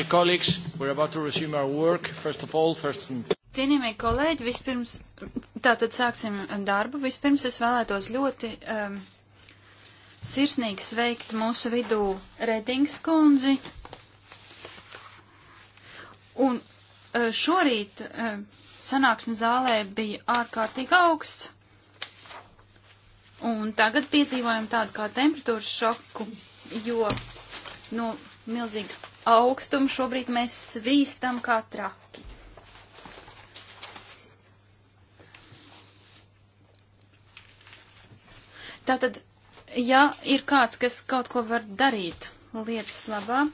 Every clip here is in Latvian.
Dear colleagues, we're about to resume our work. First of all, first and... Cienījamie kolēģi, vispirms, tātad sāksim darbu. Vispirms es vēlētos ļoti um, sirsnīgi sveikt mūsu vidū Redings kundzi. Un uh, šorīt uh, sanāksmi zālē bija ārkārtīgi augsts. Un tagad piedzīvojam tādu kā temperatūras šoku, jo no nu, milzīga augstumu šobrīd mēs svīstam kā traki. Tātad, ja ir kāds, kas kaut ko var darīt lietas labā,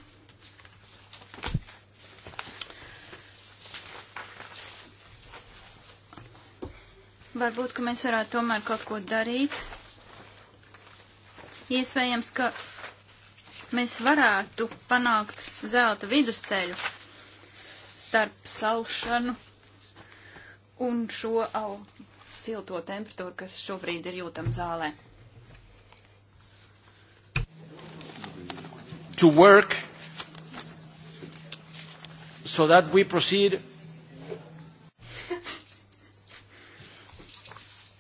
varbūt, ka mēs varētu tomēr kaut ko darīt. Iespējams, ka mēs varētu panākt zelta vidusceļu starp salšanu un šo au, silto temperatūru, kas šobrīd ir jūtama zālē. To work so that we proceed.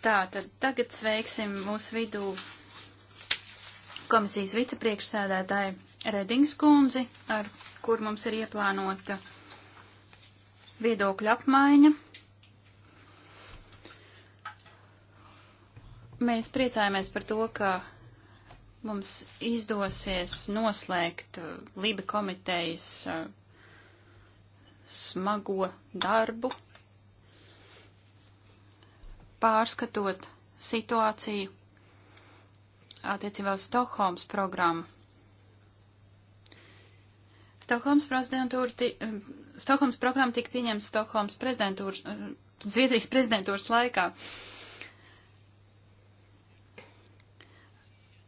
Tā, tad tagad sveiksim mūsu vidū komisijas vicepriekšsēdētāju Redings kundzi, ar kur mums ir ieplānota viedokļu apmaiņa. Mēs priecājamies par to, ka mums izdosies noslēgt uh, Lība komitejas uh, smago darbu, pārskatot situāciju attiecībā uz Stokholmas programmu. Stokholmas, eh, Stokholmas programma tika pieņemta Stokholmas prezidentūras, eh, Zviedrijas prezidentūras laikā.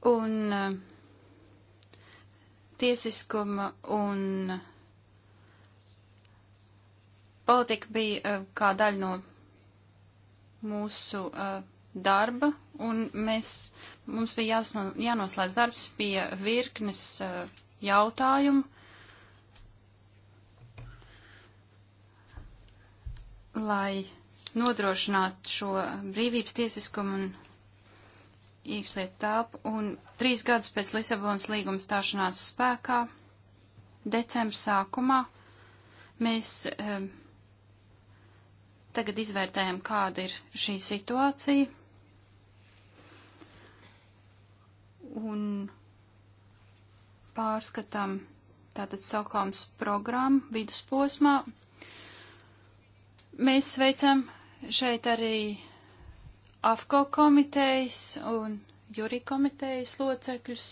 Un eh, tiesiskuma un politika bija kā daļa no mūsu uh, darba, un mēs, mums bija jāsno, jānoslēdz darbs pie virknes uh, jautājumu, lai nodrošinātu šo brīvības tiesiskumu un iekšlietu telpu, un trīs gadus pēc Lisabonas līguma stāšanās spēkā, decembra sākumā, mēs um, uh, Tagad izvērtējam, kāda ir šī situācija. Un pārskatām tātad Stokholmas programmu vidusposmā. Mēs veicam šeit arī AFCO komitejas un jūri komitejas locekļus.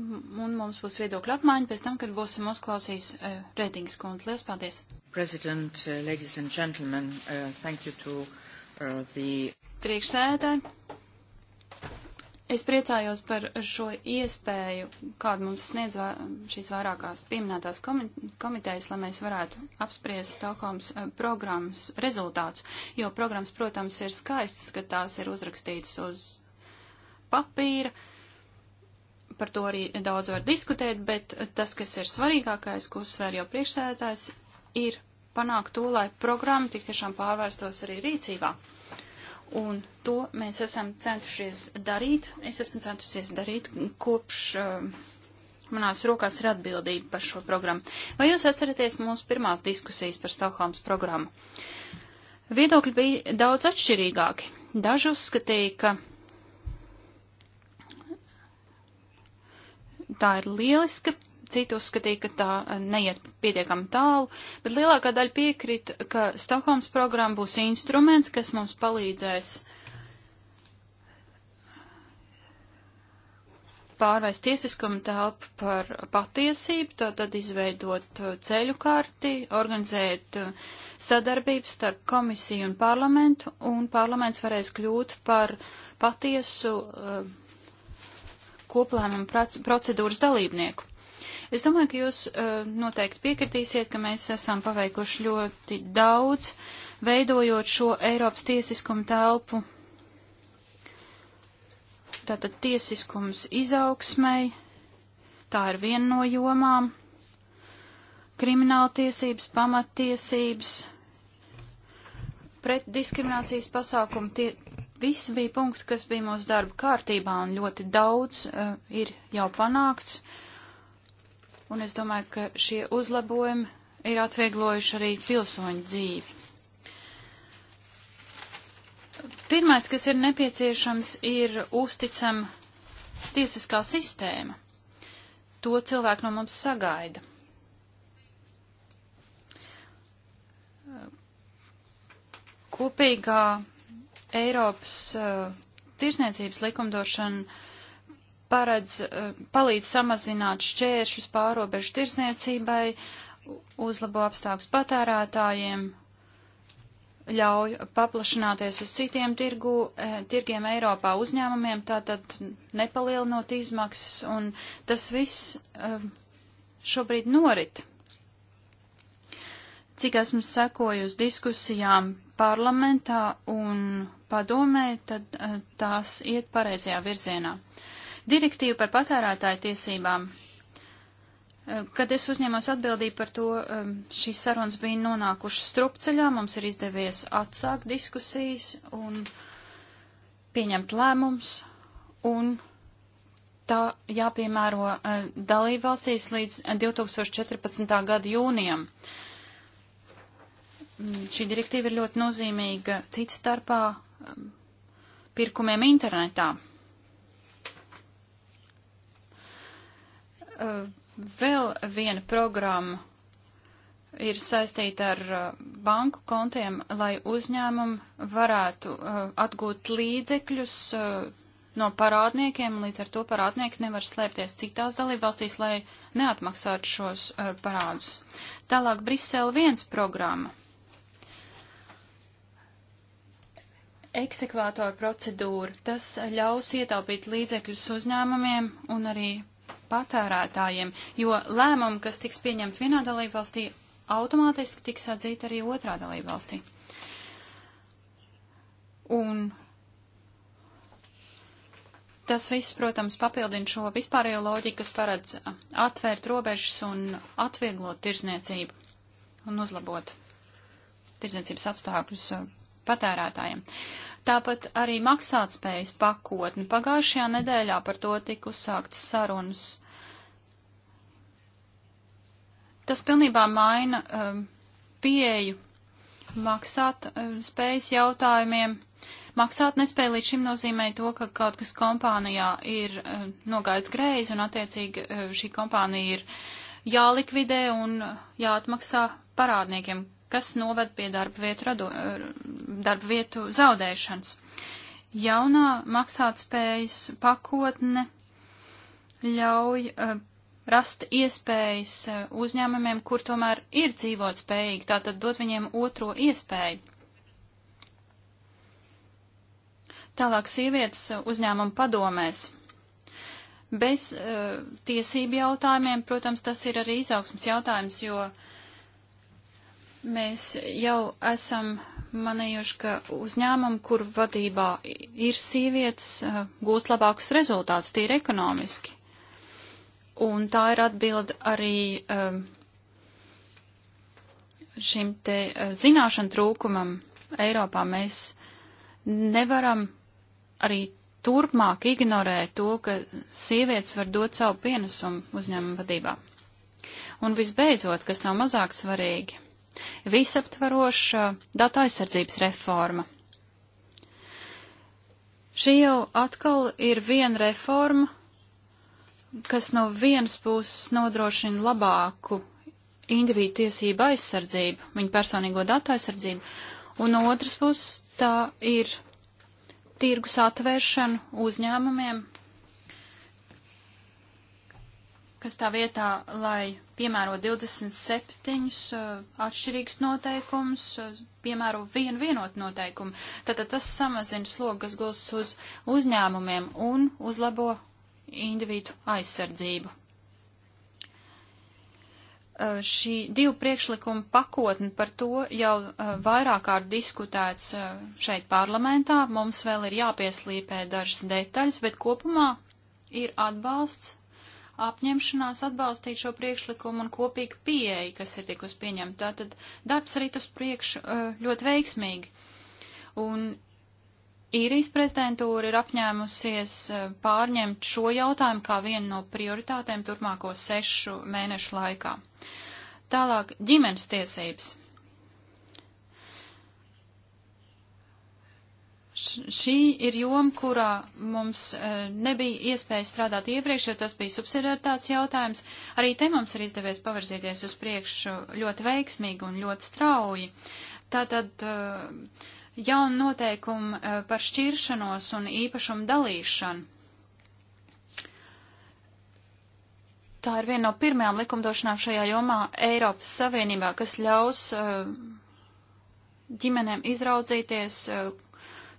Mm, un mums būs viedokļa apmaiņa pēc tam, kad būsim uzklausījis uh, e, Rētingas kundzi. Lielas paldies! President, uh, ladies and gentlemen, uh, thank you to uh, the... Priekšsēdētāji, es priecājos par šo iespēju, kādu mums sniedz vā, šīs vairākās pieminētās komitejas, lai mēs varētu apspriest Stokholmas uh, programmas rezultātus, jo programmas, protams, ir skaistas, ka tās ir uzrakstītas uz papīra. Uh, par to arī daudz var diskutēt, bet tas, kas ir svarīgākais, ko uzsver jau priekšsēdētājs, ir panākt to, lai programma tik tiešām pārvērstos arī rīcībā. Un to mēs esam centušies darīt. Es esmu centušies darīt kopš uh, manās rokās ir atbildība par šo programmu. Vai jūs atceraties mūsu pirmās diskusijas par Stokholmas programmu? Viedokļi bija daudz atšķirīgāki. Daži uzskatīja, ka tā ir lieliska, citi uzskatīja, ka tā eh, neiet pietiekami tālu, bet lielākā daļa piekrita, ka Stokholmas programma būs instruments, kas mums palīdzēs pārvērst tiesiskumu telpu par patiesību, tātad izveidot eh, ceļu karti, organizēt eh, sadarbību starp komisiju un parlamentu, un parlaments varēs kļūt par patiesu uh, koplēmuma procedūras dalībnieku. Es domāju, ka jūs uh, noteikti piekritīsiet, ka mēs esam paveikuši ļoti daudz, veidojot šo Eiropas tiesiskumu telpu. Tātad tiesiskums izaugsmai, tā ir viena no jomām, krimināltiesības, pamattiesības, pret diskriminācijas pasākumu tie, Visi bija punkti, kas bija mūsu darba kārtībā, un ļoti daudz uh, ir jau panākts. Un es domāju, ka šie uzlabojumi ir atvieglojuši arī pilsoņu dzīvi. Pirmais, kas ir nepieciešams, ir uzticama tiesiskā sistēma. To cilvēki no mums sagaida. Kopīgā Eiropas uh, tirsniecības likumdošana paredz, uh, palīdz samazināt šķēršļus pārobežu tirsniecībai, uzlabo apstākļus patērētājiem, ļauj paplašināties uz citiem tirgu, eh, tirgiem Eiropā uzņēmumiem, tātad nepalielinot izmaksas, un tas viss eh, šobrīd norit. Cik esmu sekojusi diskusijām parlamentā un padomē, tad eh, tās iet pareizajā virzienā. Direktīva par patērētāju tiesībām. Eh, kad es uzņēmos atbildību par to, eh, šīs sarunas bija nonākušas strupceļā, mums ir izdevies atsākt diskusijas un pieņemt lēmums, un tā jāpiemēro dalībvalstīs līdz 2014. gada jūnijam. Mm, šī direktīva ir ļoti nozīmīga cits starpā mm, pirkumiem internetā. Uh, vēl viena programma ir saistīta ar uh, banku kontiem, lai uzņēmumi varētu uh, atgūt līdzekļus no parādniekiem, līdz ar to parādnieki nevar slēpties citās dalībvalstīs, lai neatmaksātu šos parādus. Tālāk Brisele 1 programma. eksekvātoru procedūru. Tas ļaus ietaupīt līdzekļus uzņēmumiem un arī patērētājiem, jo lēmumi, kas tiks pieņemts vienā dalībvalstī, automātiski tiks atzīti arī otrā dalībvalstī. Un tas viss, protams, papildina šo vispārējo loģiku, kas paredz atvērt robežas un atvieglot tirzniecību un uzlabot tirzniecības apstākļus patērētājiem. Tāpat arī maksātspējas pakotni. Pagājušajā nedēļā par to tika uzsāktas sarunas. Tas pilnībā maina um, pieeju maksāt um, spējas jautājumiem. Maksāt nespēja līdz šim nozīmē to, ka kaut kas kompānijā ir um, nogājis greizi un attiecīgi um, šī kompānija ir jālikvidē un jāatmaksā parādniekiem, kas novad pie darba vietu, rado, er, darba vietu zaudēšanas. Jaunā maksātspējas pakotne ļauj uh, rast iespējas eh, uzņēmumiem, kur tomēr ir dzīvot spējīgi, tātad dot viņiem otro iespēju. Tālāk sievietes eh, uzņēmuma padomēs. Bez uh, tiesību jautājumiem, protams, tas ir arī izaugsmas jautājums, jo uh, Mēs jau esam manījuši, ka uzņēmumi, kur vadībā ir sievietes, eh, gūst labākus rezultātus tīri ekonomiski. Un tā ir atbilde arī eh, šim te eh, zināšanu trūkumam Eiropā. Mēs nevaram arī turpmāk ignorē to, ka sievietes var dot savu pienesumu uzņēmuma vadībā. Un visbeidzot, kas nav mazāk svarīgi, visaptvaroša datu aizsardzības reforma. Šī jau atkal ir viena reforma, kas no vienas puses nodrošina labāku individu tiesību aizsardzību, viņu personīgo datu aizsardzību, un no otras puses tā ir tirgus atvēršana uzņēmumiem, kas tā vietā, lai piemēro 27 uh, eh, atšķirīgs noteikums, uh, piemēro vienu vienotu noteikumu. Tātad tas samazina slogu, kas gulstas uz uzņēmumiem un uzlabo individu aizsardzību. Uh, šī divu priekšlikumu pakotne par to jau vairāk kārt diskutēts šeit parlamentā. Mums vēl ir jāpieslīpē dažas detaļas, bet kopumā ir atbalsts apņemšanās atbalstīt šo priekšlikumu un kopīgu pieeju, kas ir tikus pieņemta. Tātad darbs rīt uz priekšu ļoti veiksmīgi. Un īrijas prezidentūra ir apņēmusies pārņemt šo jautājumu kā vienu no prioritātēm turpmāko sešu mēnešu laikā. Tālāk ģimenes tiesības. šī ir joma, kurā mums e, nebija iespēja strādāt iepriekš, jo tas bija subsidiaritāts jautājums. Arī te mums ir izdevies pavirzīties uz priekšu ļoti veiksmīgi un ļoti strauji. Tātad e, jauna noteikuma e, par šķiršanos un īpašumu dalīšanu. Tā ir viena no pirmajām likumdošanām šajā jomā Eiropas Savienībā, kas ļaus ģimenēm izraudzīties,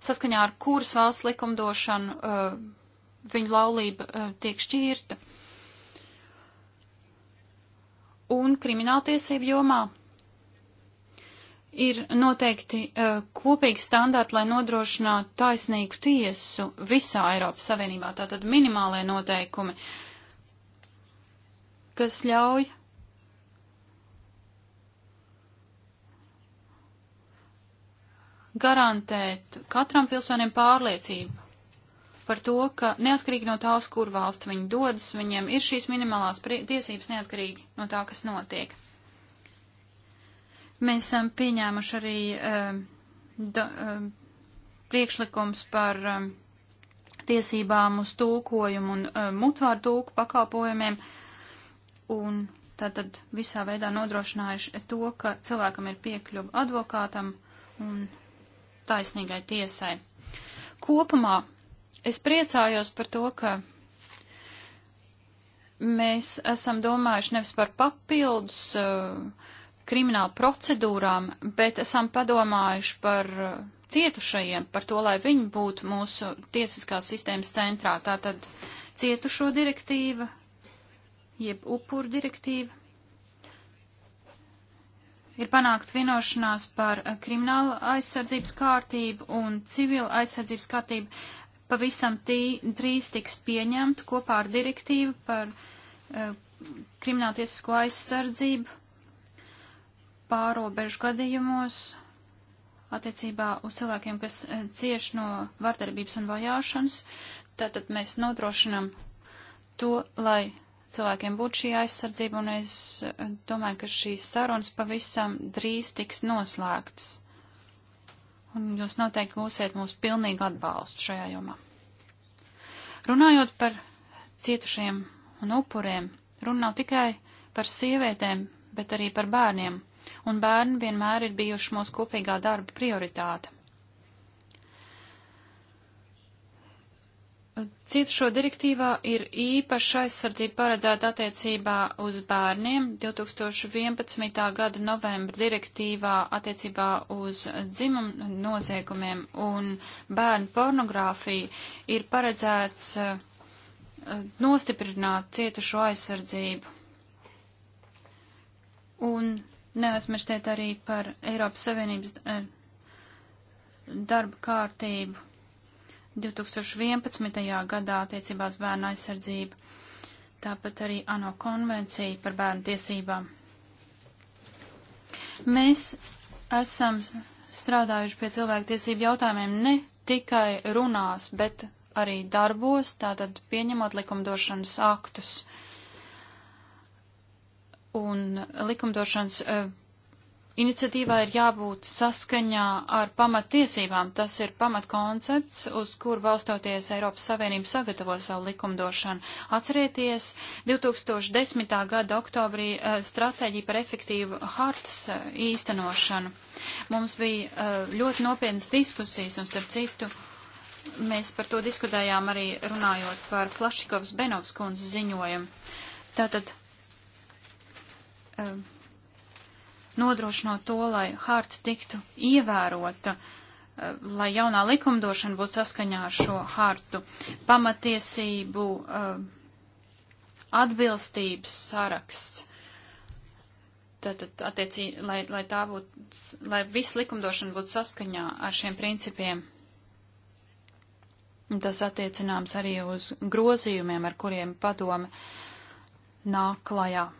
saskaņā ar kuras valsts likumdošanu uh, viņu laulība uh, tiek šķirta. Un krimināltiesību jomā ir noteikti uh, kopīgi standarti, lai nodrošinātu taisnīgu tiesu visā Eiropas Savienībā, tātad minimālie noteikumi, kas ļauj garantēt katram pilsonim pārliecību par to, ka neatkarīgi no tā, uz kur valstu viņi dodas, viņiem ir šīs minimālās tiesības neatkarīgi no tā, kas notiek. Mēs esam pieņēmuši arī uh, da, uh, priekšlikums par uh, tiesībām uz tūkojumu un uh, mutvāru tūku pakalpojumiem, un tātad visā veidā nodrošinājuši to, ka cilvēkam ir piekļuva advokātam un taisnīgai tiesai. Kopumā es priecājos par to, ka mēs esam domājuši nevis par papildus uh, kriminālu procedūrām, bet esam padomājuši par uh, cietušajiem, par to, lai viņi būtu mūsu tiesiskās sistēmas centrā. Tātad cietušo direktīva, jeb upuru direktīva ir panākt vienošanās par eh, kriminālu aizsardzības kārtību un civilu aizsardzības kārtību. Pavisam tī, drīz tiks pieņemt kopā ar direktīvu par uh, eh, krimināltiesisko aizsardzību pārobežu gadījumos attiecībā uz cilvēkiem, kas uh, cieš no vardarbības un vajāšanas. Tātad mēs nodrošinam to, lai cilvēkiem būtu šī aizsardzība, un es eh, domāju, ka šīs sarunas pavisam drīz tiks noslēgtas. Un jūs noteikti gūsiet mūsu pilnīgu atbalstu šajā jomā. Runājot par cietušiem un upuriem, runa nav tikai par sievietēm, bet arī par bērniem, un bērni vienmēr ir bijuši mūsu kopīgā darba prioritāte. Cietušo direktīvā ir īpaša aizsardzība paredzēta attiecībā uz bērniem. 2011. gada novembra direktīvā attiecībā uz dzimumu noziegumiem un bērnu pornogrāfiju ir paredzēts eh, nostiprināt cietušo aizsardzību. Un neaizmirstiet arī par Eiropas Savienības eh, darba kārtību 2011. gadā attiecībā uz bērnu aizsardzību, tāpat arī ANO konvencija par bērnu tiesībām. Mēs esam strādājuši pie cilvēktiesību jautājumiem ne tikai runās, bet arī darbos, tātad pieņemot likumdošanas aktus. Un likumdošanas eh, iniciatīvā ir jābūt saskaņā ar pamatiesībām. Tas ir pamatkoncepts, uz kur balstoties Eiropas Savienība sagatavo savu likumdošanu. Atcerieties 2010. gada oktobrī eh, stratēģiju par efektīvu hartas eh, īstenošanu. Mums bija eh, ļoti nopietnas diskusijas un starp citu. Mēs par to diskutējām arī runājot par Flašikovs Benovs kundzes ziņojumu. Tātad, uh, nodrošinot to, lai harta tiktu ievērota, eh, lai jaunā likumdošana būtu saskaņā ar šo hartu, pamatiesību eh, atbilstības saraksts. Tātad, attiecīgi, lai, lai tā būtu, lai viss likumdošana būtu saskaņā ar šiem principiem. Tas attiecināms arī uz grozījumiem, ar kuriem padome nāk klajā.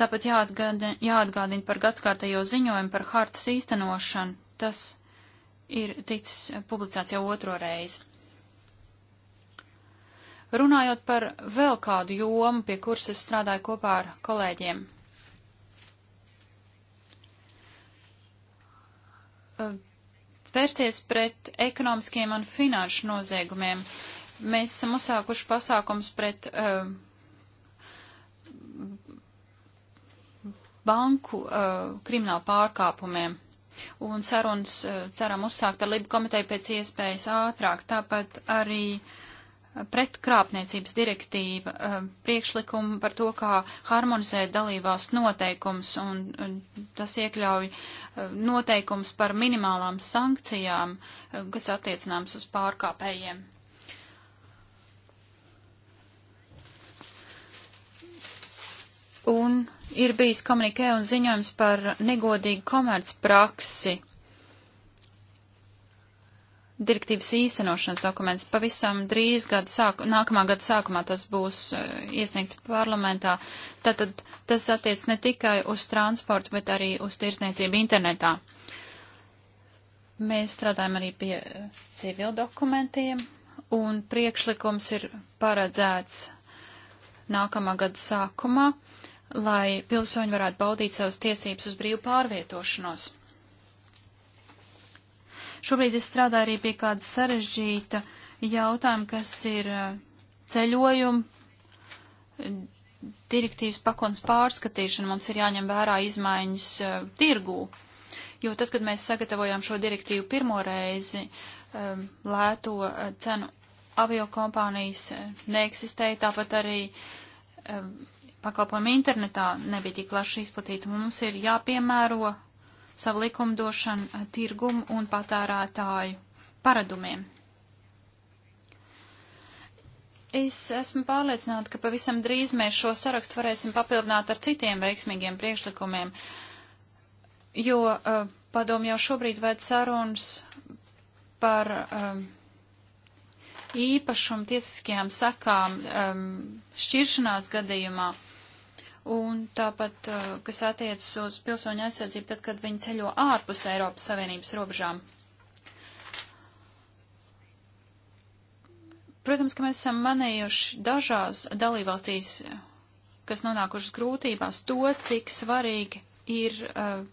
Tāpat jāatgādina, jāatgādina par gadskārtējo ziņojumu par hartas īstenošanu. Tas ir ticis publicēts jau otro reizi. Runājot par vēl kādu jomu, pie kuras es strādāju kopā ar kolēģiem. Vērsties pret ekonomiskiem un finanšu noziegumiem. Mēs esam uzsākuši pasākums pret uh, banku uh, kriminālu pārkāpumiem. Un sarunas uh, ceram uzsākt ar Libu komiteju pēc iespējas ātrāk. Tāpat arī pretkrāpniecības direktīva uh, priekšlikuma par to, kā harmonizēt dalībās noteikums, un, un tas iekļauj uh, noteikums par minimālām sankcijām, uh, kas attiecināms uz pārkāpējiem. un ir bijis komunikē un ziņojums par negodīgu komerc praksi. Direktīvas īstenošanas dokuments pavisam drīz gada sāku, nākamā gada sākumā tas būs eh, iesniegts parlamentā. Tātad tas attiec ne tikai uz transportu, bet arī uz tirsniecību internetā. Mēs strādājam arī pie eh, civil dokumentiem, un priekšlikums ir paredzēts nākamā gada sākumā lai pilsoņi varētu baudīt savas tiesības uz brīvu pārvietošanos. Šobrīd es strādāju arī pie kāda sarežģīta jautājuma, kas ir eh, ceļojuma direktīvas pakonas pārskatīšana. Mums ir jāņem vērā izmaiņas uh, tirgū, jo tad, kad mēs sagatavojām šo direktīvu pirmo reizi, um, lēto uh, cenu aviokompānijas neeksistēja, tāpat arī um, pakalpojumi internetā nebija tik plaši izplatīti. Mums ir jāpiemēro savu likumdošanu eh, tirgumu un patērētāju paradumiem. Es esmu pārliecināta, ka pavisam drīz mēs šo sarakstu varēsim papildināt ar citiem veiksmīgiem priekšlikumiem, jo uh, padomu jau šobrīd vēd sarunas par um, īpašumu tiesiskajām sakām um, šķiršanās gadījumā. Un tāpat, uh, kas attiecas uz pilsoņu aizsardzību, tad, kad viņi ceļo ārpus Eiropas Savienības robežām. Protams, ka mēs esam manējuši dažās dalībvalstīs, kas nonākušas grūtībās, to, cik svarīgi ir uh,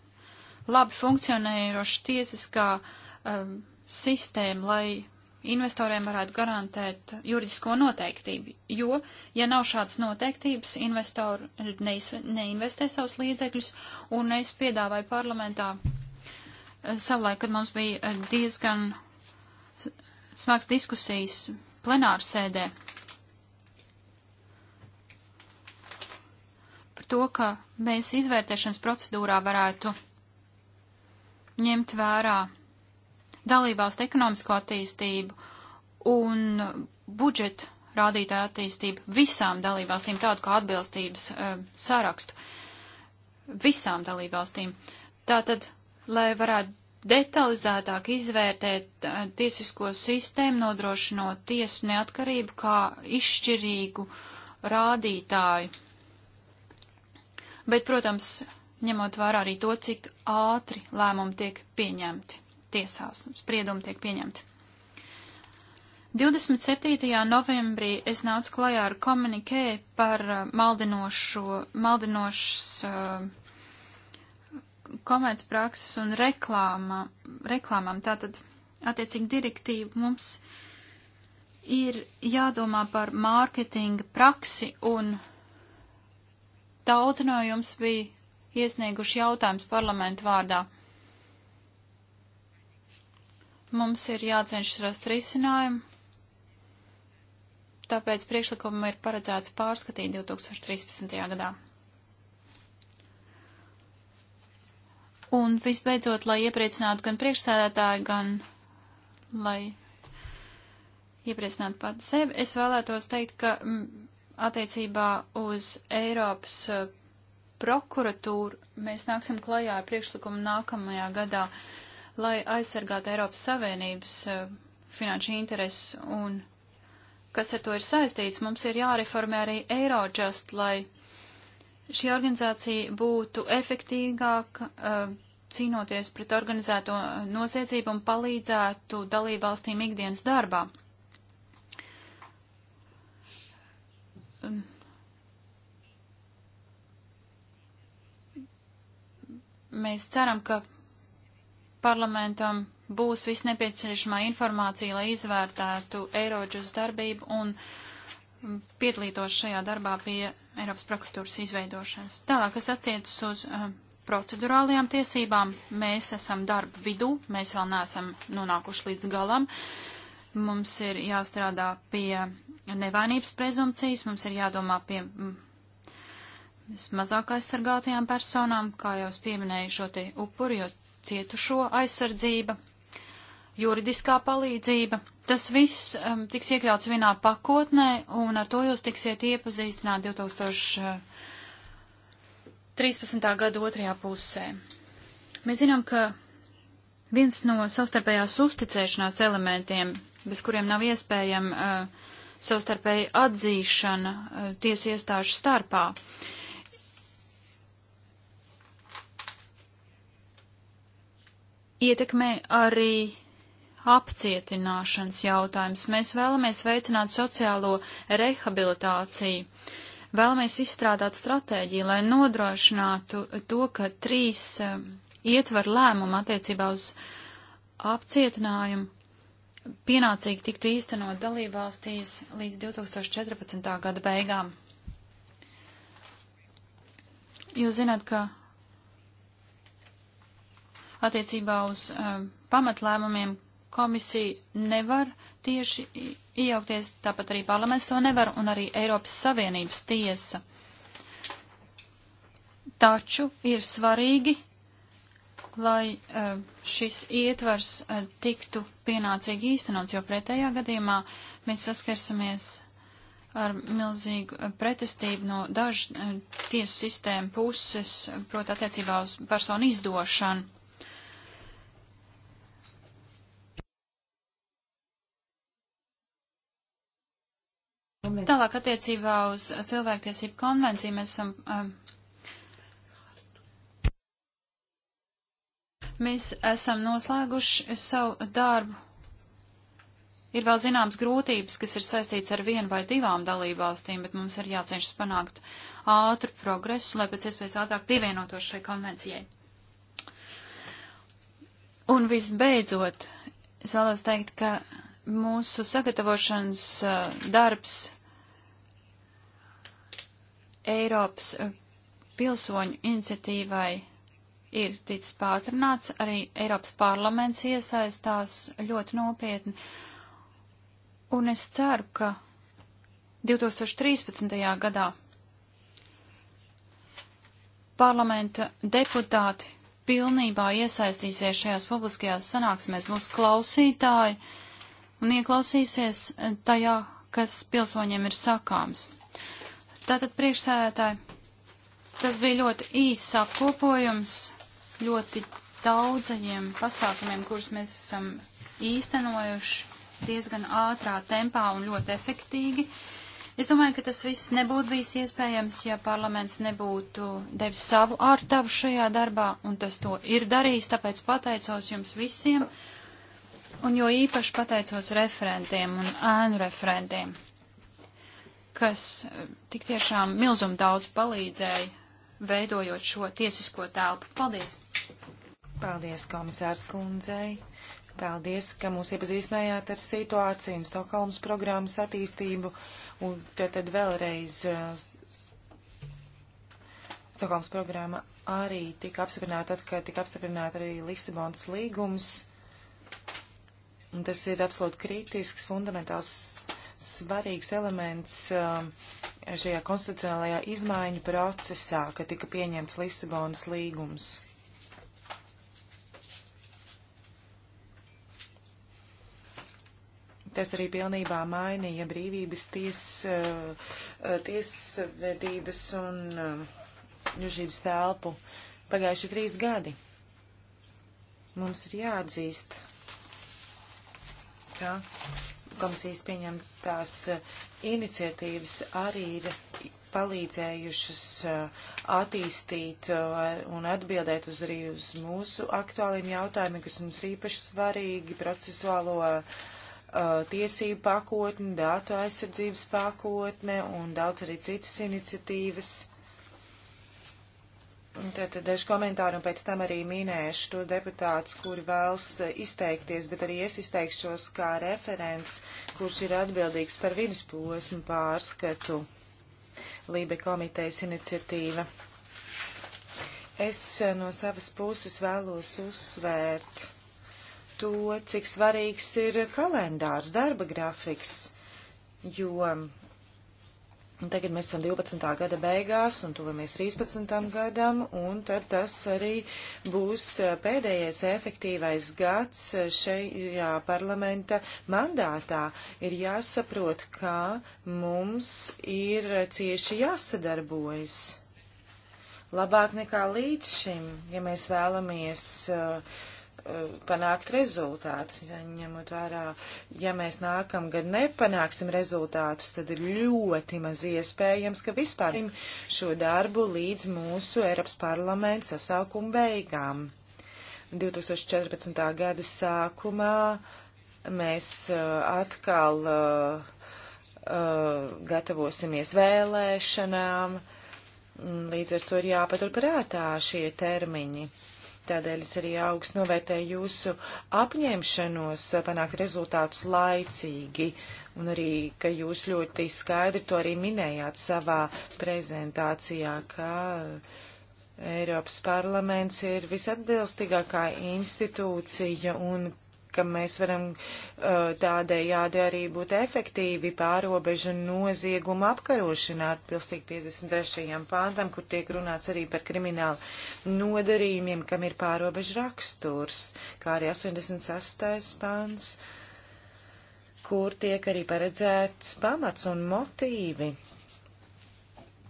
labi funkcionējoša tiesiskā uh, sistēma, lai investoriem varētu garantēt juridisko noteiktību, jo, ja nav šādas noteiktības, investori neinvestē savus līdzekļus, un es piedāvāju parlamentā eh, savulaik, kad mums bija eh, diezgan smags diskusijas plenāru sēdē par to, ka mēs izvērtēšanas procedūrā varētu ņemt vērā dalībvalstu ekonomisko attīstību un budžetu rādītāju attīstību visām dalībvalstīm, tādu kā atbilstības e, sarakstu visām dalībvalstīm. Tātad, lai varētu detalizētāk izvērtēt e, tiesisko sistēmu, nodrošinot tiesu neatkarību kā izšķirīgu rādītāju. Bet, protams, ņemot vērā arī to, cik ātri lēmumi tiek pieņemti tiesās spriedumi tiek pieņemti. 27. novembrī es nācu klajā ar komunikē par uh, maldinošo, maldinošas uh, komercprakses un reklāma, reklāmām. Tātad, attiecīgi, direktīva mums ir jādomā par mārketinga praksi un daudz no jums bija iesnieguši jautājums parlamentu vārdā. Mums ir jācenšas rast risinājumu, tāpēc priekšlikumu ir paredzēts pārskatīt 2013. gadā. Un visbeidzot, lai iepriecinātu gan priekšsēdētāju, gan lai iepriecinātu pati sevi, es vēlētos teikt, ka attiecībā uz Eiropas eh, prokuratūru mēs nāksim klajā ar priekšlikumu nākamajā gadā. Uh, lai aizsargātu Eiropas Savienības eh, finanšu intereses un kas ar to ir saistīts, mums ir jāreformē arī Eirojust, lai šī organizācija būtu efektīvāka eh, cīnoties pret organizēto noziedzību un palīdzētu dalībvalstīm ikdienas darbā. Mēs ceram, ka parlamentam būs viss nepieciešamā informācija, lai izvērtētu Eirodžus darbību un piedalītos šajā darbā pie Eiropas prokuratūras izveidošanas. Tālāk, kas attiecas uz uh, procedurālajām tiesībām, mēs esam darba vidū, mēs vēl neesam nonākuši līdz galam. Mums ir jāstrādā pie nevainības prezumcijas, mums ir jādomā pie mm, vismazāk aizsargātajām personām, kā jau es pieminēju šo te upuri, jo cietušo aizsardzība, juridiskā palīdzība. Tas viss um, tiks iekļauts vienā pakotnē, un ar to jūs tiksiet iepazīstināt 2013. gada otrajā pusē. Mēs zinām, ka viens no savstarpējās uzticēšanās elementiem, bez kuriem nav iespējama uh, savstarpēja atzīšana uh, tiesu iestāžu starpā, uh, ietekmē arī apcietināšanas jautājums. Mēs vēlamies veicināt sociālo rehabilitāciju. Vēlamies izstrādāt stratēģiju, lai nodrošinātu to, ka trīs um, ietver lēmumu attiecībā uz apcietinājumu pienācīgi tiktu īstenot dalībvalstīs līdz 2014. gada beigām. Jūs zināt, ka Attiecībā uz um, pamatlēmumiem komisija nevar tieši iejaukties, tāpat arī parlaments to nevar un arī Eiropas Savienības tiesa. Taču ir svarīgi, lai um, šis ietvars um, tiktu pienācīgi īstenots, jo pretējā gadījumā mēs saskarsimies ar milzīgu um, pretestību no dažu tiesu sistēmu puses, proti attiecībā uz personu izdošanu. Tālāk attiecībā uz cilvēktiesību konvenciju mēs esam. Um, mēs esam noslēguši savu darbu. Ir vēl zināmas grūtības, kas ir saistīts ar vienu vai divām dalībvalstīm, bet mums ir jācenšas panākt ātru progresu, lai pēc iespējas ātrāk pievienotos šai konvencijai. Un visbeidzot, es vēlos teikt, ka mūsu sagatavošanas uh, darbs Eiropas eh, pilsoņu iniciatīvai ir ticis pātrināts, arī Eiropas parlaments iesaistās ļoti nopietni. Un es ceru, ka 2013. gadā parlamenta deputāti pilnībā iesaistīsies šajās publiskajās sanāksmēs, būs klausītāji un ieklausīsies tajā, kas pilsoņiem ir sakāms. Tātad priekšsēdētāji, tas bija ļoti īss apkopojums ļoti daudzajiem pasākumiem, kurus mēs esam īstenojuši diezgan ātrā tempā un ļoti efektīgi. Es domāju, ka tas viss nebūtu bijis iespējams, ja parlaments nebūtu devis savu ārtavu šajā darbā, un tas to ir darījis, tāpēc pateicos jums visiem, un jo īpaši pateicos referentiem un ēnu referentiem kas eh, tik tiešām milzum daudz palīdzēja veidojot šo tiesisko telpu. Paldies! Paldies, komisārs kundzei! Paldies, ka mūs iepazīstinājāt ar situāciju un Stokholmas programmas attīstību. Un tad, tad vēlreiz eh, Stokholmas programma arī tika apstiprināta, tad, kad tika apstiprināta arī Lisabonas līgums. Un tas ir absolūti kritisks, fundamentāls svarīgs elements um, šajā konstitucionālajā izmaiņu procesā, kad tika pieņemts Lisabonas līgums. Tas arī pilnībā mainīja brīvības ties, uh, tiesvedības un južības um, telpu. Pagājuši trīs gadi. Mums ir jāatzīst, ka komisijas pieņemtās eh, iniciatīvas arī ir palīdzējušas eh, attīstīt eh, un atbildēt uz arī uz mūsu aktuāliem jautājumiem, kas mums ir īpaši svarīgi, procesuālo tiesību pakotni, datu aizsardzības pakotne un daudz arī citas iniciatīvas Tātad dažu komentāru un pēc tam arī minēšu to deputātus, kuri vēlas izteikties, bet arī es izteikšos kā referents, kurš ir atbildīgs par vidusposmu pārskatu Lībe komitejas iniciatīva. Es eh, no savas puses vēlos uzsvērt to, cik svarīgs ir kalendārs, darba grafiks, jo Un tagad mēs esam 12. gada beigās un tuvamies 13. gadam, un tad tas arī būs eh, pēdējais efektīvais gads eh, šajā parlamenta mandātā. Ir jāsaprot, kā mums ir cieši jāsadarbojas labāk nekā līdz šim, ja mēs vēlamies uh, Uh, panākt rezultātus. Ja ņemot vērā, ja mēs nākamgad nepanāksim rezultātus, tad ir ļoti maz iespējams, ka vispār šo darbu līdz mūsu Eiropas parlamenta sasaukuma beigām. 2014. gada sākumā mēs uh, atkal uh, uh, gatavosimies vēlēšanām, mm, līdz ar to ir jāpaturprātā šie termiņi. Tādēļ es arī augstu novērtēju jūsu apņemšanos panākt rezultātus laicīgi, un arī, ka jūs ļoti skaidri to arī minējāt savā prezentācijā, ka Eiropas parlaments ir visatbilstīgākā institūcija un ka mēs varam uh, tādējādi arī būt efektīvi pārobežu noziegumu apkarošanā atbilstīgi 53. pāntam, kur tiek runāts arī par kriminālu nodarījumiem, kam ir pārobežu raksturs, kā arī 86. pāns, kur tiek arī paredzēts pamats un motīvi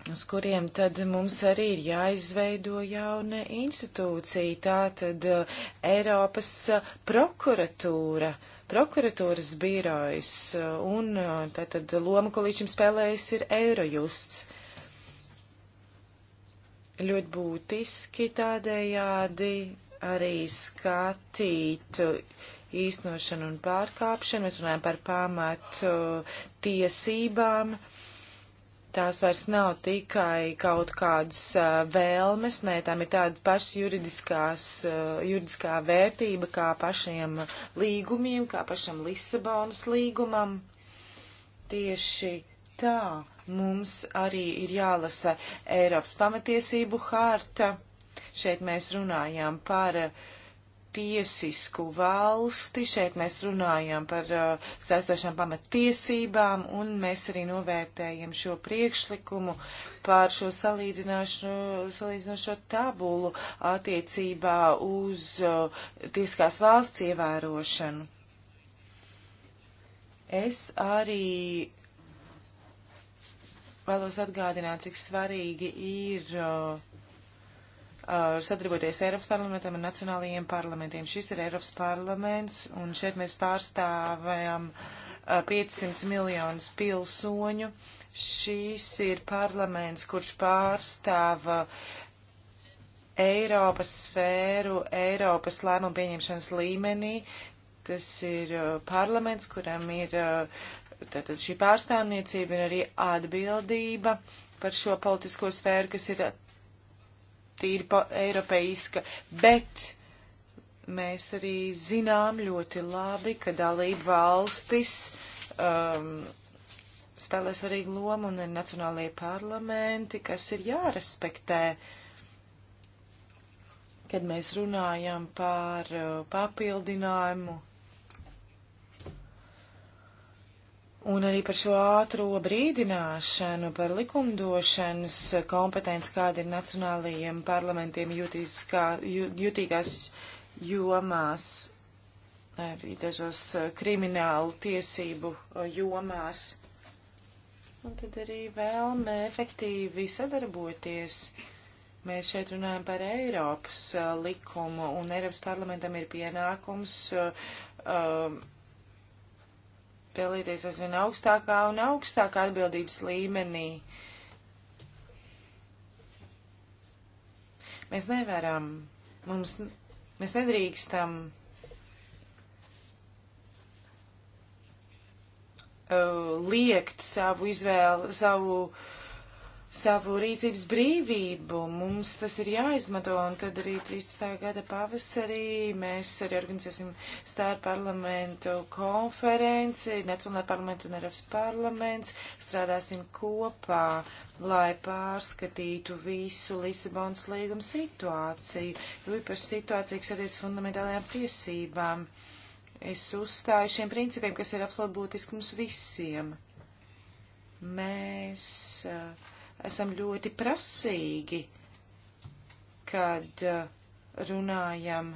uz kuriem tad mums arī ir jāizveido jauna institūcija, tā tad eh, Eiropas eh, prokuratūra, prokuratūras birojas, eh, un tā tad loma, ko līdz šim spēlējis, ir Eirojusts. Ļoti būtiski tādējādi arī skatīt īstenošanu un pārkāpšanu. Mēs runājam par pamatu tiesībām, uh, Tās vairs nav tikai kaut kādas uh, vēlmes, nē, tām ir tāda paša juridiskās, uh, juridiskā vērtība kā pašiem līgumiem, kā pašam Lisabonas līgumam. Tieši tā mums arī ir jālasa Eiropas pamatiesību harta. Šeit mēs runājām par uh, tiesisku valsti. Šeit mēs runājam par uh, saistošām pamatiesībām, un mēs arī novērtējam šo priekšlikumu par šo salīdzinošo tabulu attiecībā uz uh, tieskās valsts ievērošanu. Es arī vēlos atgādināt, cik svarīgi ir uh, Uh, sadarboties Eiropas parlamentam un nacionālajiem parlamentiem. Šis ir Eiropas parlaments, un šeit mēs pārstāvējam 500 uh, miljonus pilsoņu. Šis ir parlaments, kurš pārstāv uh, Eiropas sfēru, Eiropas lēmumu pieņemšanas līmenī. Tas ir parlaments, kuram ir tātad šī pārstāvniecība ir arī atbildība par šo politisko sfēru, kas ir tīri eiropeiska, bet mēs arī zinām ļoti labi, ka dalība valstis um, spēlē svarīgu lomu un ir nacionālajie parlamenti, kas ir jārespektē. Kad mēs runājam par uh, papildinājumu Un arī par šo ātro brīdināšanu, par likumdošanas kompetenci, kāda ir nacionālajiem parlamentiem jūtīskā, jūtīgās jomās, arī dažos eh, kriminālu tiesību eh, jomās. Un tad arī vēlme efektīvi sadarboties. Mēs šeit runājam par Eiropas eh, likumu, un Eiropas parlamentam ir pienākums. Uh, uh, pielīties aizvien augstākā un augstākā atbildības līmenī. Mēs nevaram, mums, mēs nedrīkstam uh, liekt savu izvēlu, savu uh, savu rīcības brīvību. Mums tas ir jāizmanto, un tad arī 13. gada pavasarī mēs arī organizēsim stāru parlamentu konferenci, Nacionālā parlamentu un Eiropas parlaments, strādāsim kopā, lai pārskatītu visu Lisabonas līguma situāciju, jo īpaši situācija, kas attiec fundamentālajām tiesībām. Es uzstāju šiem principiem, kas ir absolūti būtiski mums visiem. Mēs uh, esam ļoti prasīgi, kad eh, runājam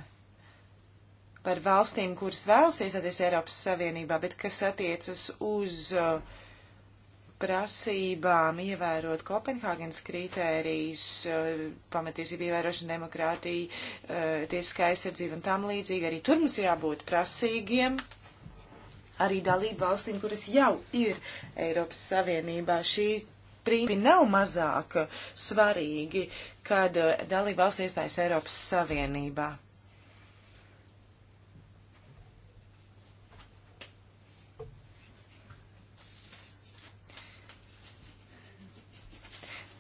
par valstīm, kuras vēlas iestāties Eiropas Savienībā, bet kas attiecas uz eh, prasībām ievērot Kopenhāgenes kritērijas, eh, pamatiesību ievērošana, demokrātija, tiesiskā aizsardzība un tam līdzīgi. Arī tur mums jābūt prasīgiem. Arī dalību valstīm, kuras jau ir Eiropas Savienībā, šī principi nav mazāk svarīgi, kad eh, dalība valsts iestājas Eiropas Savienībā.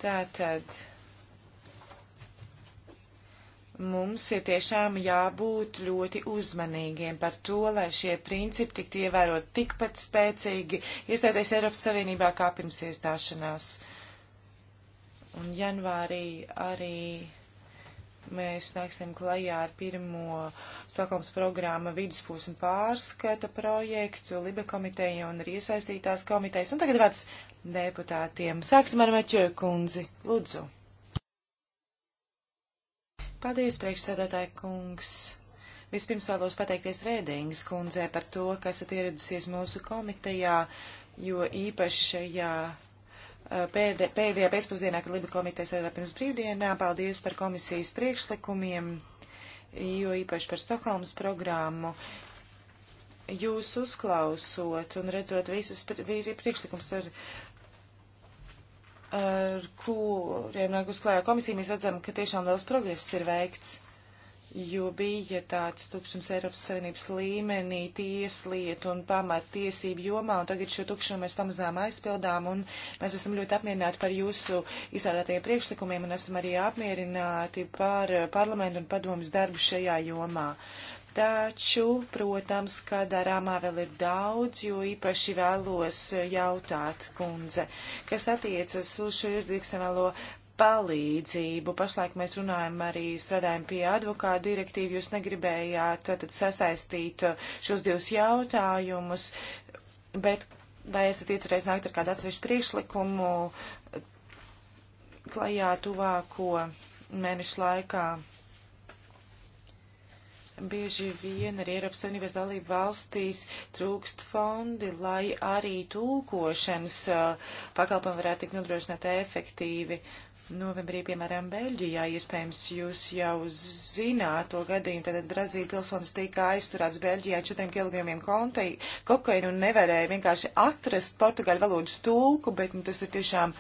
Tātad. Tā mums ir tiešām jābūt ļoti uzmanīgiem par to, lai šie principi tiktu ievērot tikpat spēcīgi, iestāties Eiropas Savienībā kā pirms iestāšanās. Un janvārī arī mēs nāksim klajā ar pirmo Stokholmas programma vidusposma pārskata projektu, Libe komiteja un arī iesaistītās komitejas. Un tagad vārds deputātiem. Sāksim ar Meķē kundzi. Lūdzu. Paldies, priekšsēdētāji kungs. Vispirms vēlos pateikties Rēdīngas kundzē par to, ka esat ieradusies mūsu komitejā, jo īpaši šajā pēdē, pēdējā pēcpusdienā, kad Liba komiteja strādā pirms brīvdienām, paldies par komisijas priekšlikumiem, jo īpaši par Stokholmas programmu. Jūs uzklausot un redzot visas priekšlikums ar ar kuriem nāk uz klājā komisija, mēs redzam, ka tiešām liels progress ir veikts, jo bija tāds tukšums Eiropas Savienības līmenī tieslietu un pamattiesību jomā, un tagad šo tukšumu mēs pamazām aizpildām, un mēs esam ļoti apmierināti par jūsu izrādātajiem priekšlikumiem, un esam arī apmierināti par parlamentu un padomas darbu šajā jomā. Uh, Taču, protams, ka darāmā vēl ir daudz, jo īpaši vēlos jautāt, kundze, kas attiecas uz šo juridikcionālo palīdzību. Pašlaik mēs runājam arī, strādājam pie advokātu direktīvu, jūs negribējāt tad sasaistīt šos divus jautājumus, bet vai esat iecerējis nākt ar kādu atsevišķu priekšlikumu klajā tuvāko mēnešu laikā? Bieži vien arī Eiropas Savienības dalību valstīs trūkst fondi, lai arī tulkošanas pakalpam varētu tikt nodrošināta efektīvi. Novembrī, piemēram, Beļģijā, iespējams, jūs jau zināt to gadījumu, tad Brazīļa pilsonis tika aizturēts Beļģijā 4 kg kontei, kokainu un nevarēja vienkārši atrast portugaļu valodas tulku, bet nu, tas ir tiešām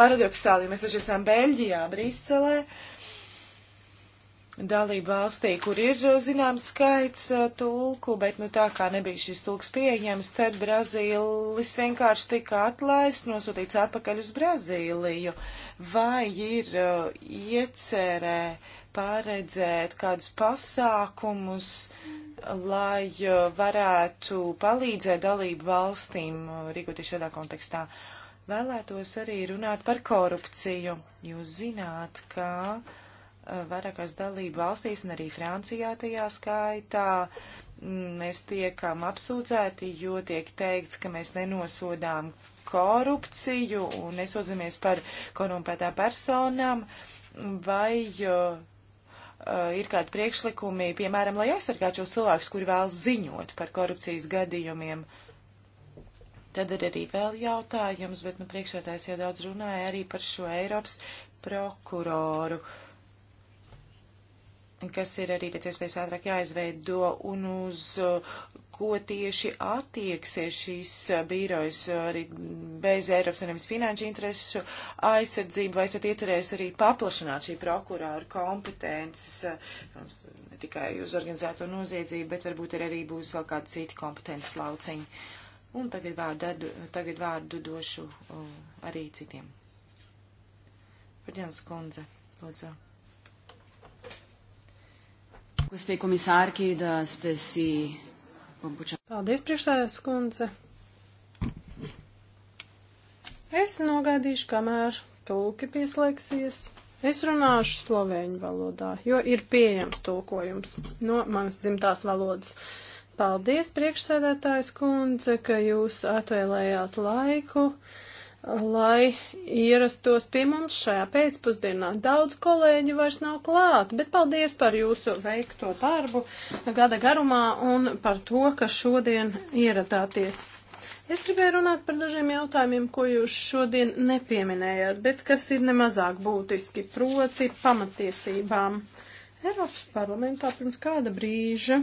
paradoksāli, jo mēs taču esam Beļģijā, Briselē. Uh, dalību valstī, kur ir eh, zināms skaits eh, tulku, bet nu tā kā nebija šis tulks pieejams, tad Brazīlis vienkārši tika atlaists, nosūtīts atpakaļ uz Brazīliju. Vai ir eh, iecerē paredzēt kādus pasākumus, lai varētu palīdzēt dalību valstīm rīkoties šādā kontekstā? Vēlētos arī runāt par korupciju. Jūs zināt, ka. Kā Eh, vairākās dalību valstīs un arī Francijā tajā skaitā mm, mēs tiekam apsūdzēti, jo tiek teikts, ka mēs nenosodām korupciju un nesodzamies par korumpētām personām, vai uh, ir kādi priekšlikumi, piemēram, lai aizsargātu šos cilvēkus, kuri vēlas ziņot par korupcijas gadījumiem. Tad ir arī vēl jautājums, bet nu, priekšētājs jau daudz runāja arī par šo Eiropas prokuroru. Uh, kas ir arī pēc iespējas ātrāk jāizveido un uz uh, ko tieši attieksies šīs uh, bīrojas uh, arī bez Eiropas Savienības finanšu interesu aizsardzību, vai esat iecerējis arī paplašināt šī prokurāra kompetences, ne tikai uz organizēto noziedzību, bet varbūt ir arī būs vēl kādi citi kompetences lauciņi. Un tagad vārdu, tagad vārdu došu arī citiem. Paģēns Kundze, lūdzu. Gospēj komisārki, da ste si pompučā. Paldies, priekšsēdētājs kundze. Es nogaidīšu, kamēr tulki pieslēgsies. Es runāšu slovēņu valodā, jo ir pieejams tulkojums no manas dzimtās valodas. Paldies, priekšsēdētājs kundze, ka jūs atvēlējāt laiku. Uh, lai ierastos pie mums šajā pēcpusdienā. Daudz kolēģi vairs nav klāt, bet paldies par jūsu veikto darbu gada garumā un par to, ka šodien ieradāties. Es gribēju runāt par dažiem jautājumiem, ko jūs šodien nepieminējāt, bet kas ir nemazāk būtiski, proti pamatiesībām. Eiropas parlamentā pirms kāda brīža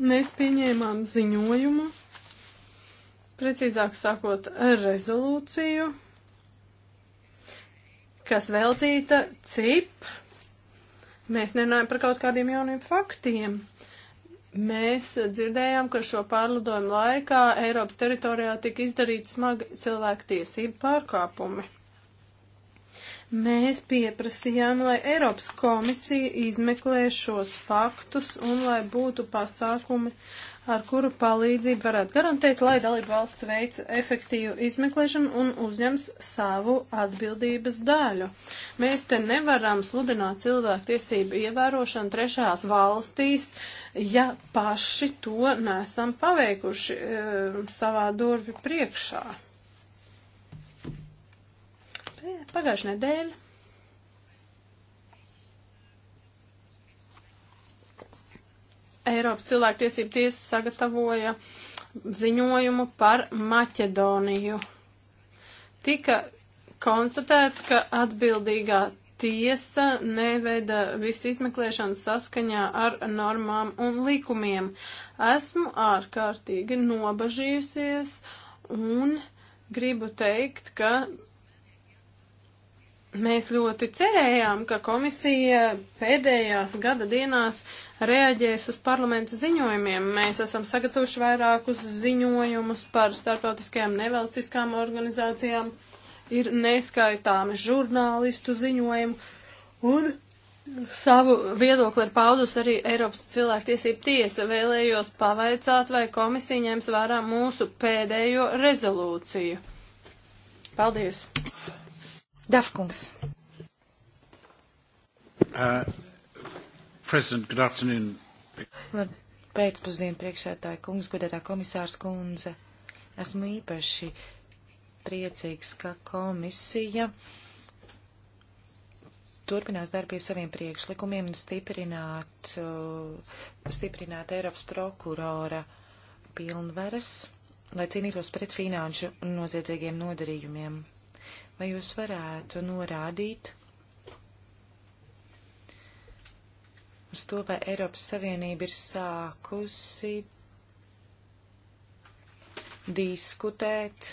mēs pieņēmām ziņojumu precīzāk sakot, rezolūciju, kas veltīta CIP. Mēs nerunājam par kaut kādiem jauniem faktiem. Mēs dzirdējām, ka šo pārlidojumu laikā Eiropas teritorijā tika izdarīti smagi cilvēku tiesību pārkāpumi. Mēs pieprasījām, lai Eiropas komisija izmeklē šos faktus un lai būtu pasākumi, uh, ar kuru palīdzību varētu garantēt, lai dalība valsts veic efektīvu izmeklēšanu un uzņems savu atbildības daļu. Mēs te nevaram sludināt cilvēku tiesību ievērošanu trešās valstīs, ja paši to nesam paveikuši e, savā durvju priekšā. Pagājušajā nedēļā Eiropas cilvēktiesība tiesa sagatavoja ziņojumu par Maķedoniju. Tika konstatēts, ka atbildīgā tiesa neveda visu izmeklēšanu saskaņā ar normām un likumiem. Esmu ārkārtīgi nobažījusies un gribu teikt, ka Mēs ļoti cerējām, ka komisija pēdējās gada dienās reaģēs uz parlamenta ziņojumiem. Mēs esam sagatavojuši vairākus ziņojumus par starptautiskajām nevalstiskām organizācijām, ir neskaitāmi žurnālistu ziņojumu un savu viedokli ir paudus arī Eiropas cilvēktiesība tiesa. Vēlējos pavaicāt, vai komisija ņems vērā mūsu pēdējo rezolūciju. Paldies! Dafkungs. Uh, President, good afternoon. Labi, pēcpusdienu priekšētāji kungs, godētā komisārs kundze. Esmu īpaši priecīgs, ka komisija turpinās darbu pie saviem priekšlikumiem un stiprināt, uh, stiprināt Eiropas prokurora pilnvaras, lai cīnītos pret finanšu noziedzīgiem nodarījumiem. Vai jūs varētu norādīt uz to, vai Eiropas Savienība ir sākusi diskutēt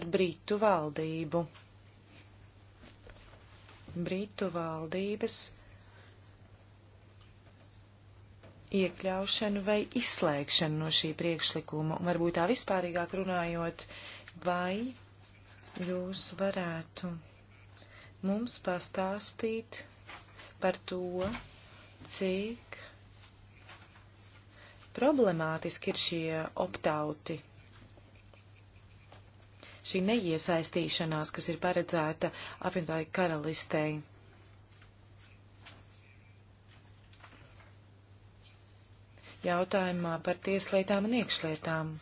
ar Britu valdību? Britu valdības iekļaušanu vai izslēgšanu no šī priekšlikuma, un varbūt tā vispārīgāk runājot, vai jūs varētu mums pastāstīt par to, cik problemātiski ir šie optauti, šī neiesaistīšanās, kas ir paredzēta apvienotāju karalistei. Jautājumā par tieslietām un iekšlietām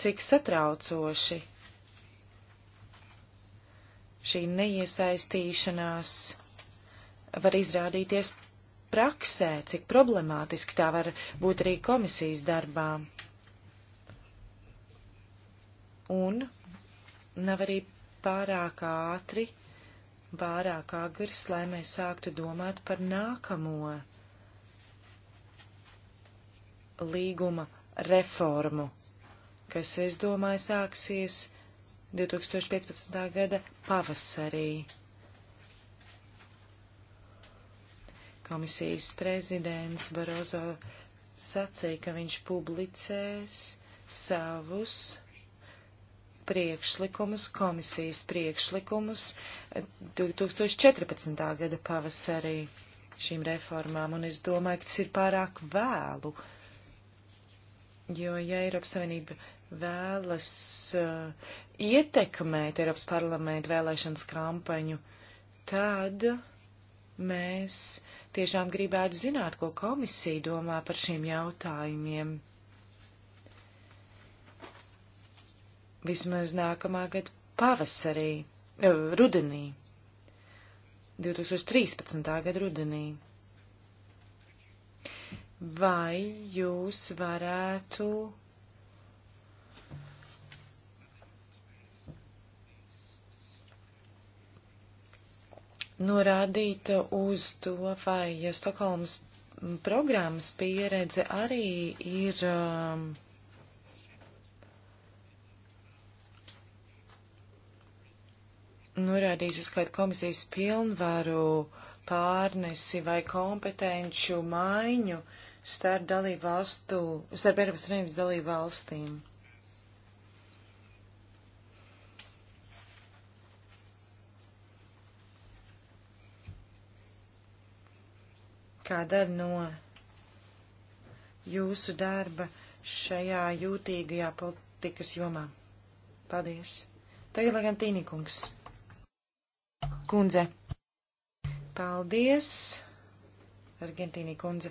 cik satraucoši šī neiesaistīšanās var izrādīties praksē, cik problemātiski tā var būt arī komisijas darbā. Un nav arī pārāk ātri, pārāk agrs, lai mēs sāktu domāt par nākamo līguma reformu kas, es domāju, sāksies 2015. gada pavasarī. Komisijas prezidents Barozo sacīja, ka viņš publicēs savus priekšlikumus, komisijas priekšlikumus 2014. gada pavasarī šīm reformām, un es domāju, ka tas ir pārāk vēlu, jo, ja Eiropas Savienība vēlas uh, ietekmēt Eiropas parlamentu vēlēšanas kampaņu, tad mēs tiešām gribētu zināt, ko komisija domā par šiem jautājumiem. Vismaz nākamā gada pavasarī, uh, rudenī, 2013. gada rudenī. Vai jūs varētu norādīt uz to, vai Stokholmas programmas pieredze arī ir um, norādījis uz kādu komisijas pilnvaru pārnesi vai kompetenču maiņu starp dalību valstu, starp Eiropas Savienības dalību valstīm. kā daļa no jūsu darba šajā jūtīgajā politikas jomā. Paldies! Tagad Lagantīni kungs. Kundze. Paldies, Argentīni kundze.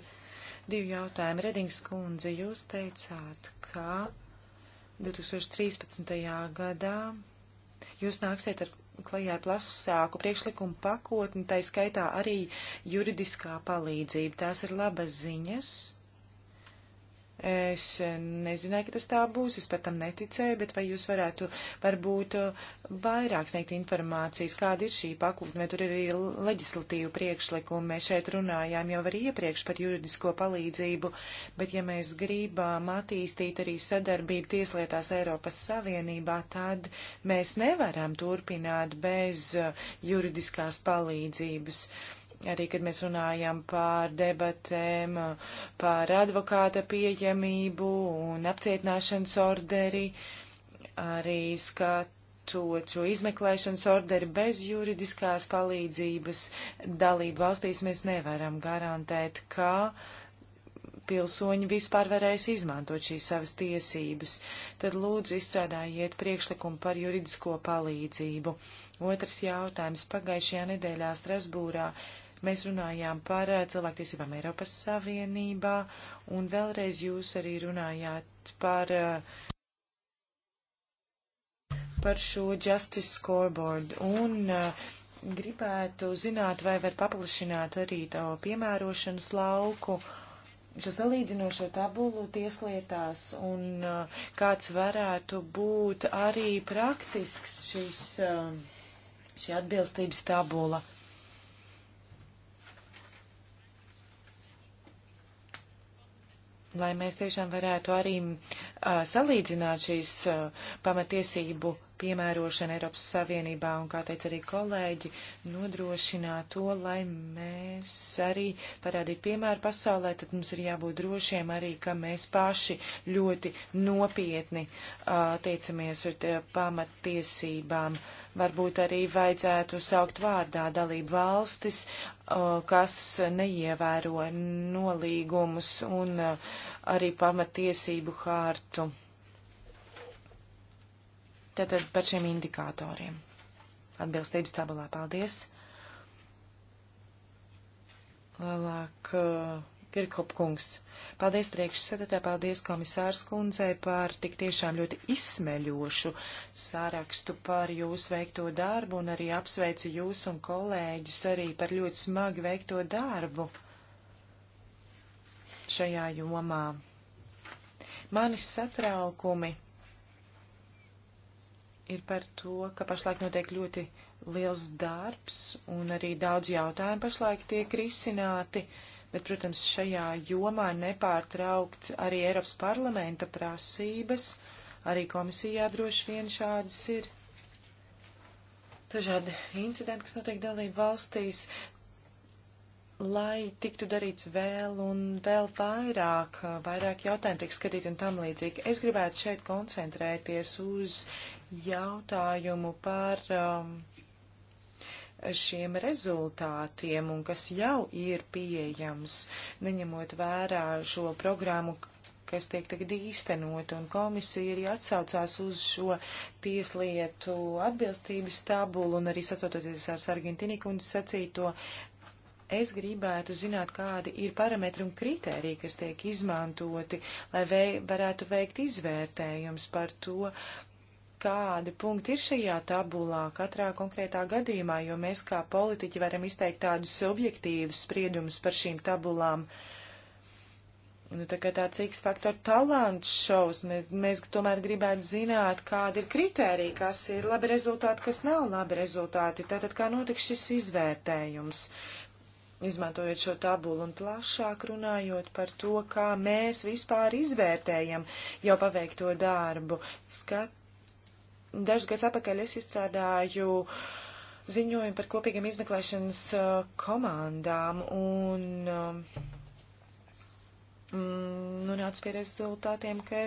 Divi jautājumi. Redings kundze, jūs teicāt, ka 2013. gadā jūs nāksiet ar klajā plasāku priekšlikumu pakotni, tā skaitā arī juridiskā palīdzība. Tās ir labas ziņas. Es nezināju, ka tas tā būs, es pat tam neticēju, bet vai jūs varētu varbūt uh, vairāk sniegt informācijas, kāda ir šī pakotne, tur ir arī leģislatīva priekšlikuma, mēs šeit runājām jau arī iepriekš par juridisko palīdzību, bet ja mēs gribām attīstīt arī sadarbību tieslietās Eiropas Savienībā, tad mēs nevaram turpināt bez uh, juridiskās palīdzības. Uh, Arī, kad mēs runājam par debatēm, par advokāta pieejamību un apcietināšanas orderi, arī skatot šo izmeklēšanas orderi bez juridiskās palīdzības dalību valstīs, mēs nevaram garantēt, ka pilsoņi vispār varēs izmantot šīs savas tiesības, tad lūdzu izstrādājiet priekšlikumu par juridisko palīdzību. Otrs jautājums. Pagājušajā nedēļā Strasbūrā Mēs runājām par eh, cilvēktiesībām Eiropas Savienībā, un vēlreiz jūs arī runājāt par, eh, par šo Justice Scoreboard. Un, eh, Gribētu zināt, vai var paplašināt arī to piemērošanas lauku, šo salīdzinošo tabulu tieslietās un uh, kāds varētu būt arī praktisks šis, uh, šī atbilstības tabula. lai mēs tiešām varētu arī uh, salīdzināt šīs uh, pamatiesību piemērošanu Eiropas Savienībā un, kā teica arī kolēģi, nodrošināt to, lai mēs arī parādītu piemēru pasaulē, tad mums ir jābūt drošiem arī, ka mēs paši ļoti nopietni attiecamies uh, ar pamatiesībām. Uh, Varbūt arī vajadzētu saukt vārdā dalību valstis, kas neievēro nolīgumus un arī pamatiesību hārtu. Tātad par šiem indikatoriem. Atbilstības tabulā. Paldies! Lielāk. Uh Kirkhopkungs. Paldies priekšsadatā, paldies komisārs kundzei par tik tiešām ļoti izsmeļošu sārakstu par jūsu veikto darbu un arī apsveicu jūs un kolēģis arī par ļoti smagi veikto darbu šajā jomā. Manis satraukumi ir par to, ka pašlaik notiek ļoti liels darbs un arī daudz jautājumu pašlaik tiek risināti. Uh, Bet, protams, šajā jomā nepārtraukt arī Eiropas parlamenta prasības, arī komisijā droši vien šādas ir. Dažādi incidenti, kas notiek dalību valstīs, lai tiktu darīts vēl un vēl vairāk, vairāk jautājumu tiek skatīti un tam līdzīgi. Es gribētu šeit koncentrēties uz jautājumu par um, šiem rezultātiem un kas jau ir pieejams, neņemot vērā šo programmu, kas tiek tagad īstenot, un komisija arī atsaucās uz šo tieslietu atbilstības tabulu un arī sacototies ar Sargentini kundzi sacīto. Es gribētu zināt, kādi ir parametri un kriteriji, kas tiek izmantoti, lai vei, varētu veikt izvērtējums par to, kādi punkti ir šajā tabulā katrā konkrētā gadījumā, jo mēs kā politiķi varam izteikt tādus subjektīvus spriedumus par šīm tabulām. Nu, tā kā tāds X faktor talants šovs, mēs, mēs tomēr gribētu zināt, kāda ir kritērija, kas ir labi rezultāti, kas nav labi rezultāti. Tātad, kā notiks šis izvērtējums, izmantojot šo tabulu un plašāk runājot par to, kā mēs vispār izvērtējam jau paveikto darbu. Skat Dažus gadus atpakaļ es izstrādāju ziņojumu par kopīgiem izmeklēšanas uh, komandām un um, mm, nonāca pie rezultātiem, ka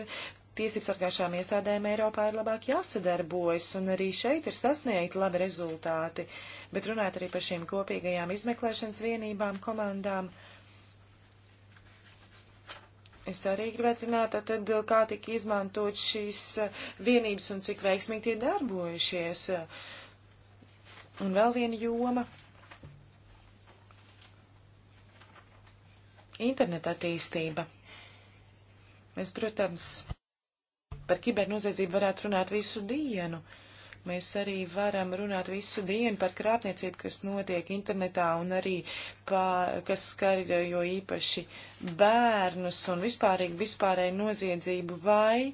tiesības sargājušām iestādēm Eiropā ir labāk jāsadarbojas, un arī šeit ir sasniegti labi rezultāti. Bet runājot arī par šīm kopīgajām izmeklēšanas vienībām, komandām, uh, Es arī gribētu zināt, tad, kā tika izmantot šīs eh, vienības un cik veiksmīgi tie darbojušies. Un vēl viena joma. Interneta attīstība. Mēs, protams, par kibernoziedzību varētu runāt visu dienu. Uh, Mēs arī varam runāt visu dienu par krāpniecību, kas notiek internetā un arī, pa, kas skar jo īpaši bērnus un vispārīgi vispārēju noziedzību vai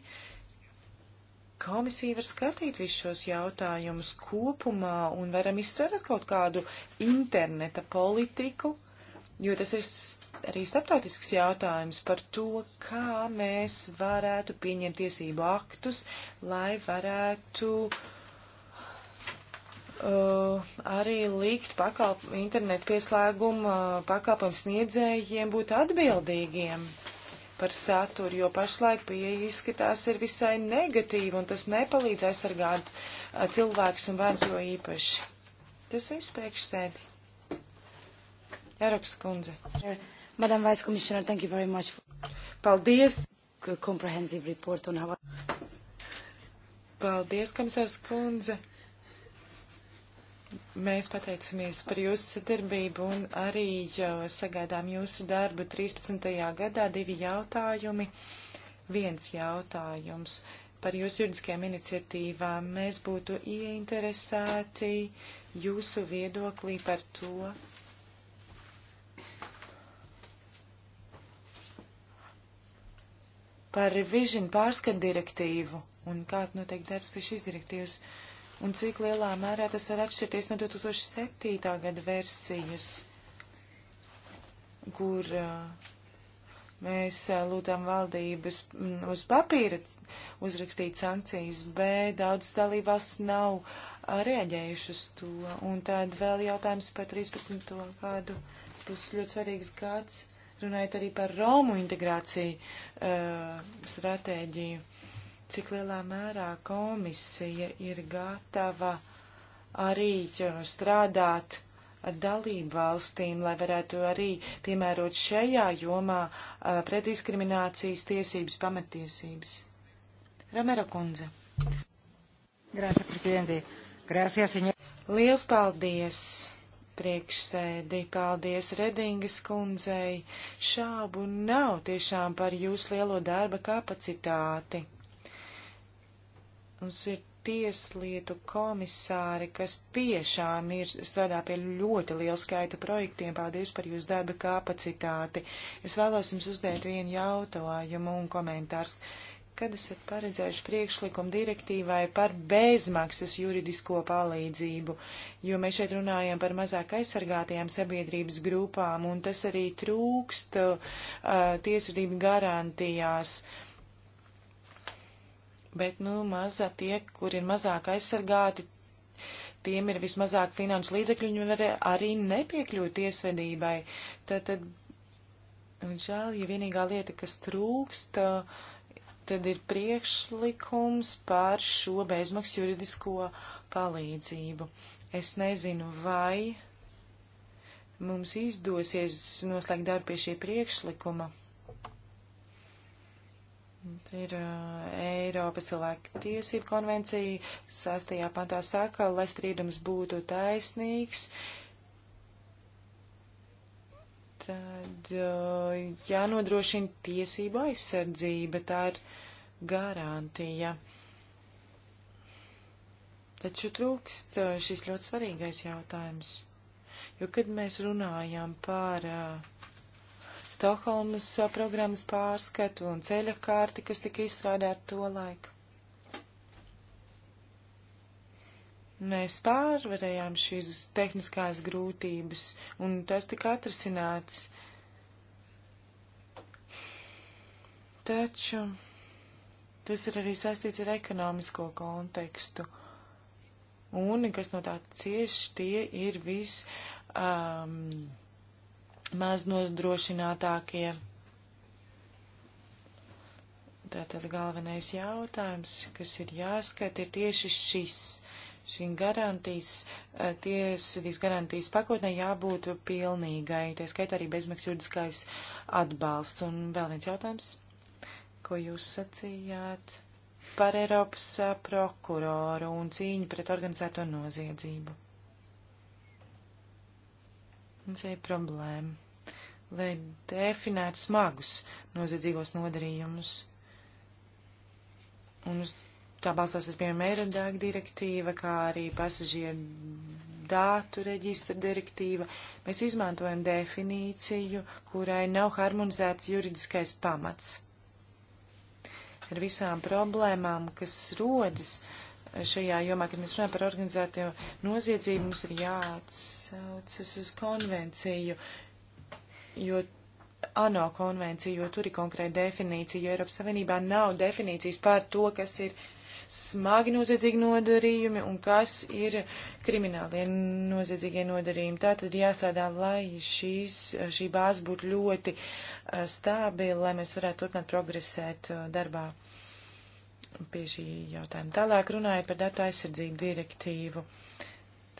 komisija var skatīt visus šos jautājumus kopumā un varam izstrādāt kaut kādu interneta politiku, jo tas ir arī starptautisks jautājums par to, kā mēs varētu pieņemt tiesību aktus, lai varētu uh, uh, arī likt pakalp, internetu pieslēgumu uh, pakalpojumu sniedzējiem būt atbildīgiem par saturu, jo pašlaik pieeja izskatās ir visai negatīva, un tas nepalīdz aizsargāt uh, cilvēkus un bērns jo īpaši. Tas viss priekšsēdi. Jāroks kundze. Madam Vice Commissioner, thank you very much. For... Paldies. Comprehensive report on how. Paldies, komisārs kundze. Mēs pateicamies par jūsu sadarbību un arī sagaidām jūsu darbu 13. gadā divi jautājumi. Viens jautājums par jūsu juridiskajām iniciatīvām. Mēs būtu ieinteresēti jūsu viedoklī par to, par Vision pārskat direktīvu un kāda noteikti darbs pie šīs direktīvas. Uh, un cik lielā mērā tas var atšķirties no 2007. gada versijas, kur uh, mēs uh, lūdām valdības mm, uz papīra uzrakstīt sankcijas, bet daudz dalībās nav uh, reaģējuši uz to. Un tad vēl jautājums par 13. gadu. Tas būs ļoti svarīgs gads, runājot arī par Romu integrāciju uh, stratēģiju cik lielā mērā komisija ir gatava arī strādāt ar dalību valstīm, lai varētu arī piemērot šajā jomā pretdiskriminācijas tiesības pamatiesības. Ramera kundze. Grāsa, prezidentī. Grāsijā, senjor. Liels paldies! Priekšsēdi, paldies Redingas kundzei. Šābu nav tiešām par jūsu lielo darba kapacitāti. Mums ir tieslietu komisāri, kas tiešām ir strādā pie ļoti liela skaita projektiem. Paldies par jūsu darba kapacitāti. Es vēlos jums uzdēt vienu jautājumu un komentārs. Kad esat paredzējuši priekšlikumu direktīvai par bezmaksas juridisko palīdzību, jo mēs šeit runājam par mazāk aizsargātajām sabiedrības grupām, un tas arī trūkst uh, tiesvedību garantijās. Uh, Bet, nu, mazā tie, kur ir mazāk aizsargāti, tiem ir vismazāk finanšu līdzekļu, viņi var arī nepiekļūt tiesvedībai. Tad, tad žēl, ja vienīgā lieta, kas trūkst, tad ir priekšlikums par šo bezmaksu juridisko palīdzību. Es nezinu, vai mums izdosies noslēgt darbu pie šī priekšlikuma. Tā ir uh, Eiropas cilvēku tiesību konvencija. Sastajā pantā saka, lai sprīdums būtu taisnīgs. Tad uh, jānodrošina tiesību aizsardzība. Tā ir garantija. Taču trūkst šis ļoti svarīgais jautājums. Jo, kad mēs runājam par uh, Stokholmas uh, programmas pārskatu un ceļa kārti, kas tika izstrādāta to laiku. Mēs pārvarējām šīs tehniskās grūtības, un tas tika atrasināts. Taču tas ir arī saistīts ar ekonomisko kontekstu. Un kas no tā cieši, tie ir viss. Um, maz nodrošinātākie. Tātad galvenais jautājums, kas ir jāskata, ir tieši šis. Šīm garantijas, eh, tiesvedības garantijas pakotnē jābūt pilnīgai, tā skaitā arī bezmaksas juridiskais atbalsts. Un vēl viens jautājums, ko jūs sacījāt par Eiropas eh, prokuroru un cīņu pret organizēto noziedzību. Mums ir problēma, lai definētu smagus noziedzīgos nodarījumus. Un uz tā balstās ir, piemēram, Eirodāga direktīva, kā arī pasažieru dātu reģistra direktīva. Mēs izmantojam definīciju, kurai nav harmonizēts juridiskais pamats. Ar visām problēmām, kas rodas, uh, šajā jomā, kad mēs runājam par organizēto noziedzību, mums ir jāatsaucas uz konvenciju, jo ANO konvenciju, jo tur ir konkrēta definīcija, jo Eiropas Savienībā nav definīcijas par to, kas ir smagi noziedzīgi nodarījumi un kas ir kriminālie noziedzīgie nodarījumi. Tā tad jāsādā, lai šīs, šī bāze būtu ļoti eh, stabila, lai mēs varētu turpināt progresēt eh, darbā pie šī jautājuma. Tālāk runāja par datu aizsardzību direktīvu.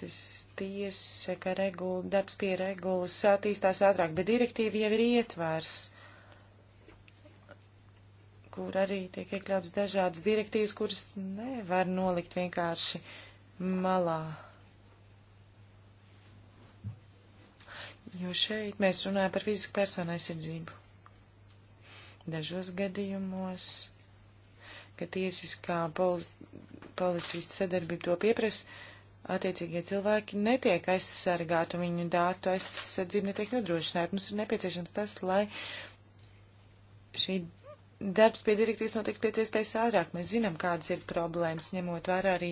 Tas tiesa, ka regula, darbs pie regulas attīstās ātrāk, bet direktīva jau ir ietvars, kur arī tiek iekļauts dažādas direktīvas, kuras nevar nolikt vienkārši malā. Jo šeit mēs runājam par fizisku personu aizsardzību. Dažos gadījumos ka tiesiskā pol policijas sadarbība to pieprasa, attiecīgie cilvēki netiek aizsargāti un viņu dātu aizsardzību netiek nodrošināta. Mums ir nepieciešams tas, lai šī darbs pie direktīvas notiek pēc iespējas ātrāk. Mēs zinām, kādas ir problēmas, ņemot vērā arī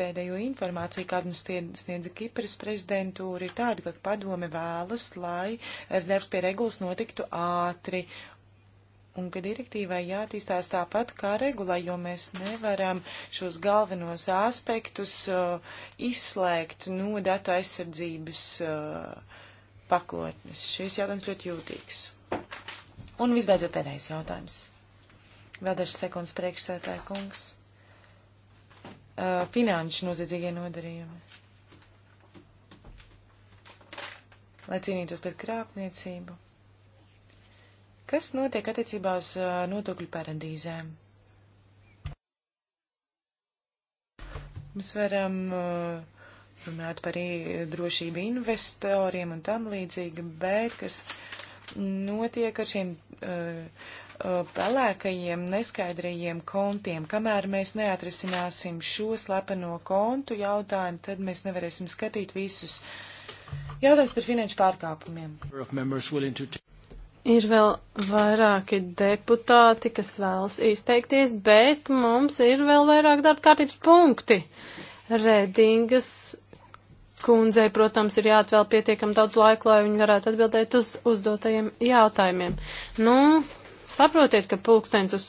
pēdējo informāciju, kādu mums sniedza Kipras prezidentūra, ir tāda, ka padome vēlas, lai darbs pie regulas notiktu ātri un ka direktīvai jātīstās tāpat kā regulai, jo mēs nevaram šos galvenos aspektus uh, izslēgt no datu aizsardzības uh, pakotnes. Šis jautājums ļoti jūtīgs. Un visbeidzot pēdējais jautājums. Vēl dažas sekundes priekšsētāja kungs. Uh, finanšu noziedzīgie nodarījumi. Lai cīnītos pret krāpniecību Kas notiek attiecībā uz uh, nodokļu paradīzēm? Mēs varam uh, runāt par drošību investoriem un tam līdzīgi, bet kas notiek ar šiem uh, uh, pelēkajiem, neskaidrajiem kontiem. Kamēr mēs neatrisināsim šo slepeno kontu jautājumu, tad mēs nevarēsim skatīt visus jautājumus par finanšu pārkāpumiem. Ir vēl vairāki deputāti, kas vēlas izteikties, bet mums ir vēl vairāk darba kārtības punkti. Redingas kundzei, protams, ir jāatvēl pietiekam daudz laika, lai viņi varētu atbildēt uz uzdotajiem jautājumiem. Nu, saprotiet, ka pulkstens uz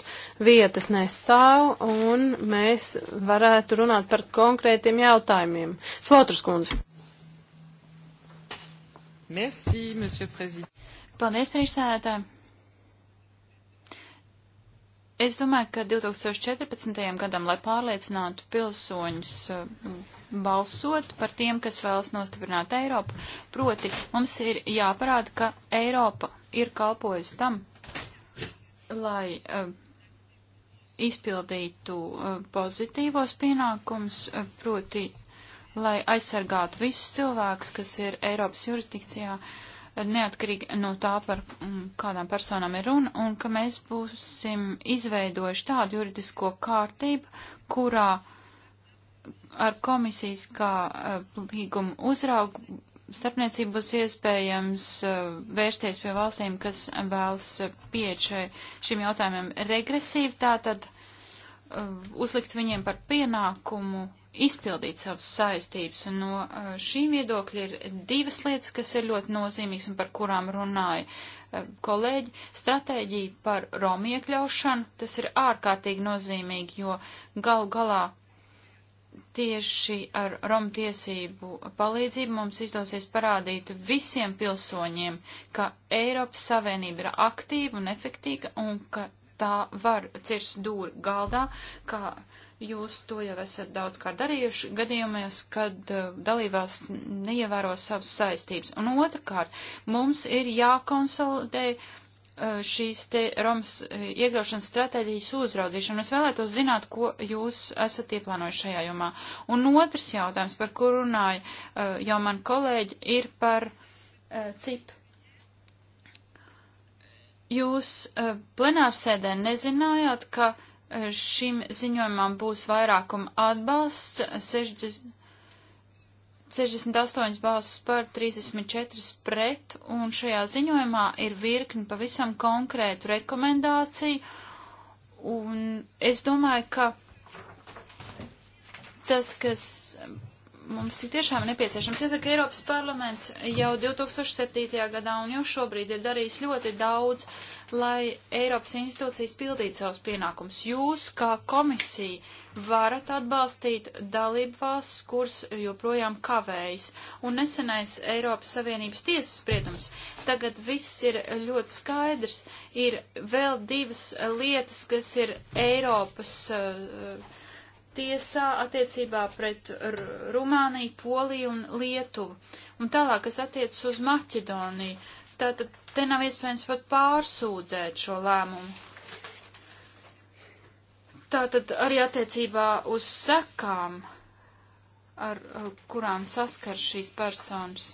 vietas nestāv un mēs varētu runāt par konkrētiem jautājumiem. Flotras kundze. Merci, monsieur prezidents. Paldies, priekšsēdētāji! Es domāju, ka 2014. gadam, lai pārliecinātu pilsoņus uh, balsot par tiem, kas vēlas nostiprināt Eiropu, proti mums ir jāparāda, ka Eiropa ir kalpojusi tam, lai uh, izpildītu uh, pozitīvos pienākums, uh, proti, lai aizsargātu visus cilvēkus, kas ir Eiropas jurisdikcijā. Uh, neatkarīgi no tā, par mm, kādām personām ir runa, un ka mēs būsim izveidojuši tādu juridisko kārtību, kurā ar komisijas kā eh, līguma uzraugu starpniecību būs iespējams eh, vērsties pie valstīm, kas vēlas pieiet šim jautājumam regresīvi, tātad eh, uzlikt viņiem par pienākumu izpildīt savas saistības. Un no uh, šī viedokļa ir divas lietas, kas ir ļoti nozīmīgas un par kurām runāja uh, kolēģi. Stratēģija par Romu iekļaušanu, tas ir ārkārtīgi nozīmīgi, jo galu galā tieši ar Romu tiesību palīdzību mums izdosies parādīt visiem pilsoņiem, ka Eiropas Savienība ir aktīva un efektīga un ka tā var cirst dūri galdā, ka. Kā Jūs to jau esat daudz kā darījuši gadījumos, kad uh, dalībās neievēro savas saistības. Un otrkārt, mums ir jākonsolidē uh, šīs te Romas uh, iekļaušanas stratēģijas uzraudzīšana. Es vēlētos zināt, ko jūs esat ieplānojuši šajā jomā. Un otrs jautājums, par kuru runāja uh, jau man kolēģi, ir par uh, cipu jūs uh, plenārsēdē nezinājāt, ka šim ziņojumam būs vairākuma atbalsts, 60, 68 balsis par, 34 pret, un šajā ziņojumā ir virkni pavisam konkrētu rekomendāciju, un es domāju, ka tas, kas mums tik tiešām nepieciešams. Ja ka Eiropas parlaments jau 2007. gadā un jau šobrīd ir darījis ļoti daudz, lai Eiropas institūcijas pildītu savus pienākumus. Jūs, kā komisija, varat atbalstīt dalību valsts, kuras joprojām kavējas. Un nesenais Eiropas Savienības tiesas spriedums. Tagad viss ir ļoti skaidrs. Ir vēl divas lietas, kas ir Eiropas uh, tiesā attiecībā pret R Rumāniju, Poliju un Lietuvu. Un tālāk, kas attiecas uz Maķedoniju. Tātad Te nav iespējams pat pārsūdzēt šo lēmumu. Tātad arī attiecībā uz sekām, ar, ar uh, kurām saskar šīs personas.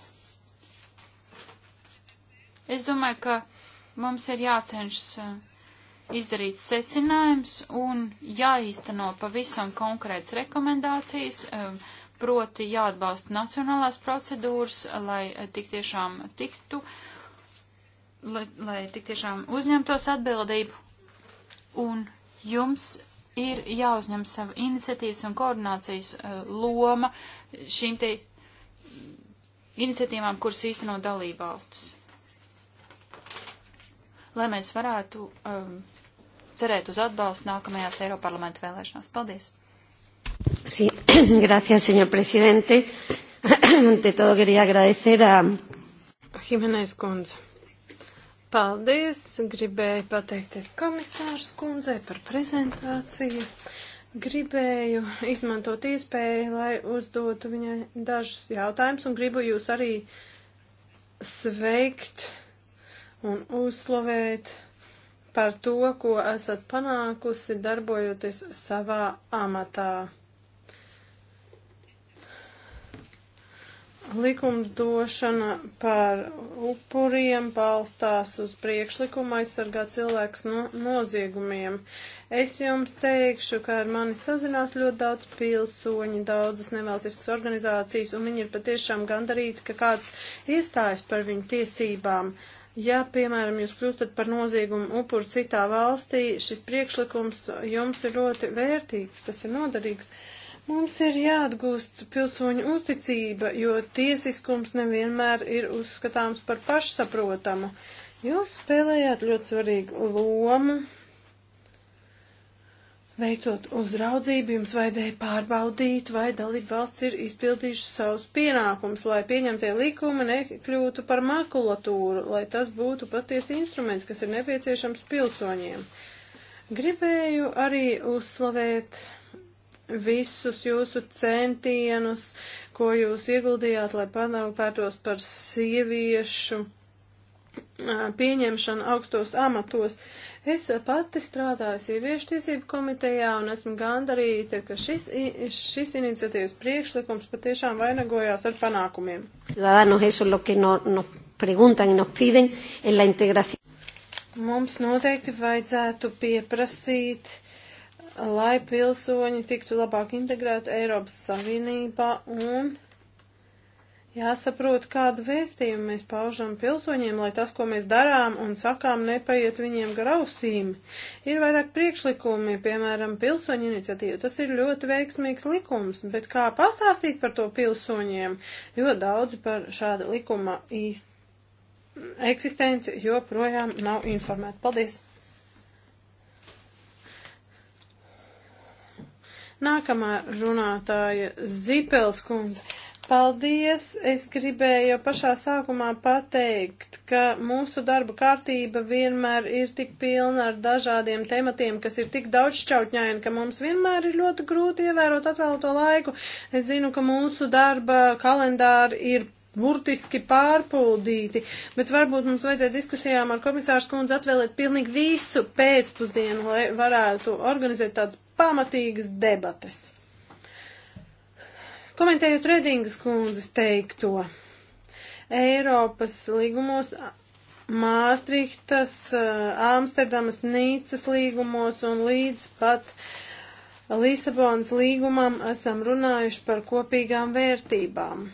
Es domāju, ka mums ir jācenšas uh, izdarīt secinājums un jāīsteno pavisam konkrēts rekomendācijas, um, proti jāatbalsta nacionālās procedūras, lai uh, tik tiešām tiktu uh, lai, lai tik tiešām uzņemtos atbildību un jums ir jāuzņem sava iniciatīvas un koordinācijas uh, loma šīm te iniciatīvām, kuras īsteno dalībvalstis. Lai mēs varētu um, cerēt uz atbalstu nākamajās Eiroparlamenta vēlēšanās. Paldies! Sí, gracias, señor presidente. Ante todo quería agradecer a Jiménez Conde. Paldies! Gribēju pateikties komisārs kundzei par prezentāciju. Gribēju izmantot iespēju, lai uzdotu viņai dažus jautājumus un gribu jūs arī sveikt un uzslavēt par to, ko esat panākusi darbojoties savā amatā. Likumdošana par upuriem balstās uz priekšlikumu aizsargāt cilvēks no noziegumiem. Es jums teikšu, ka ar mani sazinās ļoti daudz pilsoņi, daudzas nevalstiskas organizācijas, un viņi ir patiešām gandarīti, ka kāds iestājas par viņu tiesībām. Ja, piemēram, jūs kļūstat par noziegumu upuru citā valstī, šis priekšlikums jums ir ļoti vērtīgs, tas ir noderīgs. Uh, Mums ir jāatgūst pilsoņu uzticība, jo tiesiskums nevienmēr ir uzskatāms par pašsaprotamu. Jūs spēlējāt ļoti svarīgu lomu. Veicot uzraudzību, jums vajadzēja pārbaudīt, vai dalība valsts ir izpildījuši savus pienākumus, lai pieņemtie likumi nekļūtu par makulatūru, lai tas būtu patiesi instruments, kas ir nepieciešams pilsoņiem. Gribēju arī uzslavēt visus jūsu centienus, ko jūs ieguldījāt, lai panāpētos par sieviešu pieņemšanu augstos amatos. Es pati strādāju sieviešu tiesību komitejā un esmu gandarīta, ka šis, šis iniciatīvas priekšlikums patiešām vainagojās ar panākumiem. Mums noteikti vajadzētu pieprasīt uh, lai pilsoņi tiktu labāk integrēti Eiropas Savienībā un jāsaprot, kādu vēstījumu mēs paužam pilsoņiem, lai tas, ko mēs darām un sakām, nepaiet viņiem grausīm. Ir vairāk priekšlikumi, piemēram, pilsoņu iniciatīva. Tas ir ļoti veiksmīgs likums, bet kā pastāstīt par to pilsoņiem, jo daudzi par šāda likuma īst eksistenci joprojām nav informēti. Paldies! Nākamā runātāja Zipels kundze. Paldies! Es gribēju jau pašā sākumā pateikt, ka mūsu darba kārtība vienmēr ir tik pilna ar dažādiem tematiem, kas ir tik daudzšķautņaini, ka mums vienmēr ir ļoti grūti ievērot atvēlto laiku. Es zinu, ka mūsu darba kalendāri ir burtiski pārpildīti, bet varbūt mums vajadzēja diskusijām ar komisāru skundzi atvēlēt pilnīgi visu pēcpusdienu, lai varētu organizēt tādas pamatīgas debates. Komentējot Redingas kundzes teikto, Eiropas līgumos Māstrihtas, Āmsterdamas, eh, Nīcas līgumos un līdz pat Lisabonas līgumam esam runājuši par kopīgām vērtībām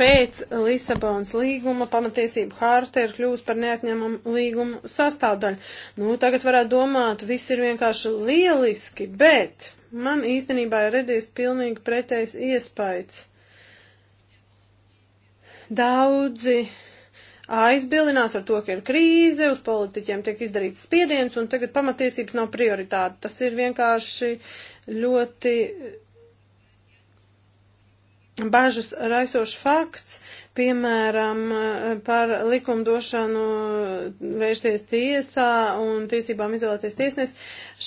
pēc Lisabonas līguma pamatiesību hārta ir kļūst par neatņemumu līgumu sastāvdaļu. Nu, tagad varētu domāt, viss ir vienkārši lieliski, bet man īstenībā ir redzējis pilnīgi pretējs iespējas. Daudzi aizbildinās ar to, ka ir krīze, uz politiķiem tiek izdarīts spiediens, un tagad pamatiesības nav prioritāte. Tas ir vienkārši ļoti bažas raisošs fakts, piemēram, par likumdošanu vērsties tiesā un tiesībām izvēlēties tiesnes.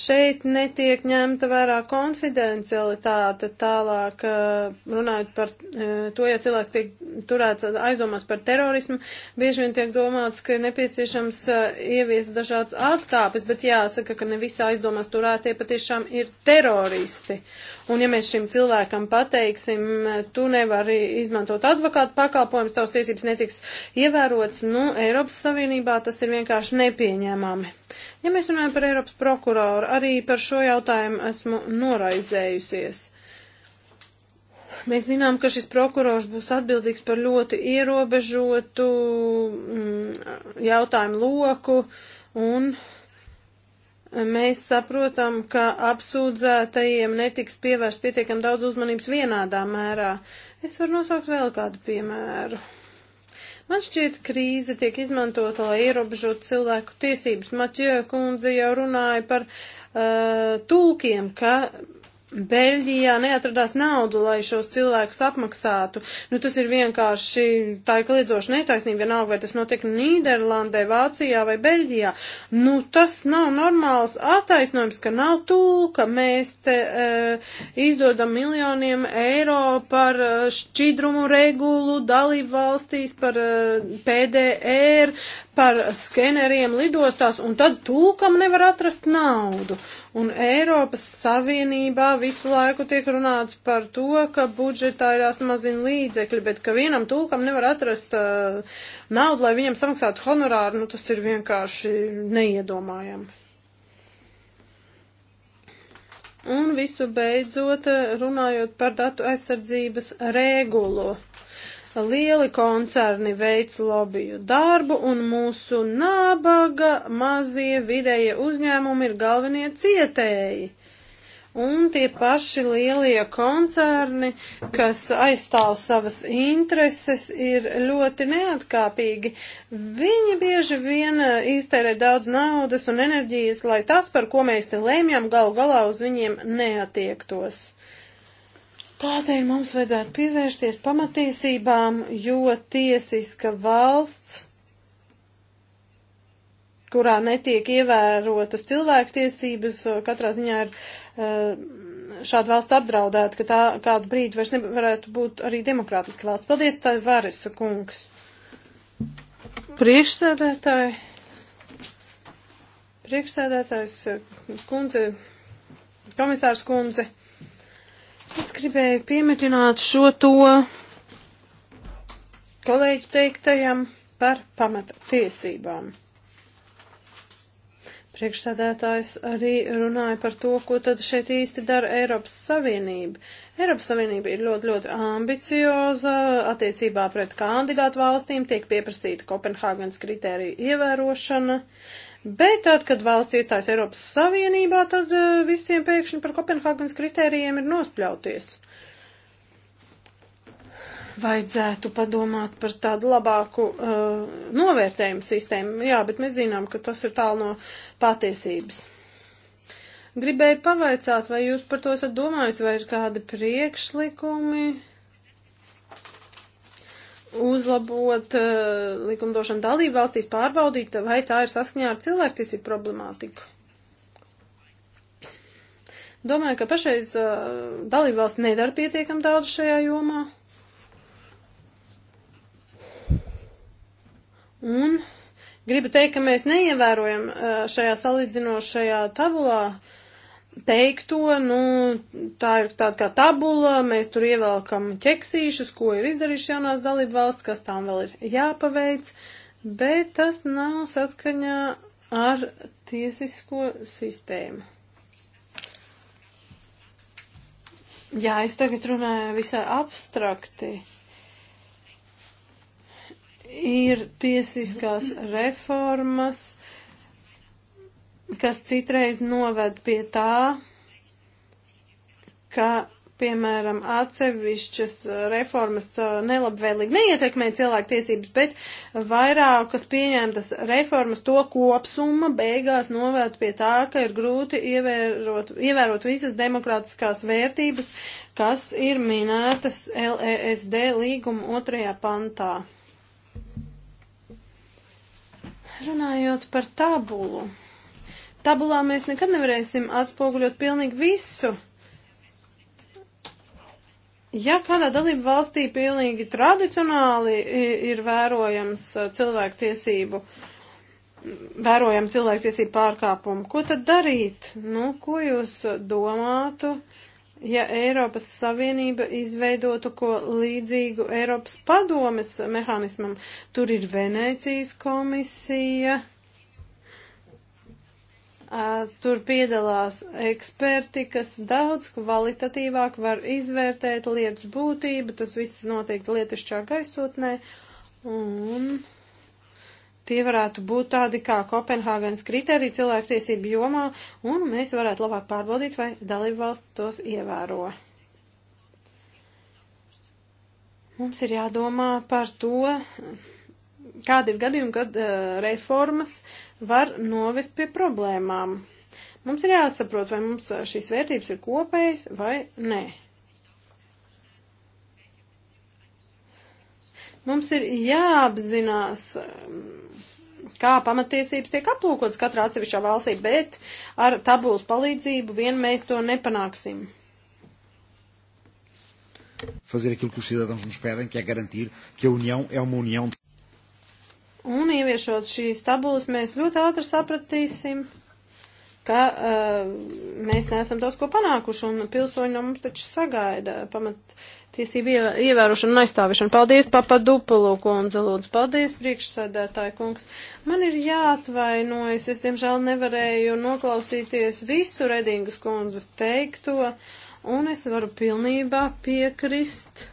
Šeit netiek ņemta vērā konfidencialitāte tālāk, eh, runājot par eh, to, ja cilvēks tiek turēts aizdomās par terorismu, bieži vien tiek domāts, ka ir nepieciešams eh, ievies dažādas atkāpes, bet jāsaka, ka ne visi aizdomās turētie patiešām ir teroristi. Uh, Un ja mēs šim cilvēkam pateiksim, tu nevari izmantot advokātu pakalpojumus, tavs tiesības netiks ievērots, nu, Eiropas Savienībā tas ir vienkārši nepieņēmami. Ja mēs runājam par Eiropas prokuroru, arī par šo jautājumu esmu noraizējusies mēs zinām, ka šis prokurors būs atbildīgs par ļoti ierobežotu mm, jautājumu loku un Mēs saprotam, ka apsūdzētajiem netiks pievērst pietiekam daudz uzmanības vienādā mērā. Es varu nosaukt vēl kādu piemēru. Man šķiet, krīze tiek izmantota, lai ierobežotu cilvēku tiesības. Matjē kundze jau runāja par uh, tulkiem, ka Beļģijā neatradās naudu, lai šos cilvēkus apmaksātu. Nu, tas ir vienkārši tā ir kliedzoša netaisnība, vienalga, vai tas notiek Nīderlandē, Vācijā vai Beļģijā. Nu, tas nav normāls attaisnojums, ka nav tulka. Mēs te e, izdodam miljoniem eiro par e, šķidrumu regulu dalību valstīs, par e, PDR, par skeneriem lidostās, un tad tūkam nevar atrast naudu. Un Eiropas Savienībā visu laiku tiek runāts par to, ka budžetā ir jāsamazina līdzekļi, bet ka vienam tūkam nevar atrast uh, naudu, lai viņam samaksātu honorāru, nu tas ir vienkārši neiedomājami. Un visu beidzot, uh, runājot par datu aizsardzības regulu Lieli koncerni veic lobiju darbu, un mūsu nabaga mazie vidējie uzņēmumi ir galvenie cietēji un tie paši lielie koncerni, kas aizstāv savas intereses, ir ļoti neatkāpīgi. Viņi bieži vien eh, iztērē daudz naudas un enerģijas, lai tas, par ko mēs te lēmjam, gal galā uz viņiem neatiektos. Tādēļ mums vajadzētu pievērsties pamatiesībām, jo tiesiska valsts, kurā netiek ievērotas cilvēktiesības, katrā ziņā ir eh, šāda valsts apdraudēta, ka tā kādu brīdi vairs nevarētu būt arī demokrātiska valsts. Paldies, tā ir Varisa kungs. Priekšsēdētāji, priekšsēdētājs eh, kundze, komisārs kundze. Es gribēju piemetināt šo to kolēģi teiktajam par pamatiesībām. Priekšsēdētājs arī runāja par to, ko tad šeit īsti dara Eiropas Savienība. Eiropas Savienība ir ļoti, ļoti ambicioza attiecībā pret kandidātu valstīm, tiek pieprasīta Kopenhāgenes kritērija ievērošana. Uh, Bet tad, kad valsts iestājas Eiropas Savienībā, tad eh, visiem pēkšņi par Kopenhāgenes kritērijiem ir nospļauties. Vajadzētu padomāt par tādu labāku uh, novērtējumu sistēmu. Jā, bet mēs zinām, ka tas ir tālu no patiesības. Gribēju pavaicāt, vai jūs par to esat domājis, vai ir kādi priekšlikumi? uzlabot uh, likumdošanu dalību valstīs, pārbaudīt, vai tā ir saskaņā ar cilvēktiesību problemātiku. Domāju, ka pašreiz uh, dalību valsts nedara pietiekam daudz šajā jomā. Un gribu teikt, ka mēs neievērojam uh, šajā salīdzinošajā tabulā uh, teikto, nu, tā ir tāda kā tabula, mēs tur ievelkam ķeksīšus, ko ir izdarījuši jaunās dalību valsts, kas tām vēl ir jāpaveic, bet tas nav saskaņā ar tiesisko sistēmu. Jā, es tagad runāju visai abstrakti. Ir tiesiskās reformas, uh, kas citreiz noved pie tā, ka, piemēram, atsevišķas reformas uh, nelabvēlīgi neietekmē cilvēku tiesības, bet vairākas pieņemtas reformas to kopsumma beigās noved pie tā, ka ir grūti ievērot, ievērot visas demokrātiskās vērtības, kas ir minētas LESD līguma otrajā pantā. Runājot par tabulu. Tabulā mēs nekad nevarēsim atspoguļot pilnīgi visu. Ja kādā dalību valstī pilnīgi tradicionāli ir vērojams uh, cilvēktiesību, vērojam cilvēktiesību pārkāpumu, ko tad darīt? Nu, ko jūs domātu, ja Eiropas Savienība izveidotu ko līdzīgu Eiropas padomes mehānismam? Tur ir Venēcijas komisija. Tur piedalās eksperti, kas daudz kvalitatīvāk var izvērtēt lietas būtību, tas viss notiek lietišķā gaisotnē, un tie varētu būt tādi kā Kopenhāgenes kriteriji cilvēktiesību jomā, un mēs varētu labāk pārbaudīt, vai dalību valsts tos ievēro. Mums ir jādomā par to, kādi ir gadījumi, kad uh, reformas var novest pie problēmām. Mums ir jāsaprot, vai mums eh, šīs vērtības ir kopējas vai nē. Mums ir jāapzinās, eh, kā pamatiesības tiek aplūkotas katrā atsevišķā valstī, bet ar tabulas palīdzību vien mēs to nepanāksim fazer aquilo que os cidadãos nos pedem, que é garantir que a União é uma União de. Un ieviešot šīs tabulas, mēs ļoti ātri sapratīsim, ka uh, mēs neesam daudz ko panākuši, un pilsoņi no mums taču sagaida pamat tiesību ievērošanu un aizstāvišanu. Paldies, papadupulu, kundze, lūdzu. Paldies, priekšsēdētāji, kungs. Man ir jāatvainojas, es diemžēl nevarēju noklausīties visu Redingas kundzes teikto, un es varu pilnībā piekrist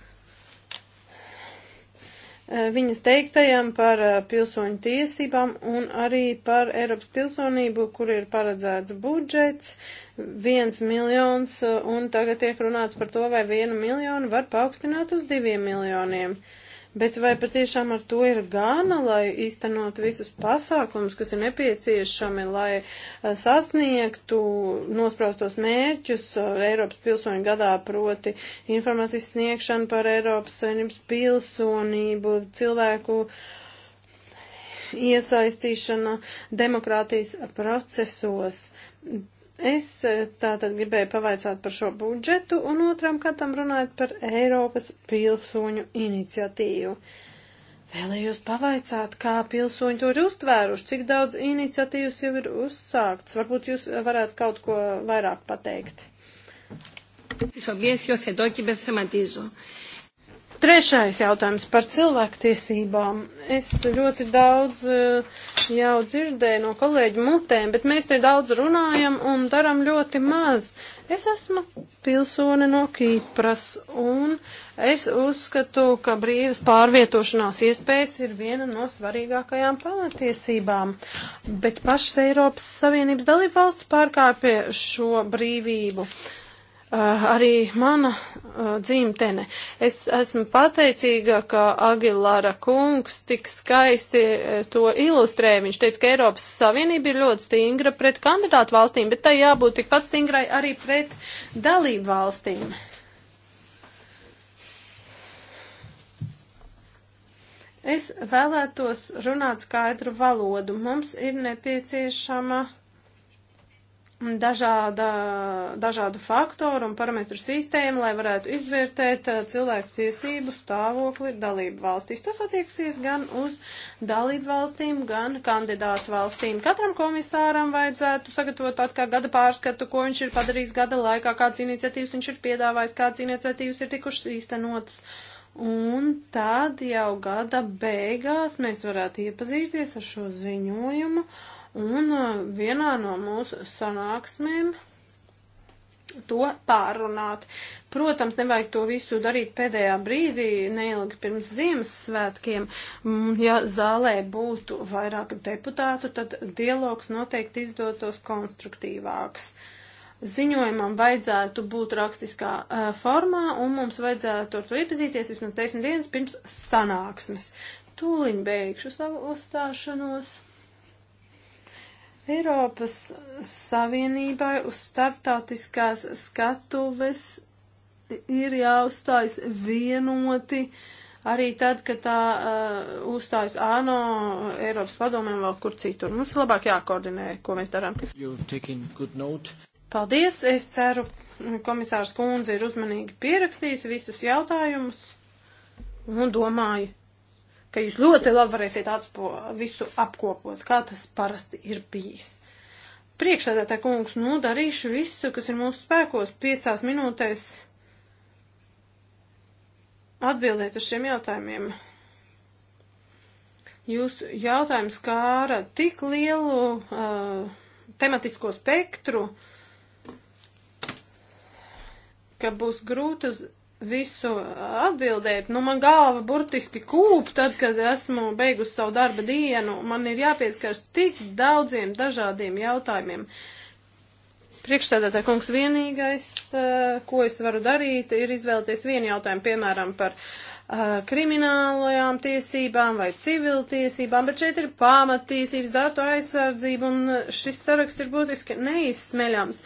Eh, viņas teiktajam par eh, pilsoņu tiesībām un arī par Eiropas pilsonību, kur ir paredzēts budžets viens miljons, eh, un tagad tiek runāts par to, vai vienu miljonu var paaugstināt uz diviem miljoniem. Uh, Bet vai patiešām ar to ir gana, lai īstenot visus pasākumus, kas ir nepieciešami, lai eh, sasniegtu nospraustos mērķus eh, Eiropas pilsoņu gadā, proti informācijas sniegšanu par Eiropas savienības pilsonību, cilvēku iesaistīšana demokrātijas procesos, Es e, tātad gribēju pavaicāt par šo budžetu un otram kārtam runājot par Eiropas pilsoņu iniciatīvu. Vēlējos pavaicāt, kā pilsoņi to ir uztvēruši, cik daudz iniciatīvas jau ir uzsākts. Varbūt jūs varētu kaut ko vairāk pateikt. Trešais jautājums par cilvēktiesībām. Es ļoti daudz uh, jau dzirdēju no kolēģu mutēm, bet mēs te daudz runājam un daram ļoti maz. Es esmu pilsone no Kīpras un es uzskatu, ka brīvas pārvietošanās iespējas ir viena no svarīgākajām pamatiesībām, bet pašas Eiropas Savienības dalībvalsts pārkāpja šo brīvību. Uh, Eh, arī mana eh, dzimtene. Es esmu pateicīga, ka Agilara kungs tik skaisti eh, to ilustrē. Viņš teica, ka Eiropas Savienība ir ļoti stingra pret kandidātu valstīm, bet tai jābūt tikpat stingrai arī pret dalību valstīm. Es vēlētos runāt skaidru valodu. Mums ir nepieciešama dažāda, dažādu faktoru un parametru sistēmu, lai varētu izvērtēt eh, cilvēku tiesību stāvokli dalību valstīs. Tas attieksies gan uz dalību valstīm, gan kandidātu valstīm. Katram komisāram vajadzētu sagatavot tādu kā gada pārskatu, ko viņš ir padarījis gada laikā, kādas iniciatīvas viņš ir piedāvājis, kādas iniciatīvas ir tikušas īstenotas. Un tad jau gada beigās mēs varētu iepazīties ar šo ziņojumu. Uh, Un uh, vienā no mūsu sanāksmēm to pārunāt. Protams, nevajag to visu darīt pēdējā brīdī, neilgi pirms Ziemassvētkiem. Ja zālē būtu vairāk deputātu, tad dialogs noteikti izdotos konstruktīvāks. Ziņojumam vajadzētu būt rakstiskā uh, formā, un mums vajadzētu ar to iepazīties vismaz desmit dienas pirms sanāksmes. Tūliņ beigšu savu uzstāšanos. Eiropas Savienībai uz starptautiskās skatuves ir jāuzstājas vienoti arī tad, kad tā uh, uzstājas ANO, Eiropas padomēm vēl kur citur. Mums ir labāk jākoordinē, ko mēs darām. Paldies, es ceru, komisārs Kunze ir uzmanīgi pierakstījis visus jautājumus un domāju, ka jūs ļoti labi varēsiet atspo, visu apkopot, kā tas parasti ir bijis. Priekšsēdētāj kungs, nu darīšu visu, kas ir mūsu spēkos, piecās minūtēs atbildēt uz šiem jautājumiem. Jūs jautājums kāra tik lielu uh, tematisko spektru, ka būs grūti uz visu atbildēt. Nu, man galva burtiski kūp, tad, kad esmu beigusi savu darba dienu, man ir jāpieskars tik daudziem dažādiem jautājumiem. Priekšsēdētāj kungs vienīgais, eh, ko es varu darīt, ir izvēlēties vienu jautājumu, piemēram, par uh, kriminālajām tiesībām vai civiltiesībām, bet šeit ir pamatīsības, datu aizsardzība, un šis saraksts ir būtiski neizsmeļams,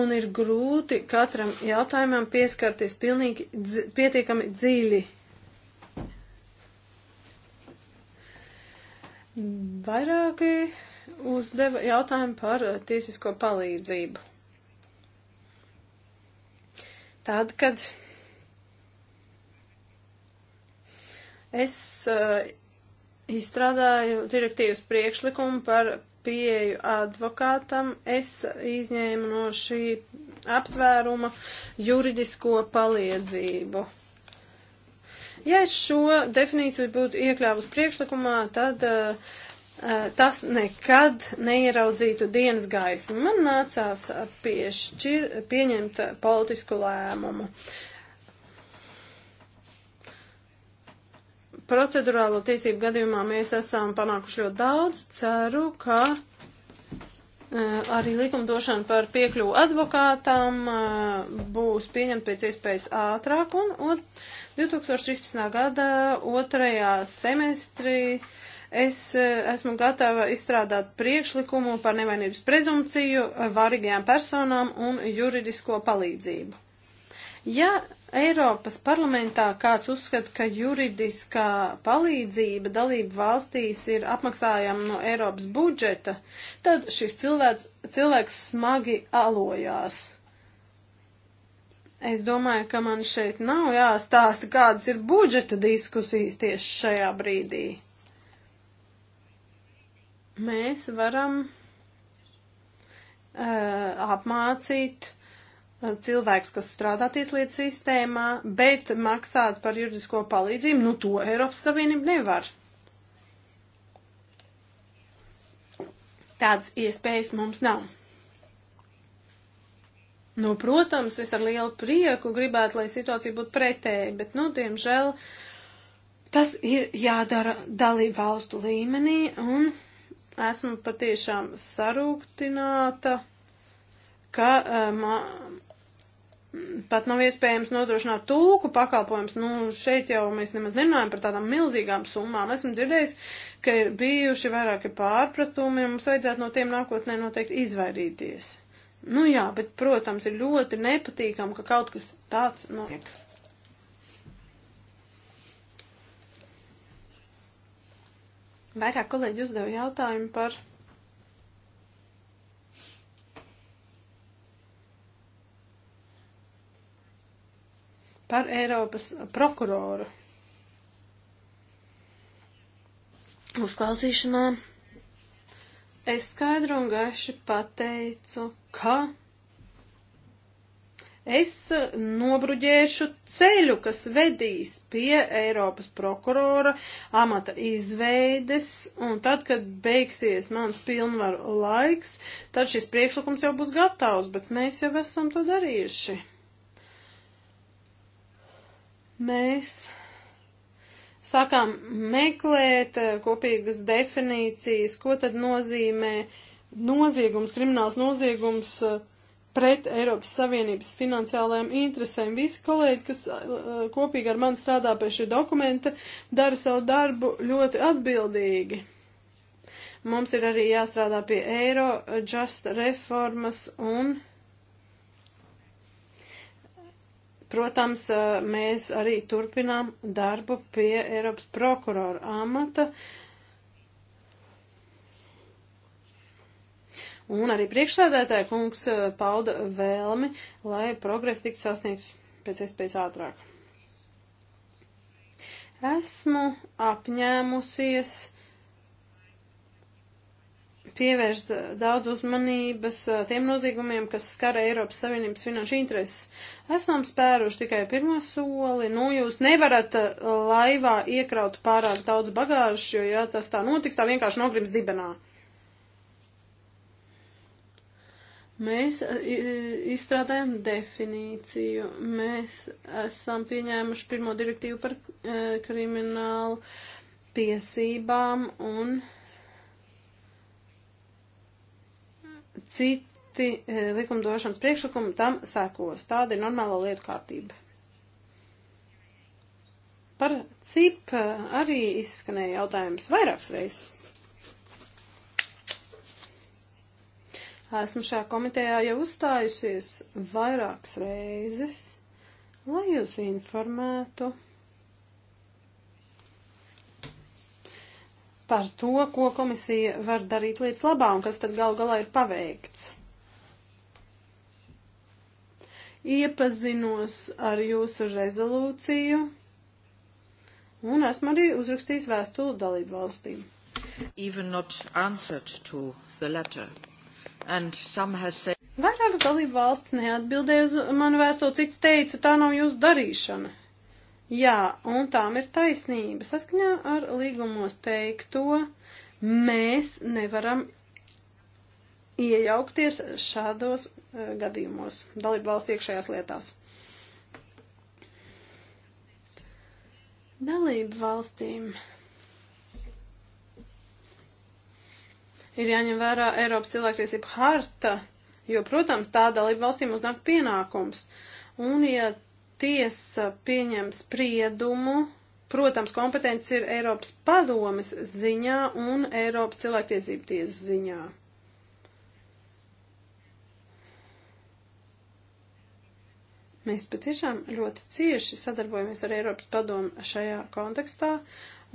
un ir grūti katram jautājumam pieskarties pilnīgi dz pietiekami dziļi. Vairāki uzdeva jautājumu par tiesisko palīdzību. Tad, kad Es uh, izstrādāju direktīvas priekšlikumu par pieeju advokātam. Es izņēmu no šī aptvēruma juridisko paliedzību. Ja es šo definīciju būtu iekļāvusi priekšlikumā, tad uh, tas nekad neieraudzītu dienas gaismu. Man nācās piešķir, pieņemt politisku lēmumu. Procedurālo tiesību gadījumā mēs esam panākuši ļoti daudz. Ceru, ka e, arī likumdošana par piekļuvu advokātām e, būs pieņemta pēc iespējas ātrāk un 2013. gada otrajā semestrī es e, esmu gatava izstrādāt priekšlikumu par nevainības prezumciju varīgajām personām un juridisko palīdzību. Ja Eiropas parlamentā kāds uzskata, ka juridiskā palīdzība dalību valstīs ir apmaksājama no Eiropas budžeta, tad šis cilvēks, cilvēks smagi alojās. Es domāju, ka man šeit nav jāstāsta, kādas ir budžeta diskusijas tieši šajā brīdī. Mēs varam uh, apmācīt cilvēks, kas strādā tieslietu sistēmā, bet maksāt par juridisko palīdzību, nu to Eiropas Savienība nevar. Tādas iespējas mums nav. Nu, protams, es ar lielu prieku gribētu, lai situācija būtu pretēji, bet, nu, diemžēl, tas ir jādara dalību valstu līmenī, un esmu patiešām sarūktināta, ka uh, um, pat nav iespējams nodrošināt tulku pakalpojums. Nu, šeit jau mēs nemaz nerunājam par tādām milzīgām summām. Esmu dzirdējis, ka ir bijuši vairāki pārpratumi, un mums vajadzētu no tiem nākotnē noteikti izvairīties. Nu jā, bet, protams, ir ļoti nepatīkam, ka kaut kas tāds notiek. Vairāk kolēģi uzdeva jautājumu par par Eiropas prokuroru. Uzklausīšanā es skaidru un gaiši pateicu, ka es nobruģēšu ceļu, kas vedīs pie Eiropas prokurora amata izveides, un tad, kad beigsies mans pilnvaru laiks, tad šis priekšlikums jau būs gatavs, bet mēs jau esam to darījuši. Mēs sākām meklēt eh, kopīgas definīcijas, ko tad nozīmē noziegums, krimināls noziegums eh, pret Eiropas Savienības finansiālajām interesēm. Visi kolēģi, kas eh, kopīgi ar mani strādā pie šī dokumenta, dara savu darbu ļoti atbildīgi. Mums ir arī jāstrādā pie Eiro, Just reformas un. Uh, Protams, mēs arī turpinām darbu pie Eiropas prokurora amata. Un arī priekšsēdētāja kungs pauda vēlmi, lai progress tiktu sasniegts pēc iespējas ātrāk. Esmu apņēmusies pievērš eh, daudz uzmanības eh, tiem noziegumiem, kas skara Eiropas Savienības finanšu intereses. Esam spēruši tikai pirmo soli, nu jūs nevarat eh, laivā iekraut pārāk daudz bagāžu, jo ja tas tā notiks, tā vienkārši nogrims dibenā. Mēs izstrādājam definīciju, mēs esam pieņēmuši pirmo direktīvu par kriminālu tiesībām un. Uh, citi e, likumdošanas priekšlikumi tam sekos. Tāda ir normāla lietu kārtība. Par CIP e, arī izskanēja jautājums vairākas reizes. Esmu šajā komitejā jau uzstājusies vairākas reizes, lai jūs informētu par to, ko komisija var darīt lietas labā un kas tad gal galā ir paveikts. Iepazinos ar jūsu rezolūciju un esmu arī uzrakstījis vēstuli dalību valstīm. Even not answered to the letter. And some has said. Vairākas dalību valsts neatbildēja uz manu vēstuli, cits teica, tā nav jūsu darīšana. Jā, un tām ir taisnība. Saskaņā ar līgumos teikto, mēs nevaram iejaukties šādos uh, gadījumos dalību valstu iekšējās lietās. Dalību valstīm ir jāņem vērā Eiropas cilvēktiesība harta, jo, protams, tā dalību valstīm uznāk pienākums. Un, ja tiesa pieņem spriedumu. Protams, kompetence ir Eiropas padomes ziņā un Eiropas cilvēktiesību tiesas ziņā. Mēs patiešām ļoti cieši sadarbojamies ar Eiropas padomu šajā kontekstā,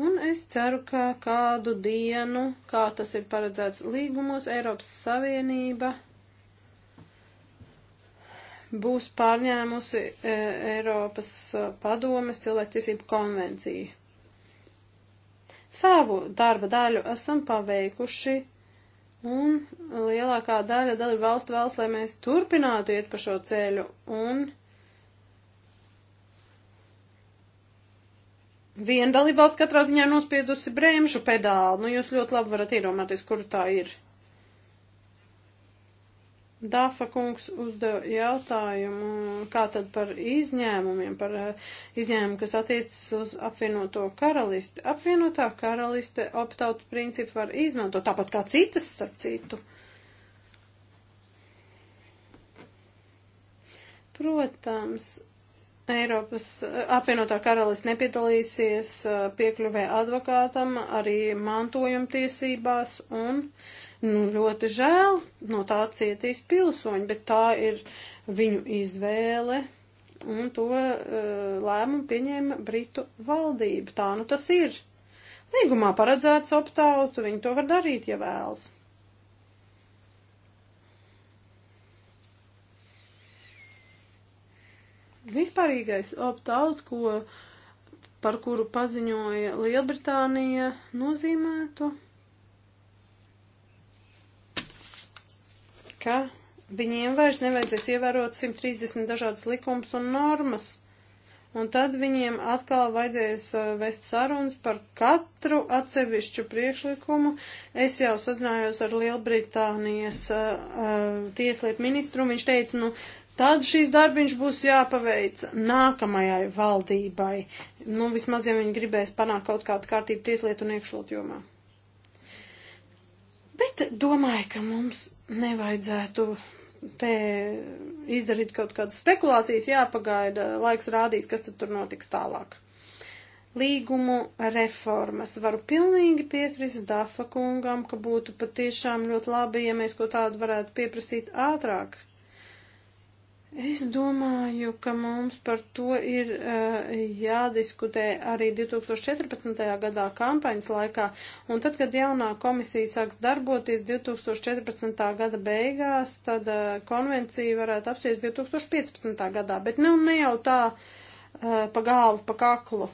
un es ceru, ka kādu dienu, kā tas ir paredzēts līgumos, Eiropas Savienība būs pārņēmusi e, Eiropas e, padomes cilvēktiesību konvenciju. Savu darba daļu esam paveikuši, un lielākā daļa dalību valstu vēlas, lai mēs turpinātu iet pa šo ceļu, un viena dalība valsts katrā ziņā nospiedusi bremšu pedāli, nu jūs ļoti labi varat iedomāties, kur tā ir. Dāfa kungs uzdeva jautājumu, kā tad par izņēmumiem, par eh, izņēmumu, kas attiecas uz apvienoto karalisti. Apvienotā karaliste optautu principu var izmantot, tāpat kā citas, starp citu. Protams, Eiropas eh, apvienotā karaliste nepiedalīsies eh, piekļuvē advokātam, arī mantojumtiesībās un. Uh, Nu, ļoti žēl, no tā cietīs pilsoņi, bet tā ir viņu izvēle. Un to uh, lēmumu pieņēma Britu valdība. Tā nu tas ir. Līgumā paredzēts optautu, viņi to var darīt, ja vēlas. Vispārīgais optaut, ko, par kuru paziņoja Lielbritānija, nozīmētu. To ka viņiem vairs nevajadzēs ievērot 130 dažādas likumus un normas. Un tad viņiem atkal vajadzēs uh, vest sarunas par katru atsevišķu priekšlikumu. Es jau sazinājos ar Lielbritānijas uh, uh, tieslietu ministru, viņš teica, nu, tad šīs darbiņš būs jāpaveic nākamajai valdībai. Nu, vismaz, ja viņi gribēs panākt kaut kādu kārtību tieslietu un iekšlietu jomā. Bet domāju, ka mums nevajadzētu te izdarīt kaut kādas spekulācijas, jāpagaida, laiks rādīs, kas tad tur notiks tālāk. Līgumu reformas. Varu pilnīgi piekrist Dafa kungam, ka būtu patiešām ļoti labi, ja mēs ko tādu varētu pieprasīt ātrāk. Es domāju, ka mums par to ir uh, jādiskutē arī 2014. gadā kampaņas laikā, un tad, kad jaunā komisija sāks darboties 2014. gada beigās, tad uh, konvencija varētu apspriest 2015. gadā, bet nu ne jau tā uh, pa galvu, pa kaklu.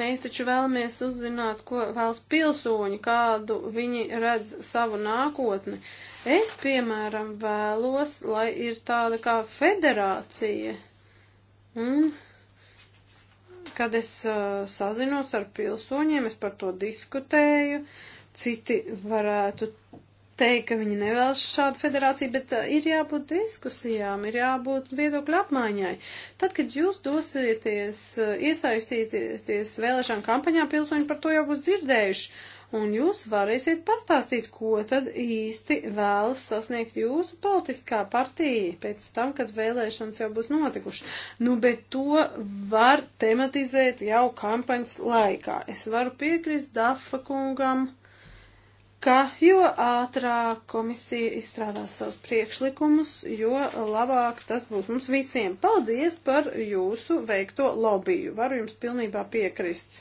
Mēs taču vēlamies uzzināt, ko vēlas pilsoņi, kādu viņi redz savu nākotni. Es, piemēram, vēlos, lai ir tāda kā federācija. Un, kad es uh, sazinos ar pilsoņiem, es par to diskutēju. Citi varētu teikt, ka viņi nevēlas šādu federāciju, bet uh, ir jābūt diskusijām, ir jābūt viedokļu apmaiņai. Tad, kad jūs dosieties uh, iesaistīties vēlēšanu kampaņā, pilsoņi par to jau būs dzirdējuši, un jūs varēsiet pastāstīt, ko tad īsti vēlas sasniegt jūsu politiskā partija pēc tam, kad vēlēšanas jau būs notikuši. Nu, bet to var tematizēt jau kampaņas laikā. Es varu piekrist Dafa kungam ka jo ātrāk komisija izstrādās savus priekšlikumus, jo labāk tas būs mums visiem. Paldies par jūsu veikto lobiju. Varu jums pilnībā piekrist.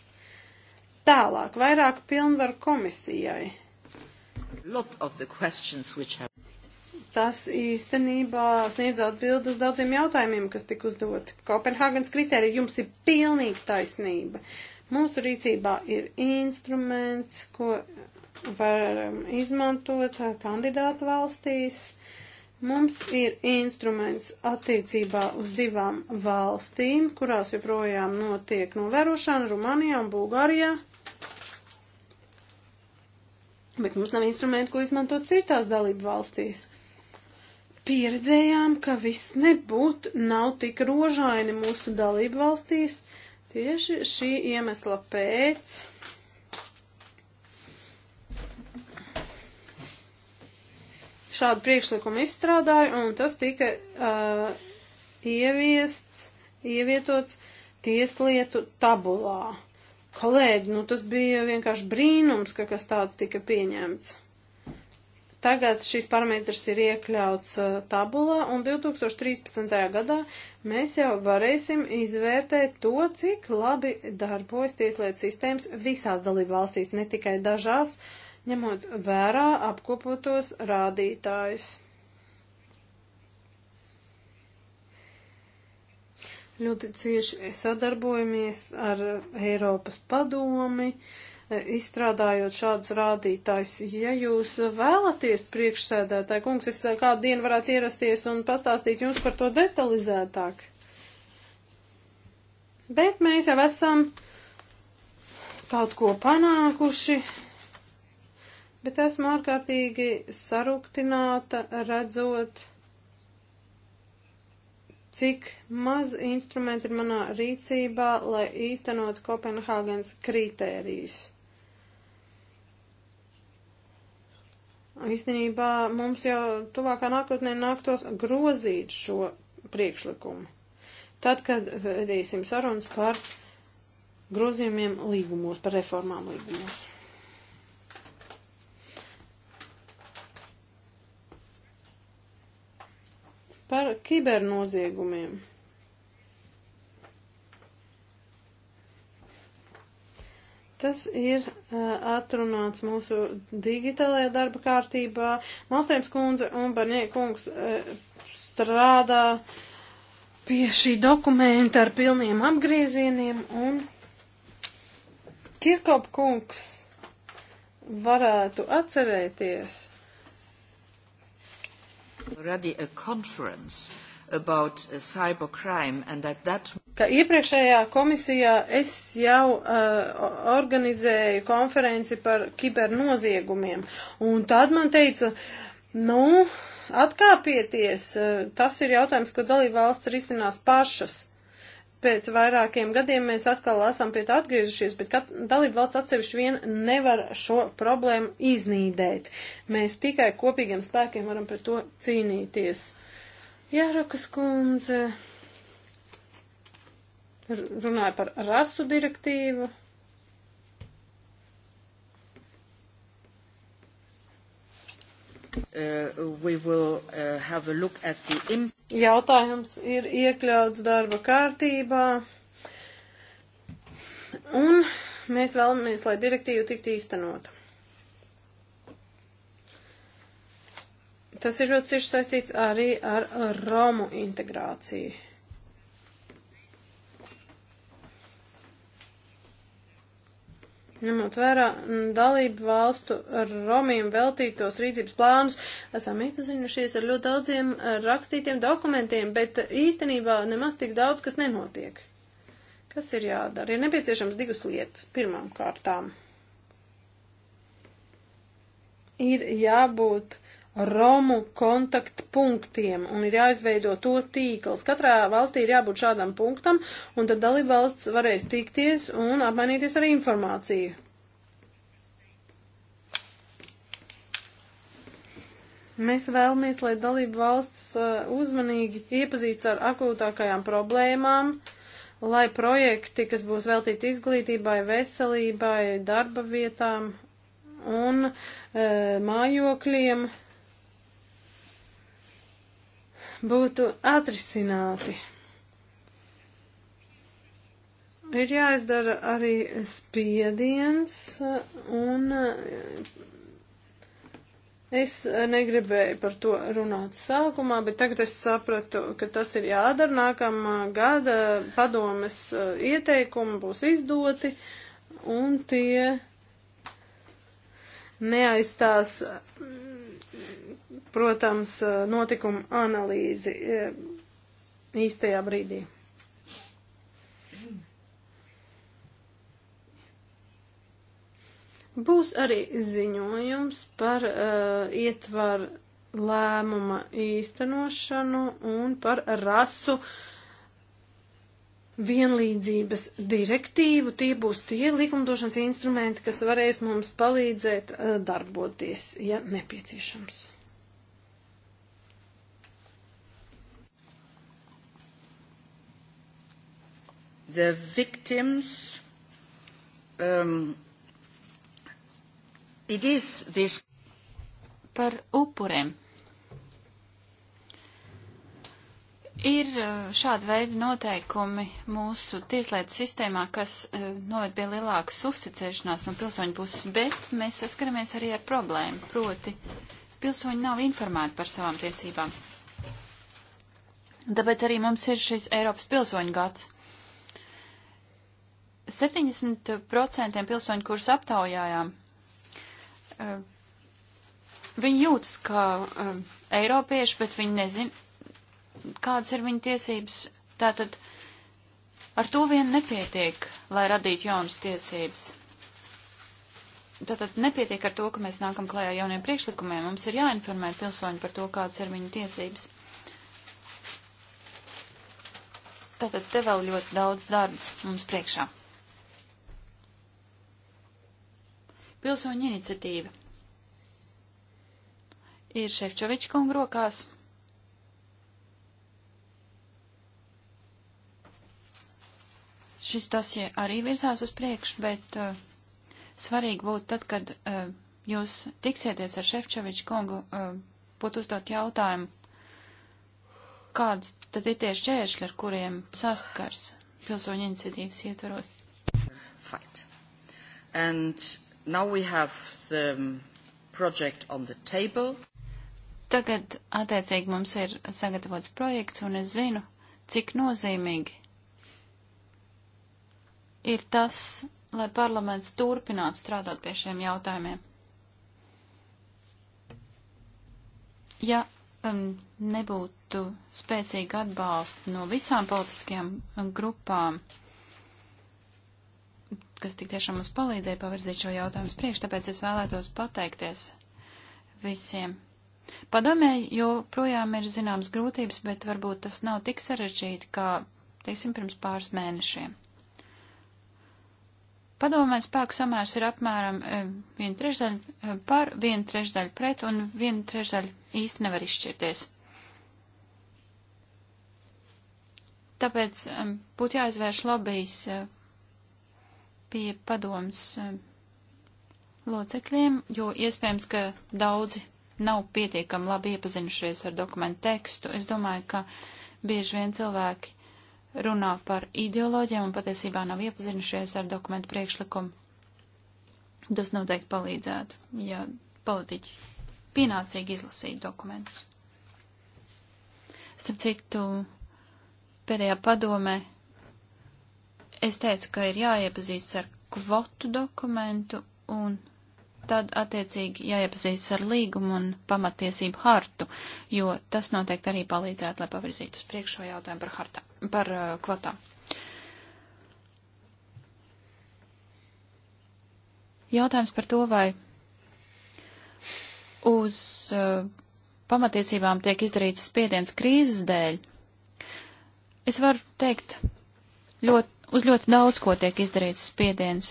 Tālāk, vairāk pilnvaru komisijai. Have... Tas īstenībā sniedz atbildes daudziem jautājumiem, kas tika uzdoti. Kopenhāgens kriterija jums ir pilnīgi taisnība. Mūsu rīcībā ir instruments, ko varam izmantot eh, kandidātu valstīs. Mums ir instruments attiecībā uz divām valstīm, kurās joprojām notiek novērošana - Rumānijā un Bulgārijā. Bet mums nav instrumentu, ko izmantot citās dalību valstīs. Pieredzējām, ka viss nebūtu nav tik rožaini mūsu dalību valstīs tieši šī iemesla pēc šādu priekšlikumu izstrādāja, un tas tika uh, ieviests, ievietots tieslietu tabulā. Kolēģi, nu tas bija vienkārši brīnums, ka kas tāds tika pieņemts. Tagad šis parametrs ir iekļauts uh, tabulā, un 2013. gadā mēs jau varēsim izvērtēt to, cik labi darbojas tieslietu sistēmas visās dalību valstīs, ne tikai dažās. Uh, ņemot vērā apkopotos rādītājus. Ļoti cieši sadarbojamies ar Eiropas padomi, izstrādājot šādus rādītājus. Ja jūs vēlaties priekšsēdētāji, kungs, es kādu dienu varētu ierasties un pastāstīt jums par to detalizētāk. Bet mēs jau esam kaut ko panākuši bet esmu ārkārtīgi sarūktināta redzot, cik maz instrumenti ir manā rīcībā, lai īstenot Kopenhāgens kritērijus. Īstenībā mums jau tuvākā nākotnē nāktos grozīt šo priekšlikumu. Tad, kad vedīsim sarunas par grozījumiem līgumos, par reformām līgumos. par kibernoziegumiem. Tas ir uh, atrunāts mūsu digitālajā darba kārtībā. Malstrēms kundze un Barniekungs uh, strādā pie šī dokumenta ar pilniem apgriezieniem un Kirkop kungs varētu atcerēties, already a conference about uh, cybercrime and at that ka iepriekšējā komisijā es jau uh, organizēju konferenci par kibernoziegumiem, un tad man teica, nu, atkāpieties, uh, tas ir jautājums, ko dalība valsts risinās pašas pēc vairākiem gadiem mēs atkal esam pie tā atgriezušies, bet dalība valsts atsevišķi vien nevar šo problēmu iznīdēt. Mēs tikai kopīgiem spēkiem varam pret to cīnīties. Jārakas kundze runāja par rasu direktīvu. Uh, will, uh, Jautājums ir iekļauts darba kārtībā. Un mēs vēlamies, lai direktīva tiktu īstenota. Tas ir ļoti cieši saistīts arī ar Romu integrāciju. Ņemot vērā mm, dalību valstu Romiem veltītos rīcības plānus, esam iepazinušies ar ļoti daudziem eh, rakstītiem dokumentiem, bet īstenībā nemaz tik daudz, kas nenotiek. Kas ir jādara? Ir nepieciešams divas lietas. Pirmām kārtām ir jābūt Romu kontaktpunktiem un ir jāizveido to tīkls. Katrā valstī ir jābūt šādam punktam, un tad dalībvalsts varēs tikties un apmainīties ar informāciju. Mēs vēlamies, lai dalību valsts uh, uzmanīgi iepazīstas ar akūtākajām problēmām, lai projekti, kas būs veltīti izglītībai, veselībai, darba vietām un e, mājokļiem, būtu atrisināti. Ir jāizdara arī spiediens, un es negribēju par to runāt sākumā, bet tagad es sapratu, ka tas ir jādara. Nākamā gada padomes eh, ieteikumi būs izdoti, un tie neaizstās protams, eh, notikumu analīzi eh, īstajā brīdī. Būs arī ziņojums par uh, ietvaru lēmuma īstenošanu un par rasu vienlīdzības direktīvu. Tie būs tie likumdošanas instrumenti, kas varēs mums palīdzēt uh, darboties, ja nepieciešams. the victims. Um, it is this. Par upuriem. Ir uh, šāda veida noteikumi mūsu tieslietu sistēmā, kas uh, noved pie lielākas uzticēšanās no pilsoņu puses, bet mēs saskaramies arī ar problēmu, proti pilsoņi nav informēti par savām tiesībām. Tāpēc arī mums ir šis Eiropas pilsoņu gads. 70% pilsoņu, kurus aptaujājām, eh, viņi jūtas kā eh, eiropieši, bet viņi nezina, kādas ir viņu tiesības. Tātad ar to vien nepietiek, lai radītu jaunas tiesības. Tātad nepietiek ar to, ka mēs nākam klējā jauniem priekšlikumiem. Mums ir jāinformē pilsoņi par to, kādas ir viņu tiesības. Tātad te vēl ļoti daudz darba mums priekšā. Pilsoņu iniciatīva ir Šefčoviča kunga rokās. Šis dosie arī virzās uz priekšu, bet uh, svarīgi būtu tad, kad uh, jūs tiksieties ar Šefčoviča kungu, uh, būtu uzdot jautājumu, kāds tad ir tie šķēršļi, ar kuriem saskars pilsoņu iniciatīvas ietveros. Fight. And Now we have the um, project on the table. Tagad, attiecīgi, mums ir sagatavots projekts, un es zinu, cik nozīmīgi ir tas, lai parlaments turpinātu strādāt pie šiem jautājumiem. Ja um, nebūtu spēcīga atbalsta no visām politiskajām um, grupām, uh, kas tik tiešām mums palīdzēja pavirzīt šo jautājumu priekš, tāpēc es vēlētos pateikties visiem. Padomē, jo projām ir zināmas grūtības, bet varbūt tas nav tik sarežģīti, kā, teiksim, pirms pāris mēnešiem. Padomē spēku samērs ir apmēram e, viena trešdaļa e, par, viena trešdaļa pret un viena trešdaļa īsti nevar izšķirties. Tāpēc e, būtu jāizvērš lobijas e, pie padomas eh, locekļiem, jo iespējams, ka daudzi nav pietiekami labi iepazinušies ar dokumentu tekstu. Es domāju, ka bieži vien cilvēki runā par ideoloģiem un patiesībā nav iepazinušies ar dokumentu priekšlikumu. Tas noteikti palīdzētu, ja politiķi pienācīgi izlasītu dokumentus. Starp citu, pēdējā padomē Es teicu, ka ir jāiepazīstas ar kvotu dokumentu un tad attiecīgi jāiepazīstas ar līgumu un pamatiesību hartu, jo tas noteikti arī palīdzētu, lai pavirzītu uz priekšu šo jautājumu par, hartā, par uh, kvotām. Jautājums par to, vai uz uh, pamatiesībām tiek izdarīts spiediens krīzes dēļ. Es varu teikt ļoti Uz ļoti daudz ko tiek izdarīts spiediens.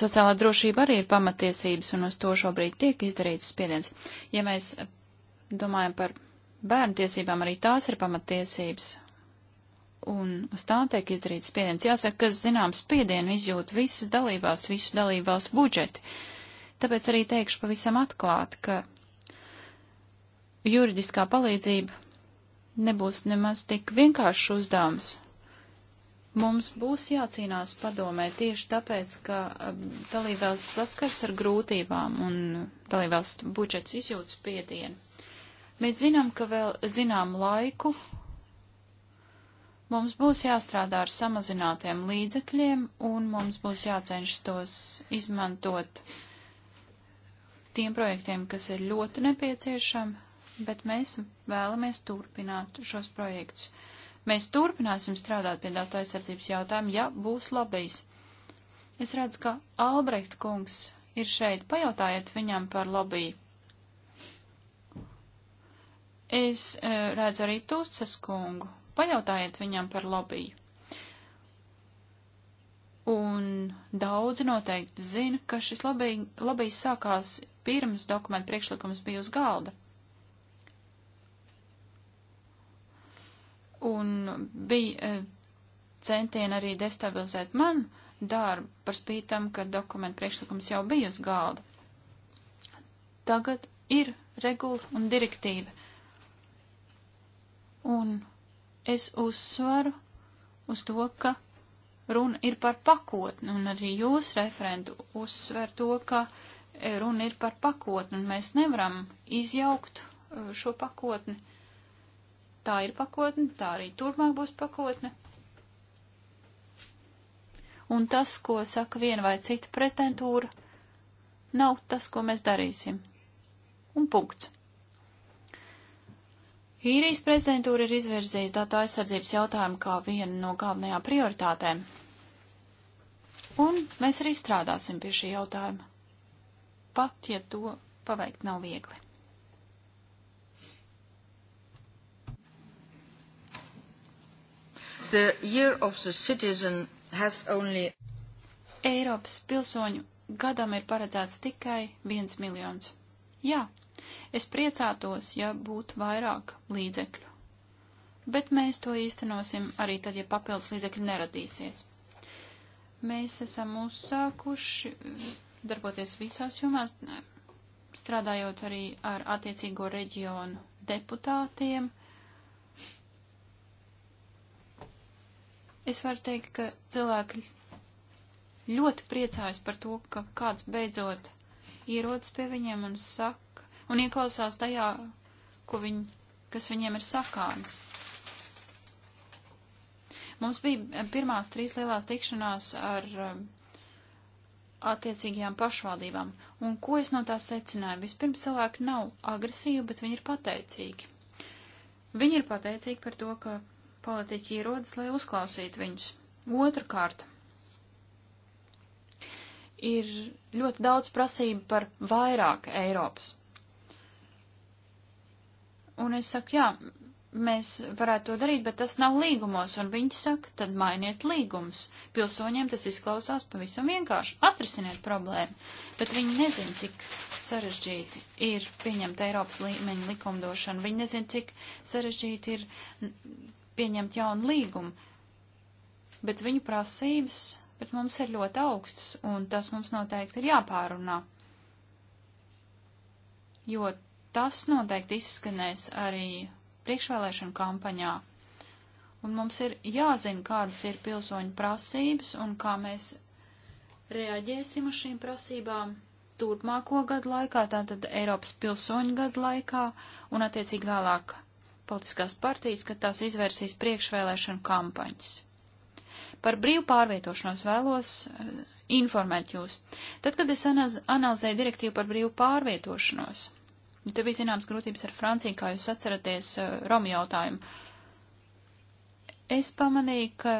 Sociālā drošība arī ir pamatiesības, un uz to šobrīd tiek izdarīts spiediens. Ja mēs domājam par bērnu tiesībām, arī tās ir pamatiesības, un uz tām tiek izdarīts spiediens. Jāsaka, ka zinām spiedienu izjūt visas dalībās, visu dalībvalstu budžeti. Tāpēc arī teikšu pavisam atklāti, ka juridiskā palīdzība nebūs nemaz tik vienkāršs uzdevums. Mums būs jācīnās padomē tieši tāpēc, ka um, dalībās saskars ar grūtībām un dalībās budžets izjūtas piedienu. Mēs zinām, ka vēl zinām laiku. Mums būs jāstrādā ar samazinātiem līdzekļiem un mums būs jācenšas tos izmantot tiem projektiem, kas ir ļoti nepieciešami, bet mēs vēlamies turpināt šos projektus. Mēs turpināsim strādāt pie datu aizsardzības jautājumu, ja būs lobijs. Es redzu, ka Albrecht kungs ir šeit. Pajautājiet viņam par lobiju. Es e, redzu arī Tūcas kungu. Pajautājiet viņam par lobiju. Un daudzi noteikti zina, ka šis lobijs sākās pirms dokumentu priekšlikums bija uz galda. un bija e, centieni arī destabilizēt manu darbu, par spītam, ka dokumentu priekšlikums jau bija uz galda. Tagad ir regula un direktīva. Un es uzsvaru uz to, ka runa ir par pakotni, un arī jūs, referendu, uzsver to, ka e, runa ir par pakotni, un mēs nevaram izjaukt e, šo pakotni. Uh, Tā ir pakotne, tā arī turpmāk būs pakotne. Un tas, ko saka viena vai cita prezidentūra, nav tas, ko mēs darīsim. Un punkts. Īrijas prezidentūra ir izvirzījusi datu aizsardzības jautājumu kā vienu no galvenajām prioritātēm. Un mēs arī strādāsim pie šī jautājuma. Pat, ja to paveikt nav viegli. The year of the citizen has only. Eiropas pilsoņu gadam ir paredzēts tikai viens miljons. Jā, es priecātos, ja būtu vairāk līdzekļu. Bet mēs to īstenosim arī tad, ja papildus līdzekļi neradīsies. Mēs esam uzsākuši darboties visās jomās, strādājot arī ar attiecīgo reģionu deputātiem Es varu teikt, ka cilvēki ļoti priecājas par to, ka kāds beidzot ierodas pie viņiem un saka, un ieklausās tajā, ko viņi, kas viņiem ir sakāms. Mums bija eh, pirmās trīs lielās tikšanās ar eh, attiecīgajām pašvaldībām, un ko es no tā secināju? Vispirms cilvēki nav agresīvi, bet viņi ir pateicīgi. Viņi ir pateicīgi par to, ka politiķi ierodas, lai uzklausītu viņus. Otrakārt, ir ļoti daudz prasību par vairāk Eiropas. Un es saku, jā, mēs varētu to darīt, bet tas nav līgumos, un viņi saka, tad mainiet līgumus. Pilsoņiem tas izklausās pavisam vienkārši. Atrisiniet problēmu, bet viņi nezin, cik sarežģīti ir pieņemt Eiropas līmeņa likumdošanu. Viņi nezin, cik sarežģīti ir pieņemt jaunu līgumu, bet viņu prasības, bet mums ir ļoti augstas, un tas mums noteikti ir jāpārunā. Jo tas noteikti izskanēs arī priekšvēlēšanu kampaņā. Un mums ir jāzina, kādas ir pilsoņu prasības un kā mēs reaģēsim uz šīm prasībām turpmāko gadu laikā, tātad Eiropas pilsoņu gadu laikā un attiecīgi vēlāk politiskās partijas, ka tās izvērsīs priekšvēlēšanu kampaņas. Par brīvu pārvietošanos vēlos eh, informēt jūs. Tad, kad es analizēju direktīvu par brīvu pārvietošanos, jo te bija zināmas grūtības ar Franciju, kā jūs atceraties eh, Romu jautājumu, es pamanīju, ka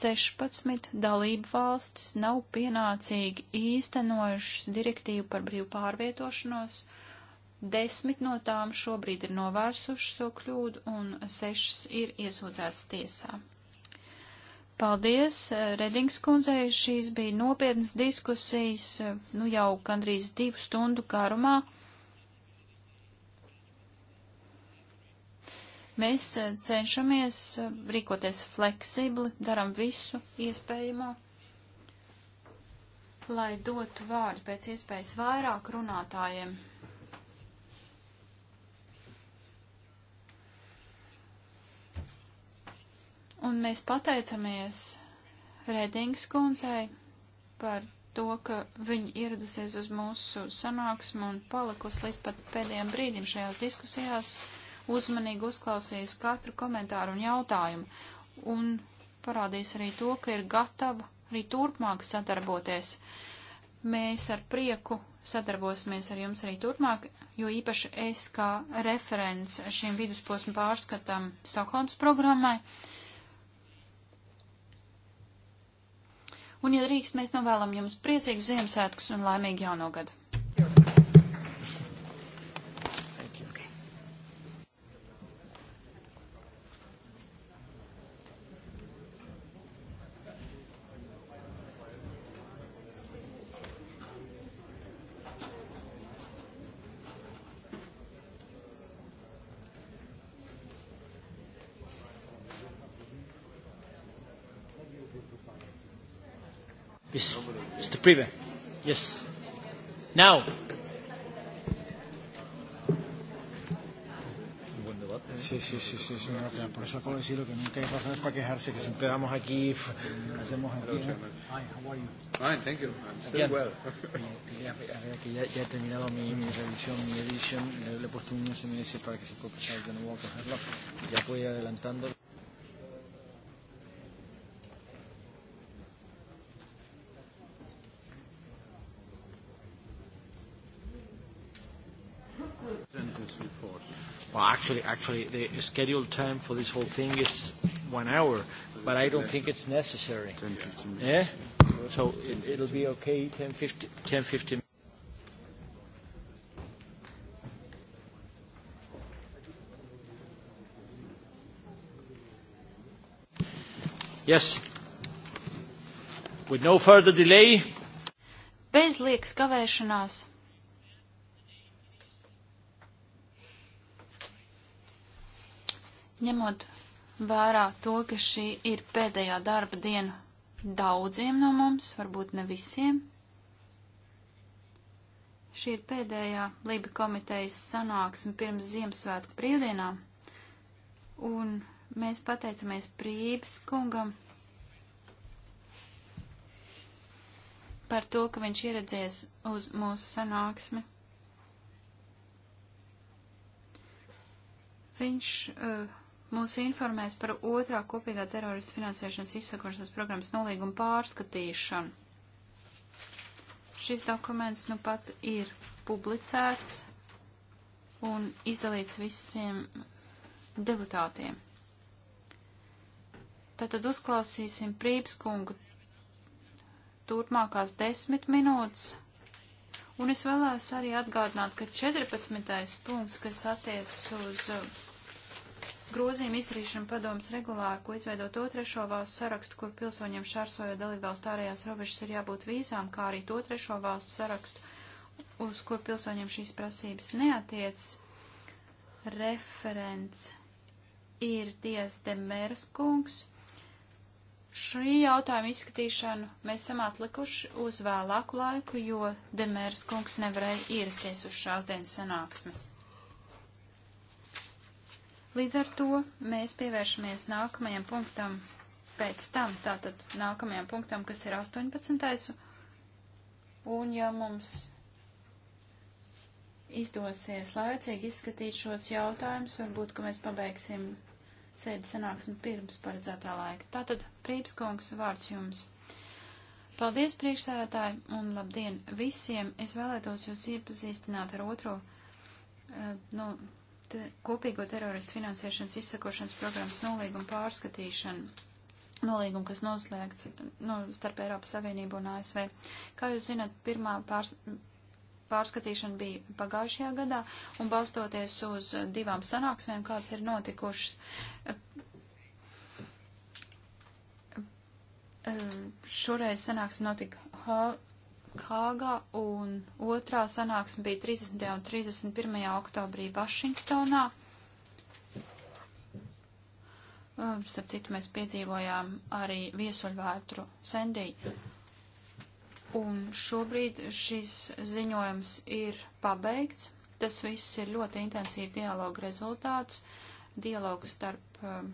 16 dalību valstis nav pienācīgi īstenojušas direktīvu par brīvu pārvietošanos, uh, Desmit no tām šobrīd ir novērsušas šo kļūdu un sešas ir iesūdzētas tiesā. Paldies, eh, Redings kundzei, šīs bija nopietnas diskusijas, eh, nu jau gandrīz divu stundu garumā. Mēs eh, cenšamies rīkoties fleksibli, daram visu iespējamo, lai dotu vārdu pēc iespējas vairāk runātājiem. Un mēs pateicamies Redings kundzei par to, ka viņa ieradusies uz mūsu sanāksmu un palikusi līdz pat pēdējiem brīdim šajās diskusijās, uzmanīgi uzklausījusi katru komentāru un jautājumu, un parādīs arī to, ka ir gatava arī turpmāk sadarboties. Mēs ar prieku sadarbosimies ar jums arī turpmāk, jo īpaši es kā referents šim vidusposmu pārskatam Stokholmas programmai. Uh, Un, ja drīkst, mēs novēlam jums priecīgus Ziemassvētkus un laimīgu jauno gadu! Priebe. Yes. Now. Sí, sí, sí, sí, sí no, por eso acabo de decir lo que nunca hay razones para quejarse, que siempre vamos aquí, hacemos aquí. Hello, Hi, how are you? Fine, thank you. I'm still well. Eh, a ver, que ya, ya he terminado mi, mi revisión, mi edición, le, le he puesto un SMS para que se pueda pasar de nuevo a cogerlo, ya voy adelantando. actually, actually, the scheduled time for this whole thing is one hour, but I don't think it's necessary. 10, 15 minutes. Eh? So it, it'll be okay, 10, 15, 10, 15 Yes. With no further delay. Bez liekas kavēšanās Ņemot vērā to, ka šī ir pēdējā darba diena daudziem no mums, varbūt ne visiem, šī ir pēdējā Liba komitejas sanāksme pirms Ziemassvētku brīvdienām, un mēs pateicamies Prības kungam par to, ka viņš ieradzies uz mūsu sanāksmi. Viņš uh, mūs informēs par otrā kopīgā teroristu finansēšanas izsakošanas programmas nolīguma pārskatīšanu. Šis dokuments nu pat ir publicēts un izdalīts visiem deputātiem. Tātad uzklausīsim Prībskungu turpmākās desmit minūtes. Un es vēlējos arī atgādināt, ka 14. punkts, kas attiecas uz uh, grozījumu izdarīšanu padomas regulāri, ko izveido to trešo valstu sarakstu, kur pilsoņiem šārsojot dalībvalstu ārējās robežas ir jābūt vīzām, kā arī to trešo valstu sarakstu, uz kur pilsoņiem šīs prasības neatiec. Referents ir Dievs Demers kungs. Šī jautājuma izskatīšanu mēs esam atlikuši uz vēlāku laiku, jo Demers kungs nevarēja ierasties uz šās dienas sanāksmes. Līdz ar to mēs pievēršamies nākamajam punktam pēc tam, tātad nākamajam punktam, kas ir 18. Un ja mums izdosies laicīgi izskatīt šos jautājumus, varbūt, ka mēs pabeigsim sēdi sanāksmi pirms paredzētā laika. Tātad, Prībskungs, vārds jums. Paldies, priekšsēdētāji, un labdien visiem! Es vēlētos jūs iepazīstināt ar otro, eh, nu, kopīgo teroristu finansēšanas izsakošanas programmas nolīgumu pārskatīšanu. Nolīgumu, kas noslēgts nu, starp Eiropas Savienību un ASV. Kā jūs zinat, pirmā pārs pārskatīšana bija pagājušajā gadā, un balstoties uz divām sanāksmēm, kāds ir notikušas, eh, eh, šoreiz sanāksme notika Hāgā un otrā sanāksme bija 30. un 31. oktobrī Vašingtonā. Um, starp citu, mēs piedzīvojām arī viesuļvētru Sendī. Un šobrīd šis ziņojums ir pabeigts. Tas viss ir ļoti intensīvi dialogu rezultāts. Dialogu starp um,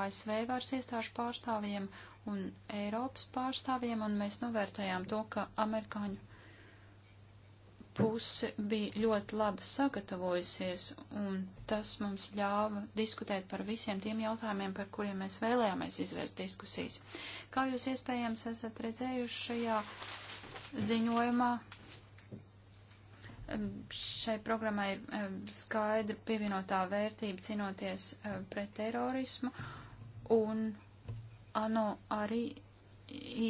ASV varas iestāžu pārstāvjiem un Eiropas pārstāvjiem, un mēs novērtējām to, ka amerikāņu puse bija ļoti labi sagatavojusies, un tas mums ļāva diskutēt par visiem tiem jautājumiem, par kuriem mēs vēlējāmies izvērst diskusijas. Kā jūs iespējams esat redzējuši šajā ziņojumā, šai programmai ir skaidri pievienotā vērtība cīnoties pret terorismu, un ANO arī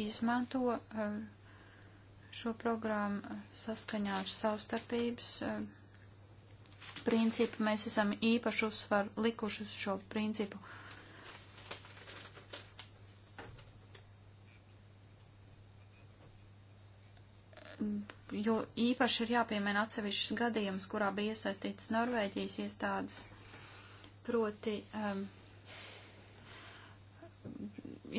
izmanto um, šo programmu uh, saskaņā ar savstarpības um, principu. Mēs esam īpaši uzsvaru likuši uz šo principu. Jo īpaši ir jāpiemēna atsevišķs gadījums, kurā bija iesaistīts Norvēģijas iestādes, proti um,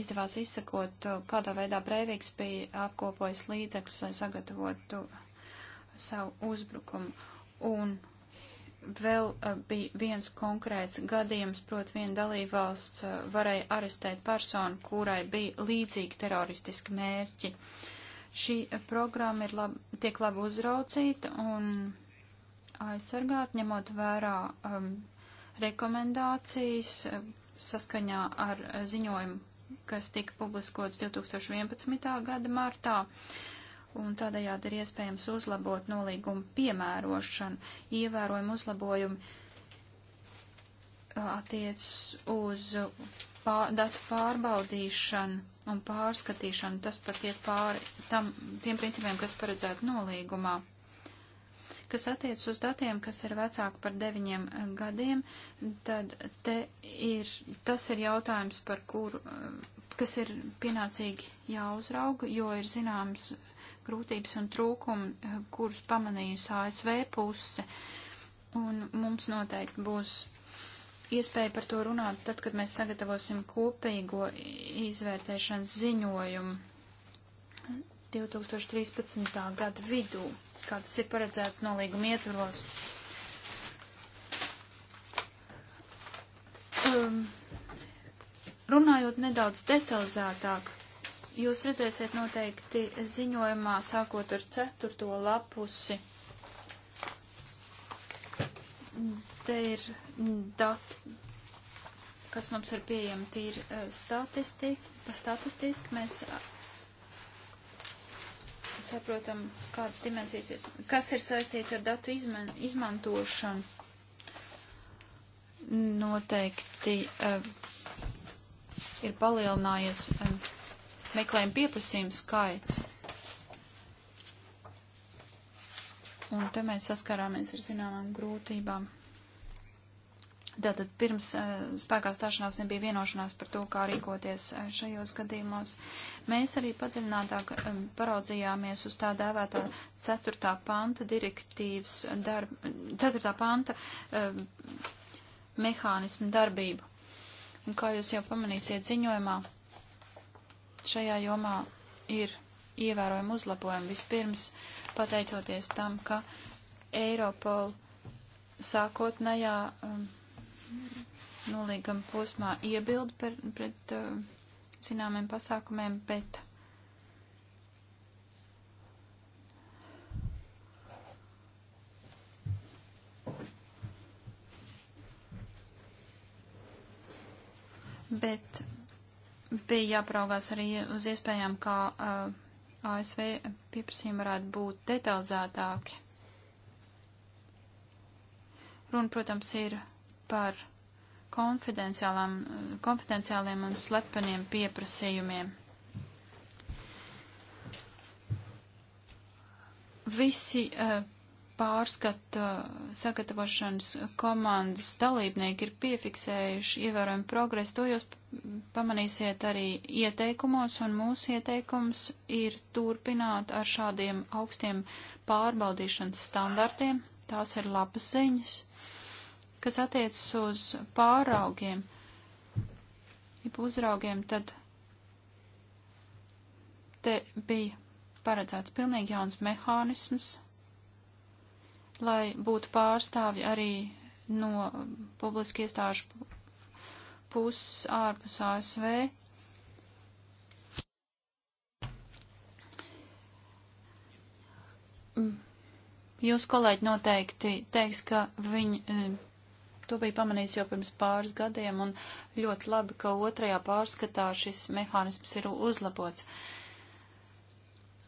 izdevās izsakot, uh, kādā veidā Breiviks bija apkopojis līdzekļus, lai sagatavotu savu uzbrukumu. Un vēl uh, bija viens konkrēts gadījums, proti viena dalībvalsts uh, varēja arestēt personu, kurai bija līdzīgi teroristiski mērķi. Šī programma ir lab, tiek labi uzraucīta un aizsargāt, ņemot vērā um, rekomendācijas saskaņā ar ziņojumu kas tika publiskots 2011. gada martā, un tādējādi ir iespējams uzlabot nolīgumu piemērošanu, ievērojumu uzlabojumu attiec uz pār, datu pārbaudīšanu un pārskatīšanu. Tas pat iet pāri tam, tiem principiem, kas paredzēti nolīgumā. Kas attiec uz datiem, kas ir vecāki par deviņiem eh, gadiem, tad te ir, tas ir jautājums, par kuru, eh, kas ir pienācīgi jāuzrauga, jo ir zināms grūtības un trūkumi, eh, kurus pamanījusi ASV puse. Un mums noteikti būs iespēja par to runāt tad, kad mēs sagatavosim kopīgo izvērtēšanas ziņojumu 2013. gada vidū kā tas ir paredzēts nolīguma ietvaros. Um, runājot nedaudz detalizētāk, jūs redzēsiet noteikti ziņojumā, sākot ar ceturto lapusi. Te ir dati, kas mums ir pieejami tīri eh, statistiski. Statistiski mēs saprotam, kādas dimensijas, kas ir saistīts ar datu izman, izmantošanu. Noteikti uh, ir palielinājies uh, meklējuma pieprasījuma skaits. Un te mēs saskarāmies ar zināmām grūtībām. Tātad pirms eh, spēkā stāšanās nebija vienošanās par to, kā rīkoties eh, šajos gadījumos. Mēs arī padziļinātāk eh, paraudzījāmies uz tā dēvētā 4. panta direktīvas darba, 4. panta mehānismu darbību. Un kā jūs jau pamanīsiet ziņojumā, šajā jomā ir ievērojami uzlabojumi. Vispirms pateicoties tam, ka Eiropol sākotnējā um, nolīguma posmā iebildu par, pret uh, zināmiem pasākumiem, bet bet bija jāpraugās arī uz iespējām, kā uh, ASV pieprasījumi varētu būt detalizētāki. Runa, protams, ir par konfidenciāliem un slepeniem pieprasījumiem. Visi uh, pārskata eh, sagatavošanas komandas dalībnieki ir piefiksējuši ievērojumu progresu. To jūs pamanīsiet arī ieteikumos, un mūsu ieteikums ir turpināt ar šādiem augstiem pārbaudīšanas standartiem. Tās ir labas ziņas. Uh, Kas attiecas uz pāraugiem, ja uzraugiem, tad te bija paredzēts pilnīgi jauns mehānisms, lai būtu pārstāvji arī no publiski iestāžu puses ārpus ASV. Mm. Jūs kolēģi noteikti teiks, ka viņi eh, To bija pamanījis jau pirms pāris gadiem, un ļoti labi, ka otrajā pārskatā šis mehānisms ir uzlabots.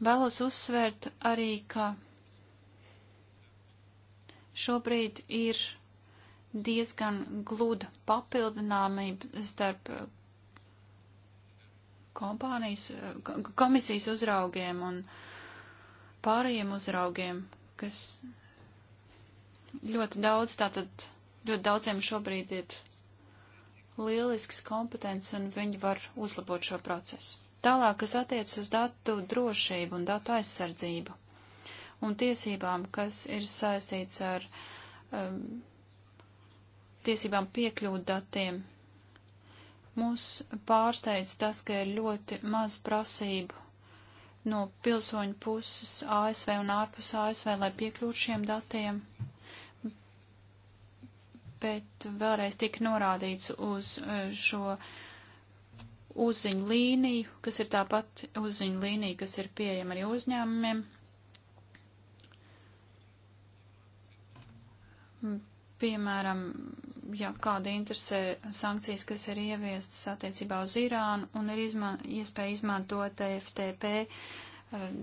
Vēlos uzsvērt arī, ka šobrīd ir diezgan gluda papildināmība starp eh, kompānijas, eh, komisijas uzraugiem un pārējiem uzraugiem, kas ļoti daudz tātad Ļoti daudziem šobrīd ir lielisks kompetences un viņi var uzlabot šo procesu. Tālāk, kas attiec uz datu drošību un datu aizsardzību un tiesībām, kas ir saistīts ar um, tiesībām piekļūt datiem, mūs pārsteidz tas, ka ir ļoti maz prasību no pilsoņu puses ASV un ārpus ASV, lai piekļūtu šiem datiem bet vēlreiz tika norādīts uz e, šo uzziņu līniju, kas ir tāpat uzziņu līnija, kas ir pieejama arī uzņēmumiem. Piemēram, ja kāda interesē sankcijas, kas ir ieviestas attiecībā uz Irānu un ir izman iespēja izmantot FTP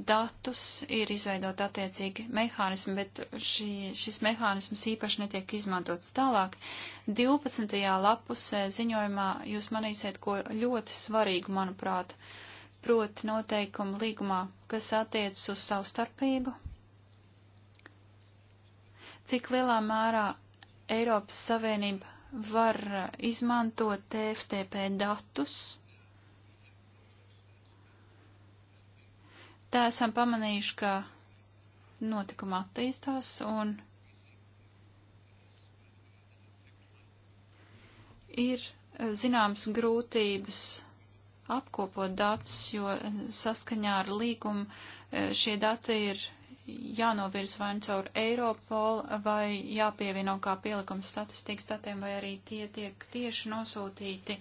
datus, ir izveidot attiecīgi mehānismi, bet šī, šis mehānisms īpaši netiek izmantots tālāk. 12. lapusē ziņojumā jūs manīsiet, ko ļoti svarīgu, manuprāt, proti noteikumu līgumā, kas attiec uz savstarpību. Cik lielā mērā Eiropas Savienība var izmantot TFTP datus tā esam pamanījuši, ka notikuma attīstās un ir eh, zināmas grūtības apkopot datus, jo eh, saskaņā ar līgumu eh, šie dati ir jānovirz vai nu caur Eiropol vai jāpievieno kā pielikums statistikas datiem, vai arī tie tiek tieši nosūtīti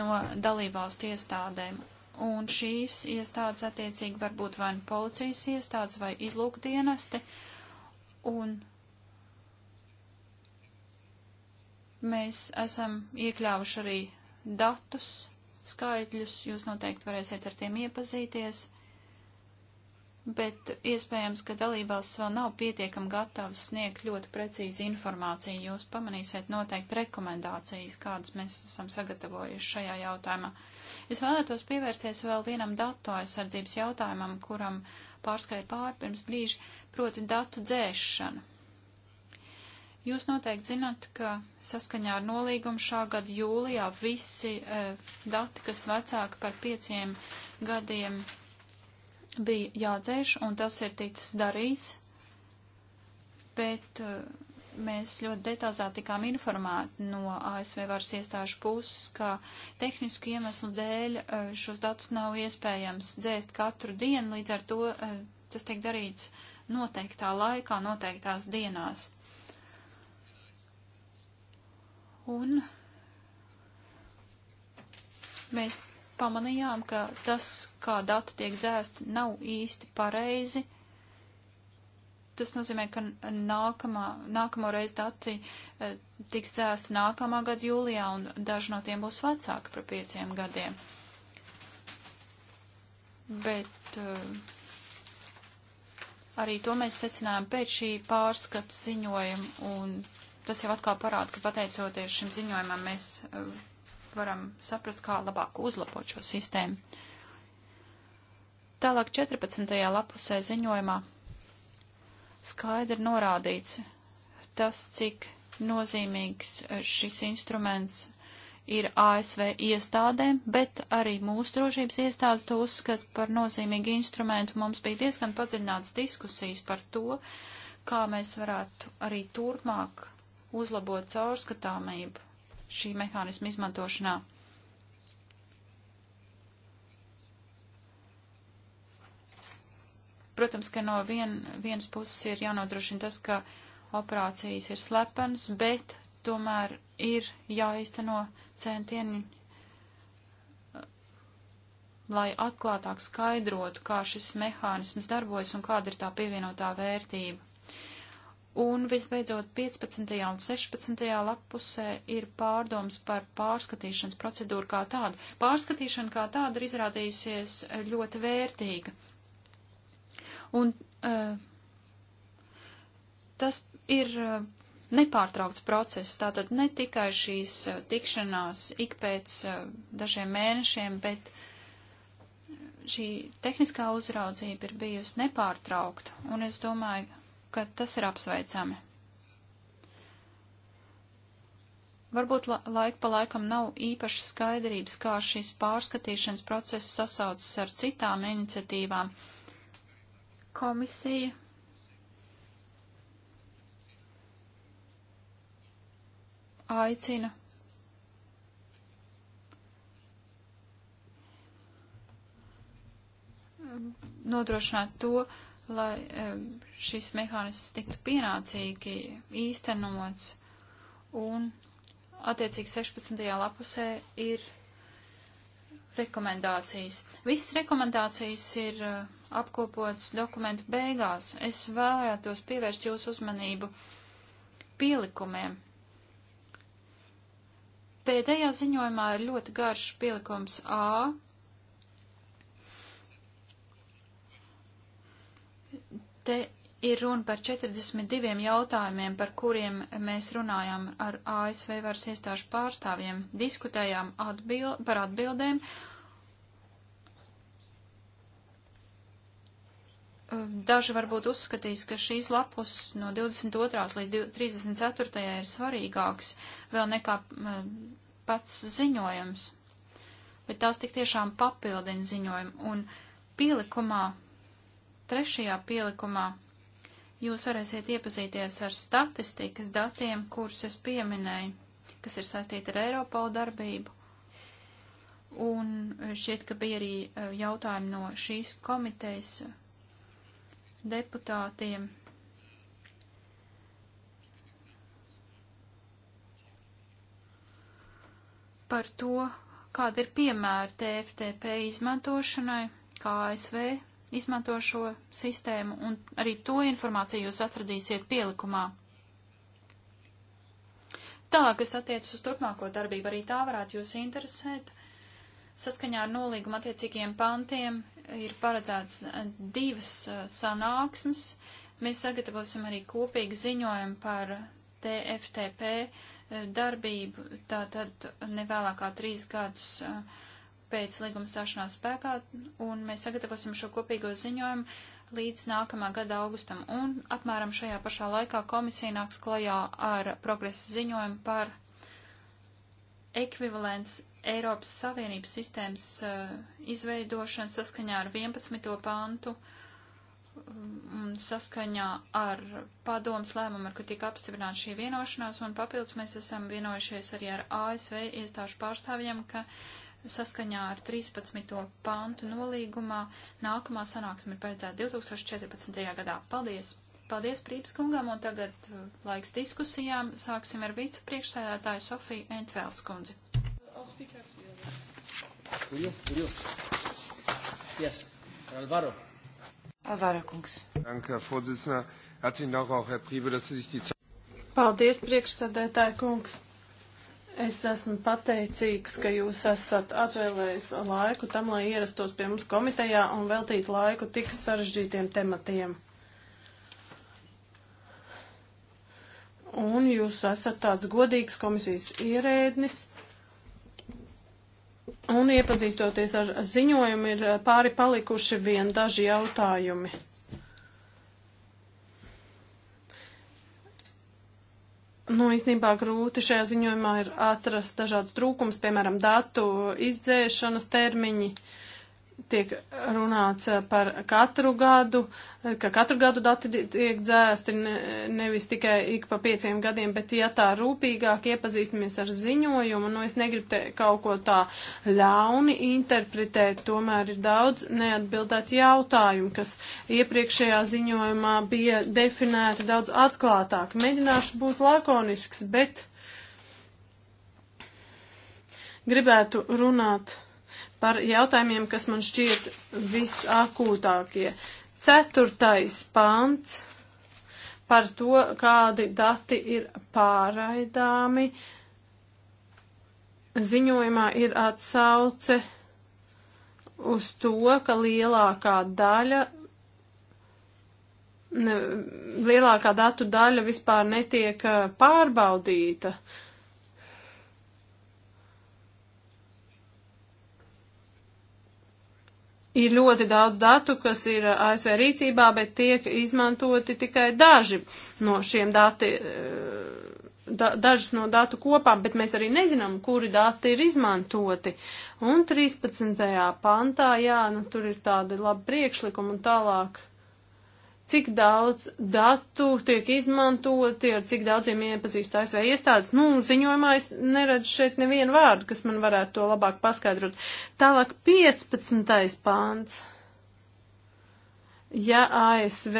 no dalībvalstu iestādēm un šīs iestādes attiecīgi var būt vai nu policijas iestādes vai izlūkdienesti, un mēs esam iekļāvuši arī datus, skaitļus, jūs noteikti varēsiet ar tiem iepazīties bet iespējams, ka dalībvalsts vēl nav pietiekami gatavs sniegt ļoti precīzi informāciju. Jūs pamanīsiet noteikti rekomendācijas, kādas mēs esam sagatavojuši šajā jautājumā. Es vēlētos pievērsties vēl vienam datu aizsardzības jautājumam, kuram pārskrēja pāri pirms brīža, proti datu dzēšana. Jūs noteikti zināt, ka saskaņā ar nolīgumu šā gada jūlijā visi e, dati, kas vecāki par pieciem gadiem bija jādzēš, un tas ir ticis darīts, bet eh, mēs ļoti detalizēti tikām informēti no ASV varas iestāžu puses, ka tehnisku iemeslu dēļ eh, šos datus nav iespējams dzēst katru dienu, līdz ar to eh, tas tiek darīts noteiktā laikā, noteiktās dienās. Un mēs pamanījām, ka tas, kā dati tiek dzēsti, nav īsti pareizi. Tas nozīmē, ka nākamā, nākamo reizi dati e, tiks dzēsti nākamā gada jūlijā, un daži no tiem būs vecāki par pieciem gadiem. Bet e, arī to mēs secinājām pēc šī pārskata ziņojuma, un tas jau atkal parāda, ka pateicoties šim ziņojumam mēs e, varam saprast, kā labāk uzlabot šo sistēmu. Tālāk 14. lapusē ziņojumā skaidri norādīts tas, cik nozīmīgs šis instruments ir ASV iestādēm, bet arī mūsu drošības iestādes to uzskata par nozīmīgu instrumentu. Mums bija diezgan padziļināts diskusijas par to, kā mēs varētu arī turpmāk uzlabot caurskatāmību šī mehānisma izmantošanā. Protams, ka no vien, vienas puses ir jānodrošina tas, ka operācijas ir slepenas, bet tomēr ir jāizteno centieni, lai atklātāk skaidrotu, kā šis mehānisms darbojas un kāda ir tā pievienotā vērtība. Un visbeidzot, 15. un 16. lapusē ir pārdoms par pārskatīšanas procedūru kā tādu. Pārskatīšana kā tāda ir izrādījusies eh, ļoti vērtīga. Un uh, tas ir uh, nepārtraukts process, tātad ne tikai šīs uh, tikšanās ik pēc dažiem mēnešiem, bet šī tehniskā uzraudzība ir bijusi nepārtraukta. Un es domāju, ka tas ir apsveicami. Varbūt la laika pa laikam nav īpaši skaidrības, kā šīs pārskatīšanas process sasaucas ar citām iniciatīvām. Komisija aicina nodrošināt to, lai e, šis mehānisms tiktu pienācīgi īstenots. Un attiecīgi 16. lapusē ir rekomendācijas. Visas rekomendācijas ir e, apkopotas dokumentu beigās. Es vēlētos pievērst jūsu uzmanību pielikumiem. Pēdējā ziņojumā ir ļoti garš pielikums A, Te ir runa par 42 jautājumiem, par kuriem mēs runājām ar ASV varas iestāžu pārstāvjiem, diskutējām atbild, par atbildēm. Daži varbūt uzskatīs, ka šīs lapus no 22. līdz 34. ir svarīgāks vēl nekā pats ziņojums, bet tās tik tiešām papildina ziņojumu. Un pielikumā Trešajā pielikumā jūs varēsiet iepazīties ar statistikas datiem, kurus es pieminēju, kas ir saistīti ar Eiropolu darbību. Un šķiet, ka bija arī e, jautājumi no šīs komitejas deputātiem. par to, kāda ir piemēra TFTP izmantošanai, kā ASV izmanto šo sistēmu, un arī to informāciju jūs atradīsiet pielikumā. Tālāk, kas attiecas uz turpmāko darbību, arī tā varētu jūs interesēt. Saskaņā ar nolīguma attiecīgiem pantiem ir paredzēts eh, divas eh, sanāksmes. Mēs sagatavosim arī kopīgu ziņojumu par TFTP eh, darbību, tātad nevēlākā trīs gadus uh, pēc līguma stāšanās spēkā, un mēs sagatavosim šo kopīgo ziņojumu līdz nākamā gada augustam. Un apmēram šajā pašā laikā komisija nāks klajā ar progresa ziņojumu par ekvivalents Eiropas Savienības sistēmas uh, izveidošanu saskaņā ar 11. pantu um, un saskaņā ar padomas lēmumu, ar kur tika apstiprināta šī vienošanās, un papildus mēs esam vienojušies arī ar ASV iestāžu pārstāvjiem, ka uh, saskaņā ar 13. pantu nolīgumā. Nākamā sanāksme ir paredzēta 2014. gadā. Paldies! Paldies Prības kungam, un tagad uh, laiks diskusijām. Sāksim ar vicepriekšsēdētāju Sofiju Entvēls kundzi. Julio, Julio. Yes. Alvaro. Alvaro kungs. Danke, Herr Vorsitzender. Herzlichen Dank auch, Herr Priebe, dass Sie sich die Zeit. Paldies, priekšsēdētāju kungs. Es esmu pateicīgs, ka jūs esat atvēlējis laiku tam, lai ierastos pie mums komitejā un veltītu laiku tik sarežģītiem tematiem. Un jūs esat tāds godīgs komisijas ierēdnis. Un iepazīstoties ar ziņojumu, ir pāri palikuši vien daži jautājumi. Nu, īstenībā grūti šajā ziņojumā ir atrast dažādas trūkums, piemēram, datu izdzēšanas termiņi. Uh, tiek runāts eh, par katru gadu, eh, ka katru gadu dati tiek dzēsti nevis tikai ik pa pieciem gadiem, bet ja tā rūpīgāk iepazīstamies ar ziņojumu, nu es negribu te kaut ko tā ļauni interpretēt, tomēr ir daudz neatbildēt jautājumu, kas iepriekšējā ziņojumā bija definēti daudz atklātāk. Mēģināšu būt lakonisks, bet gribētu runāt par jautājumiem, kas man šķiet visakūtākie. Ceturtais pants par to, kādi dati ir pārraidāmi. Ziņojumā ir atsauce uz to, ka lielākā daļa, ne, lielākā datu daļa vispār netiek eh, pārbaudīta. Uh, ir ļoti daudz datu, kas ir ASV rīcībā, bet tiek izmantoti tikai daži no šiem dati, eh, da, dažas no datu kopām, bet mēs arī nezinām, kuri dati ir izmantoti. Un 13. pantā, jā, nu tur ir tādi labi priekšlikumi un tālāk cik daudz datu tiek izmantoti, ar cik daudziem iepazīst ASV iestādes. Nu, ziņojumā es neredzu šeit nevienu vārdu, kas man varētu to labāk paskaidrot. Tālāk 15. pāns. Ja ASV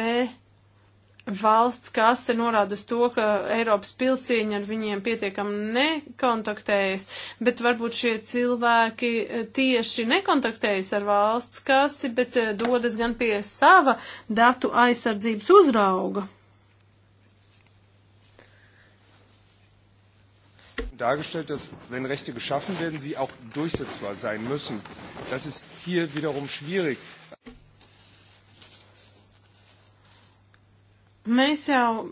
valsts kase norāda uz to, ka Eiropas pilsieņi ar viņiem pietiekam nekontaktējas, bet varbūt šie cilvēki e, tieši nekontaktējas ar valsts kasi, bet e, dodas gan pie sava datu aizsardzības uzrauga. dargestellt, dass wenn Rechte geschaffen werden, sie auch durchsetzbar sein müssen. Das ist hier wiederum schwierig. Mēs jau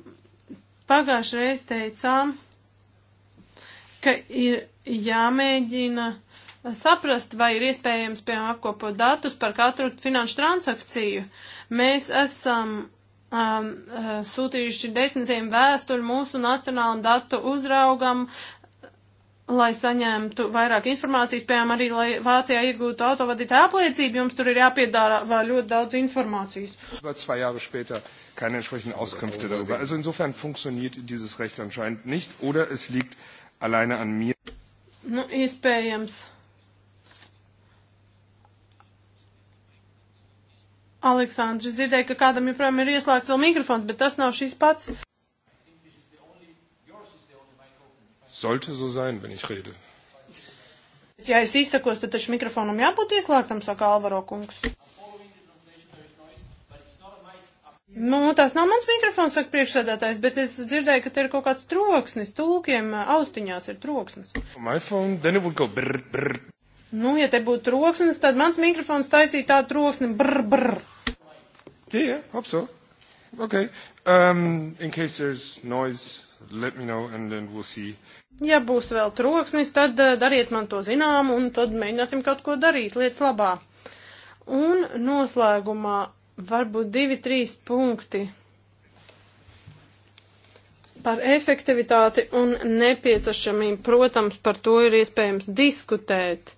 pagājušajā reizē teicām, ka ir jāmēģina saprast, vai ir iespējams, piemēram, apkopot datus par katru finanšu transakciju. Mēs esam um, uh, sūtījuši desmitiem vēstuļu mūsu nacionālam datu uzraugam, lai saņemtu vairāk informācijas, piemēram, arī, lai Vācijā iegūtu autovadītāju apliecību, jums tur ir jāpiedāvā ļoti daudz informācijas. Über zwei Jahre später keine entsprechenden Auskünfte darüber. Also insofern funktioniert dieses Recht anscheinend nicht oder es liegt alleine an mir. Nu, iespējams. Aleksandrs dzirdēja, ka kādam joprojām ir ieslēgts vēl mikrofons, bet tas nav šis pats. Sollte so sein, wenn ich rede. Ja es izsakos, tad taču mikrofonam jābūt ieslēgtam, saka Alvaro kungs. Nu, tas nav mans mikrofons, saka priekšsēdētājs, bet es dzirdēju, ka te ir kaut kāds troksnis, tūkiem austiņās ir troksnis. My phone, then it would go brr, brr. Nu, ja te būtu troksnis, tad mans mikrofons taisīja tādu troksni brr, brr. Yeah, yeah, hope so. Okay. Um, in case there's noise, let me know and then we'll see. Ja būs vēl troksnis, tad eh, dariet man to zinām un tad mēģināsim kaut ko darīt lietas labā. Un noslēgumā varbūt divi, trīs punkti par efektivitāti un nepieciešamību. Protams, par to ir iespējams diskutēt.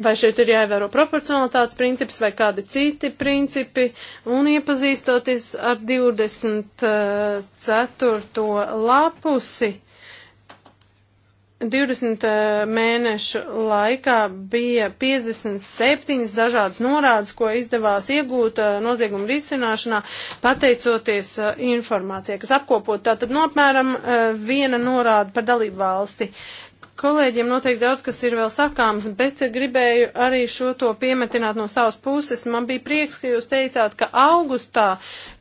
Vai šeit ir jāievēro proporcionalitātes princips vai kādi citi principi, un iepazīstoties ar 24. Eh, lapusi, 20 eh, mēnešu laikā bija 57 dažādas norādes, ko izdevās iegūt eh, nozieguma risināšanā, pateicoties informācijai, kas apkopot tātad nopmēram viena norāda par dalību valsti. Uh, Kolēģiem noteikti daudz, kas ir vēl sakāms, bet gribēju arī šo to piemetināt no savas puses. Man bija prieks, ka jūs teicāt, ka augustā,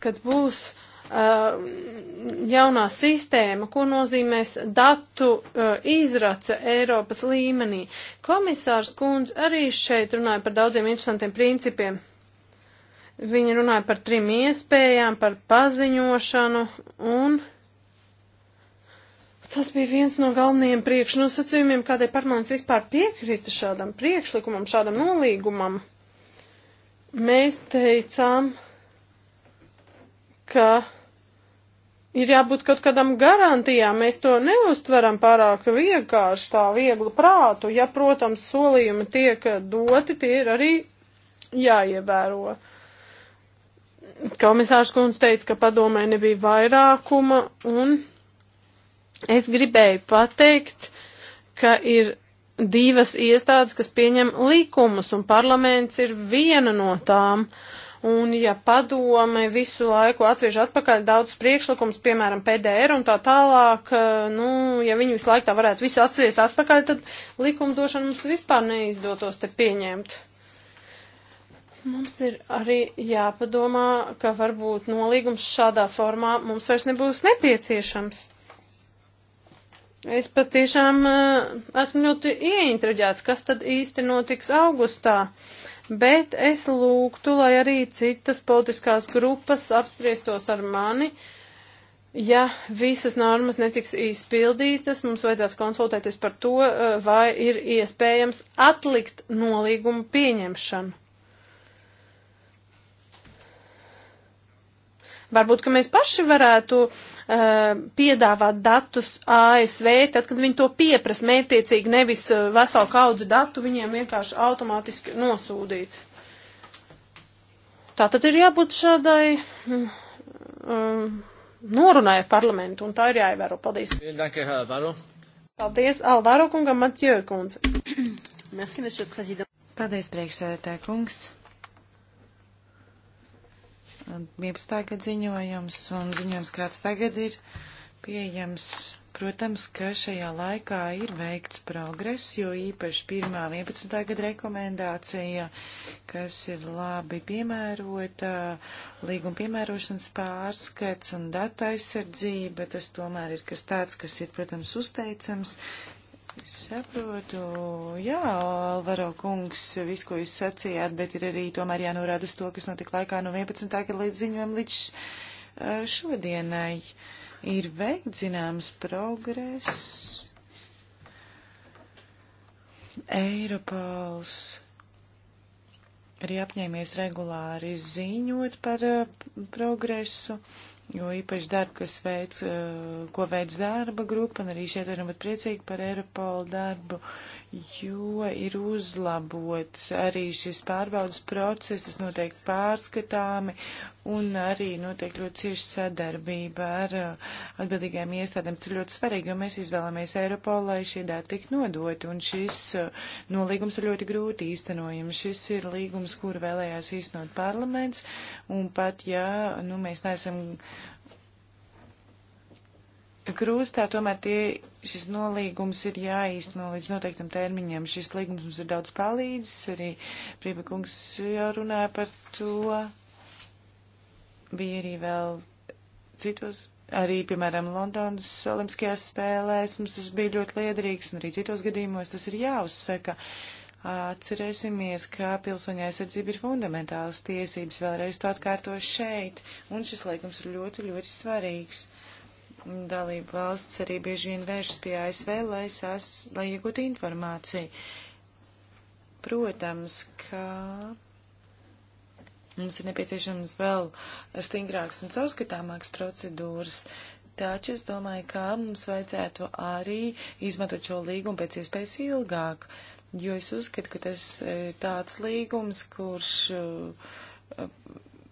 kad būs uh, jaunā sistēma, ko nozīmēs datu uh, izrace Eiropas līmenī. Komisārs Kunz arī šeit runāja par daudziem interesantiem principiem. Viņi runāja par trim iespējām, par paziņošanu un. Uh, Tas bija viens no galvenajiem priekšnosacījumiem, kādēļ parlaments vispār piekrita šādam priekšlikumam, šādam nolīgumam. Mēs teicām, ka ir jābūt kaut kādam garantijām. Mēs to neuztveram pārāk vienkārši, tā vieglu prātu. Ja, protams, solījumi tiek doti, tie ir arī jāievēro. Komisārs kundze teica, ka padomē nebija vairākuma un Es gribēju pateikt, ka ir divas iestādes, kas pieņem likumus, un parlaments ir viena no tām. Un ja padome visu laiku atsviež atpakaļ daudz priekšlikums, piemēram, PDR un tā tālāk, eh, nu, ja viņi visu laiku tā varētu visu atsviest atpakaļ, tad likumdošana mums vispār neizdotos te pieņemt. Mums ir arī jāpadomā, ka varbūt nolīgums šādā formā mums vairs nebūs nepieciešams. Es patiešām eh, esmu ļoti ieintriģēts, kas tad īsti notiks augustā. Bet es lūgtu, lai arī citas politiskās grupas apspriestos ar mani. Ja visas normas netiks izpildītas, mums vajadzētu konsultēties par to, eh, vai ir iespējams atlikt nolīgumu pieņemšanu. Varbūt, ka mēs paši varētu uh, piedāvāt datus ASV, tad, kad viņi to pieprasa mērtiecīgi, nevis uh, veselu kaudzi datu viņiem vienkārši automātiski nosūdīt. Tā tad ir jābūt šādai. Mm, um, norunāja parlamentu, un tā ir jāievēro. Paldies. Paldies, Alvaro kungam, Matjē kundze. Paldies, priekšsēdētāj kungs. 11. gada ziņojums un ziņojums, kāds tagad ir pieejams. Protams, ka šajā laikā ir veikts progress, jo īpaši pirmā 11. gada rekomendācija, kas ir labi piemērota, līguma piemērošanas pārskats un data aizsardzība, tas tomēr ir kas tāds, kas ir, protams, uzteicams, Saprotu, jā, Alvaro kungs, visu, ko jūs sacījāt, bet ir arī tomēr jānorāda uz to, kas notika laikā no 11. gada līdz ziņojumam līdz šodienai. Ir veikts zināms progress. Eiropāls arī apņēmies regulāri ziņot par progresu. Uh, jo īpaši darbu, kas veids, eh, ko veids darba grupa, un arī šeit varam būt priecīgi par Eiropolu darbu. Uh, jo ir uzlabots arī šis pārbaudas process, tas notiek pārskatāmi un arī notiek ļoti cieši sadarbība ar uh, atbildīgajām iestādēm. Tas ir ļoti svarīgi, jo mēs izvēlamies Eiropolu, lai šie dati tik nodoti, un šis uh, nolīgums ir ļoti grūti īstenojams. Šis ir līgums, kuru vēlējās īstenot parlaments, un pat, ja nu, mēs neesam krūstā, tomēr tie šis nolīgums ir jāīsteno līdz noteiktam termiņam. Šis līgums mums ir daudz palīdzis, arī Priebekungs jau runāja par to. Bija arī vēl citos, arī, piemēram, Londonas olimpiskajās spēlēs mums tas bija ļoti liederīgs, un arī citos gadījumos tas ir jāuzsaka. Atcerēsimies, ka pilsoņa aizsardzība ir fundamentālas tiesības, vēlreiz to atkārto šeit, un šis līgums ir ļoti, ļoti svarīgs. Uh, Dalība valsts arī bieži vien vēršas pie ASV, lai, sas, lai iegūtu informāciju. Protams, ka mums ir nepieciešams vēl stingrāks un caurskatāmāks procedūras, taču es domāju, ka mums vajadzētu arī izmantot šo līgumu pēc iespējas ilgāk, jo es uzskatu, ka tas ir eh, tāds līgums, kurš eh,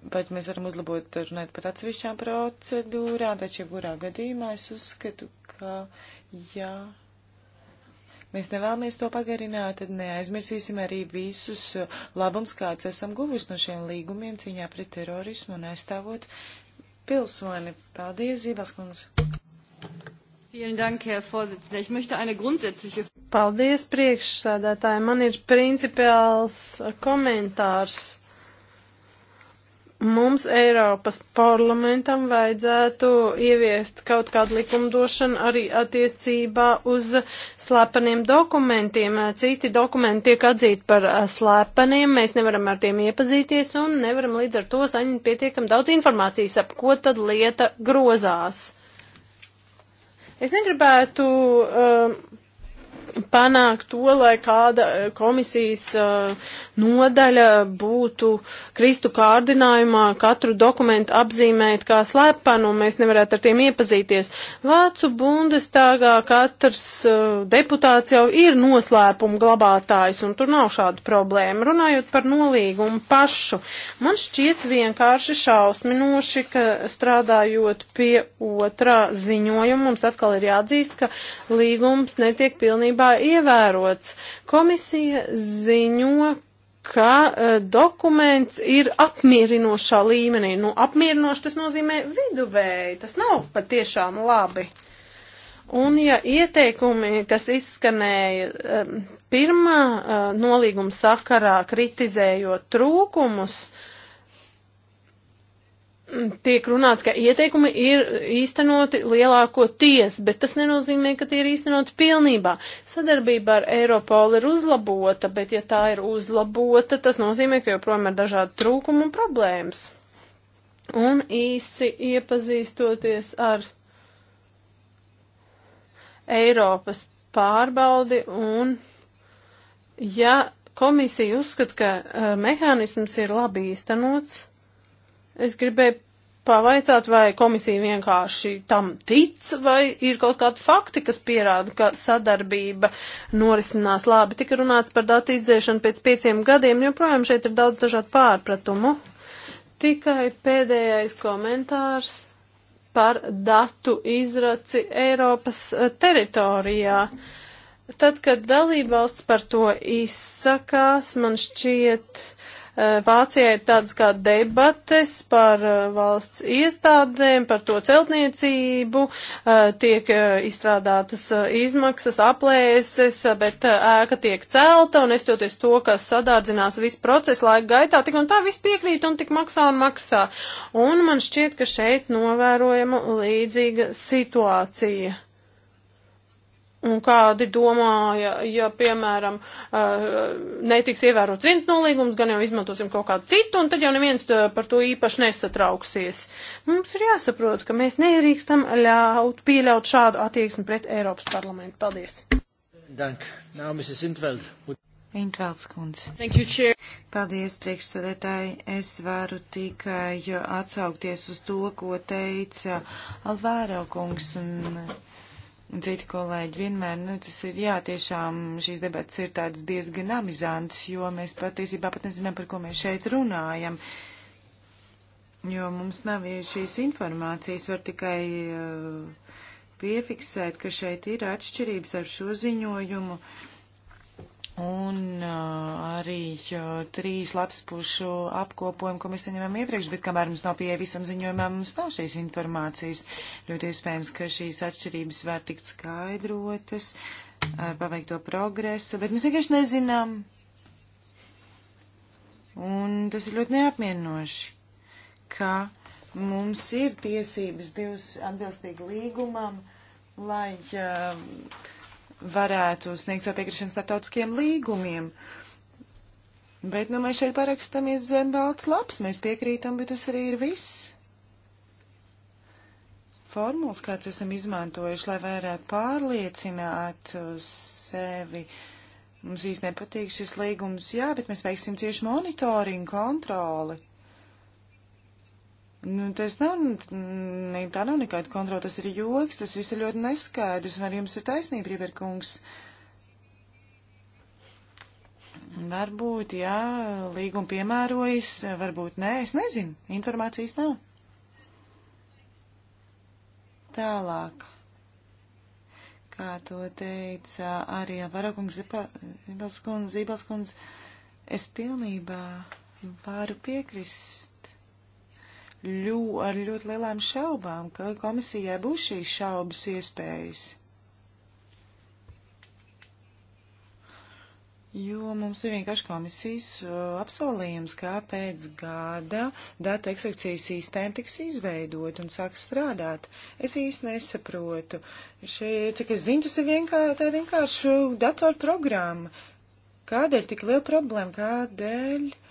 vai mēs varam uzlabot runāt par atsevišķām procedūrām, taču jebkurā gadījumā es uzskatu, ka jā. Mēs nevēlamies to pagarināt, tad neaizmirsīsim arī visus labums, kāds esam guvuši no šiem līgumiem cīņā pret terorismu un aizstāvot pilsoni. Paldies, Zībaskungs! Paldies, priekšsēdētāji. Man ir principiāls komentārs. Mums Eiropas parlamentam vajadzētu ieviest kaut kādu likumdošanu arī attiecībā uz slēpaniem dokumentiem. Citi dokumenti tiek atzīti par eh, slēpaniem, mēs nevaram ar tiem iepazīties un nevaram līdz ar to saņemt pietiekam daudz informācijas, ap ko tad lieta grozās. Es negribētu. Uh, panākt to, lai kāda eh, komisijas uh, nodaļa būtu kristu kārdinājumā katru dokumentu apzīmēt kā slepenu, un mēs nevarētu ar tiem iepazīties. Vācu bundestāgā katrs uh, deputāts jau ir noslēpuma glabātājs, un tur nav šāda problēma. Runājot par nolīgumu pašu, man šķiet vienkārši šausminoši, ka strādājot pie otrā ziņojuma, mums atkal ir jāatzīst, ka līgums netiek pilnībā pilnībā ievērots. Komisija ziņo, ka uh, dokuments ir apmierinošā līmenī. Nu, apmierinoši tas nozīmē viduvēji, tas nav patiešām labi. Un ja ieteikumi, kas izskanēja eh, pirmā eh, nolīguma sakarā, kritizējot trūkumus, uh, tiek runāts, ka ieteikumi ir īstenoti lielāko ties, bet tas nenozīmē, ka tie ir īstenoti pilnībā. Sadarbība ar Eiropolu ir uzlabota, bet ja tā ir uzlabota, tas nozīmē, ka joprojām ir dažādi trūkumi un problēmas. Un īsi iepazīstoties ar Eiropas pārbaudi un, ja komisija uzskata, ka uh, mehānisms ir labi īstenots, Es gribēju pavaicāt, vai komisija vienkārši tam tic, vai ir kaut kādi fakti, kas pierāda, ka sadarbība norisinās labi. Tika runāts par datu izdzēšanu pēc pieciem gadiem, joprojām šeit ir daudz dažādu pārpratumu. Tikai pēdējais komentārs par datu izraci Eiropas eh, teritorijā. Tad, kad dalībvalsts par to izsakās, man šķiet, uh, Eh, Vācijai ir tādas kā debates par eh, valsts iestādēm, par to celtniecību, eh, tiek izstrādātas izmaksas, aplēses, bet ēka tiek celta un estoties to, kas sadārdzinās visu procesu laika gaitā, tik un tā viss piekrīt un tik maksā un maksā. Un man šķiet, ka šeit novērojama līdzīga situācija. Un kādi domāja, ja, piemēram, eh, netiks ievērots viens nolīgums, gan jau izmantosim kaut kādu citu, un tad jau neviens eh, par to īpaši nesatrauksies. Mums ir jāsaprot, ka mēs nedrīkstam ļaut pieļaut šādu attieksmi pret Eiropas parlamentu. Paldies! Dank. Now, Mrs. Intveld. Intvelds kundze. Thank you, Chair. Paldies, priekšsēdētāji. Es varu tikai atsaukties uz to, ko teica Alvāro kungs un citi kolēģi vienmēr, nu, tas ir, jā, tiešām šīs debats ir tāds diezgan amizants, jo mēs patiesībā pat nezinām, par ko mēs šeit runājam, jo mums nav šīs informācijas, var tikai uh, piefiksēt, ka šeit ir atšķirības ar šo ziņojumu. Uh, Un uh, arī uh, trīs lapspušu apkopojumu, ko mēs saņemam iepriekš, bet kamēr mums nav pieeja visam ziņojumam, mums nav šīs informācijas. Ļoti iespējams, ka šīs atšķirības var tikt skaidrotas ar uh, paveikto progresu, bet mēs vienkārši nezinām. Un tas ir ļoti neapmienoši, ka mums ir tiesības divas atbilstīgi līgumam, lai. Uh, varētu sniegt savu piekrišanu starptautiskiem līgumiem. Bet, nu, mēs šeit parakstamies zem balts labs, mēs piekrītam, bet tas arī ir viss. Formulas, kāds esam izmantojuši, lai varētu pārliecināt uh, sevi. Mums īsti nepatīk šis līgums, jā, bet mēs veiksim cieši monitoringu kontroli. Nu, tas nav, ne, tā nav nekāda kontrola, tas ir joks, tas viss ir ļoti neskaidrs, vai jums ir taisnība, Rieberkungs. Varbūt, jā, līguma piemērojas, varbūt nē, es nezinu, informācijas nav. Tālāk, kā to teica arī Varakungs, Zibelskundze, Zibelskundze, es pilnībā varu piekrist ļu, ar ļoti lielām šaubām, ka komisijai būs šīs šaubas iespējas. Jo mums ir vienkārši komisijas uh, apsolījums, kā pēc gada datu ekstrakcijas sistēma tiks izveidot un sāks strādāt. Es īsti nesaprotu. Šie, cik es zinu, tas ir vienkārši, tā ir vienkārši datorprogramma. Kādēļ tik liela problēma? Kādēļ? Uh,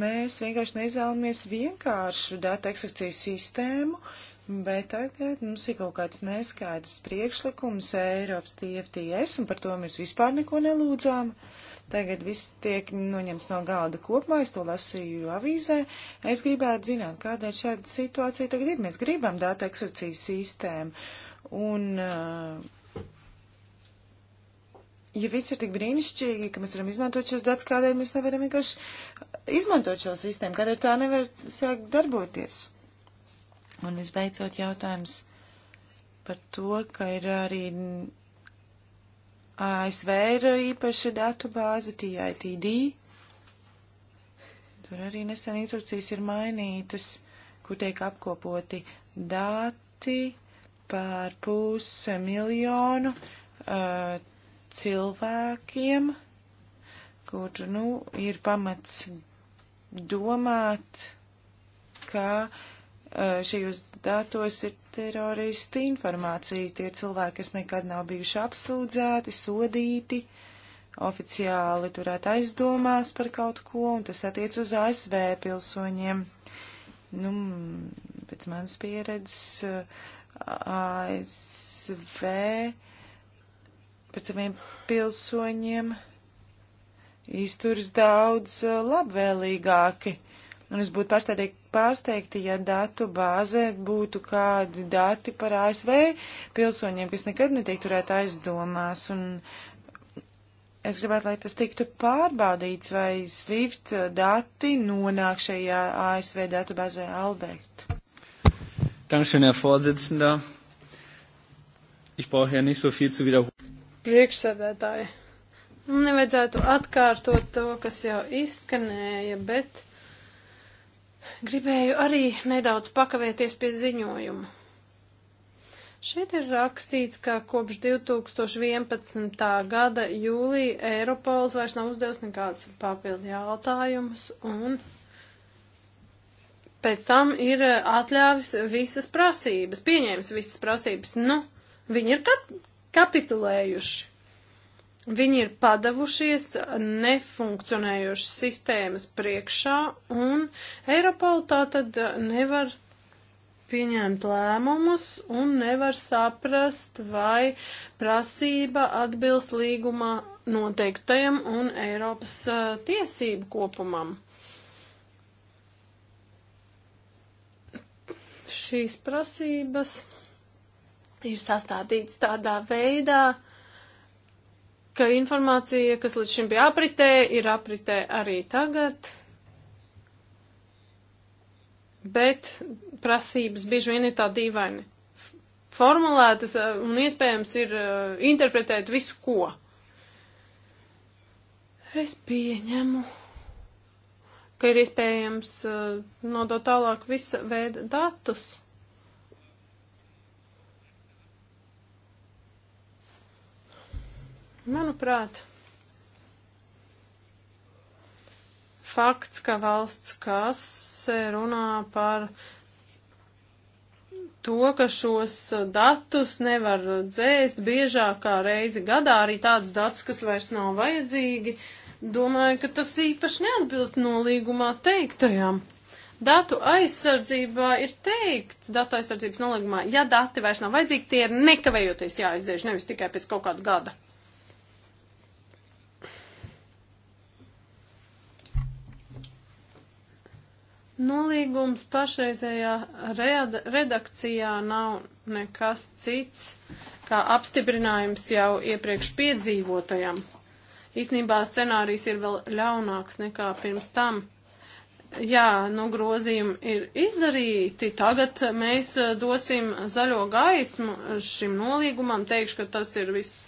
Mēs vienkārši neizvēlamies vienkāršu datu ekstrakcijas sistēmu, bet tagad mums ir kaut kāds neskaidrs priekšlikums Eiropas TFTS, un par to mēs vispār neko nelūdzām. Tagad viss tiek noņemts no galda kopumā, es to lasīju avīzē. Es gribētu zināt, kādēļ šāda situācija tagad ir. Mēs gribam datu ekstrakcijas sistēmu. Un, uh, ja viss ir tik brīnišķīgi, ka mēs varam izmantot šos datus, kādēļ mēs nevaram vienkārši izmantot šo sistēmu, kādēļ tā nevar sākt darboties. Un visbeidzot jautājums par to, ka ir arī ASV ir īpaša datu bāze TITD. Tur arī nesen instrukcijas ir mainītas, kur tiek apkopoti dati par puse miljonu. Uh, cilvēkiem, kur, nu, ir pamats domāt, ka e, šajos datos ir teroristi informācija. Tie cilvēki, kas nekad nav bijuši apsūdzēti, sodīti, oficiāli turēt aizdomās par kaut ko, un tas attiec uz ASV pilsoņiem. Nu, pēc manas pieredzes e, ASV. Uh, pret saviem pilsoņiem izturas daudz eh, labvēlīgāki. Un es būtu pārsteigti, pārsteigti, ja datu bāzē būtu kādi dati par ASV pilsoņiem, kas nekad netiek turēt aizdomās. Un es gribētu, lai tas tiktu pārbaudīts, vai SWIFT dati nonāk šajā ASV datu bāzē Albert. Dankeschön, Herr Vorsitzender. Ich brauche ja nicht so viel zu wiederholen. Priekšsēdētāji, nevajadzētu atkārtot to, kas jau izskanēja, bet gribēju arī nedaudz pakavēties pie ziņojuma. Šeit ir rakstīts, ka kopš 2011. gada jūlija Eiropols vairs nav uzdevis nekādus papildu jautājumus un pēc tam ir atļāvis visas prasības, pieņēmis visas prasības. Nu, viņi ir kat kapitulējuši. Viņi ir padavušies nefunkcionējušas sistēmas priekšā, un Eiropola tā tad nevar pieņemt lēmumus un nevar saprast, vai prasība atbilst līgumā noteiktajam un Eiropas uh, tiesību kopumam. Šīs prasības ir sastādīts tādā veidā, ka informācija, kas līdz šim bija apritē, ir apritē arī tagad, bet prasības bieži vien ir tā dīvaini formulētas eh, un iespējams ir eh, interpretēt visu, ko. Es pieņemu, ka ir iespējams eh, nodot tālāk visa veida datus. Manuprāt, fakts, ka valsts kase runā par to, ka šos datus nevar dzēst biežākā reize gadā, arī tādus datus, kas vairs nav vajadzīgi, domāju, ka tas īpaši neatbilst nolīgumā teiktajām. Datu aizsardzībā ir teikts, datu aizsardzības nolīgumā, ja dati vairs nav vajadzīgi, tie ir nekavējoties jāizdēž, nevis tikai pēc kaut kāda gada. Nolīgums pašreizējā redakcijā nav nekas cits, kā apstiprinājums jau iepriekš piedzīvotajam. Īsnībā scenārijs ir vēl ļaunāks nekā pirms tam. Jā, nu grozījumi ir izdarīti. Tagad mēs dosim zaļo gaismu šim nolīgumam, teikšu, ka tas ir viss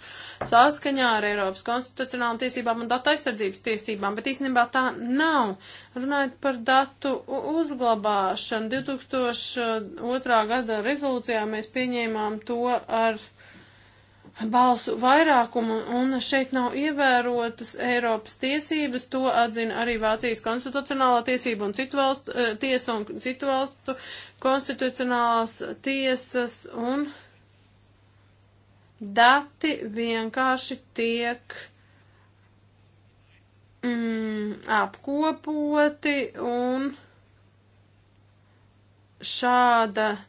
saskaņā ar Eiropas konstitucionālām tiesībām un datu aizsardzības tiesībām, bet īstenībā tā nav. Runājot par datu uzglabāšanu, 2002. gada rezolūcijā mēs pieņēmām to ar balsu vairākumu, un šeit nav ievērotas Eiropas tiesības, to atzina arī Vācijas konstitucionālā tiesība un citu valstu, eh, tiesa un citu valstu konstitucionālās tiesas, un Dati vienkārši tiek mm, apkopoti un šāda e,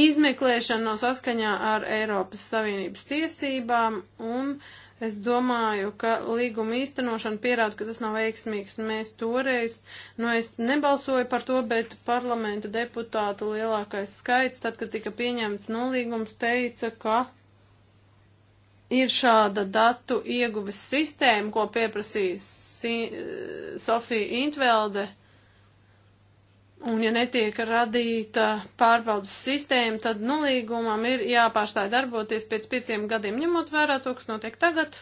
izmeklēšana nav no saskaņā ar Eiropas Savienības tiesībām un uh, Es domāju, ka līguma īstenošana pierāda, ka tas nav veiksmīgs. Mēs toreiz, nu es nebalsoju par to, bet parlamenta deputātu lielākais skaits, tad, kad tika pieņemts nolīgums, teica, ka ir šāda datu ieguves sistēma, ko pieprasīs si eh, Sofija Intvelde. Un ja netiek radīta pārbaudas sistēma, tad nolīgumam ir jāpārstāj darboties pēc pieciem gadiem, ņemot vērā to, kas notiek tagad.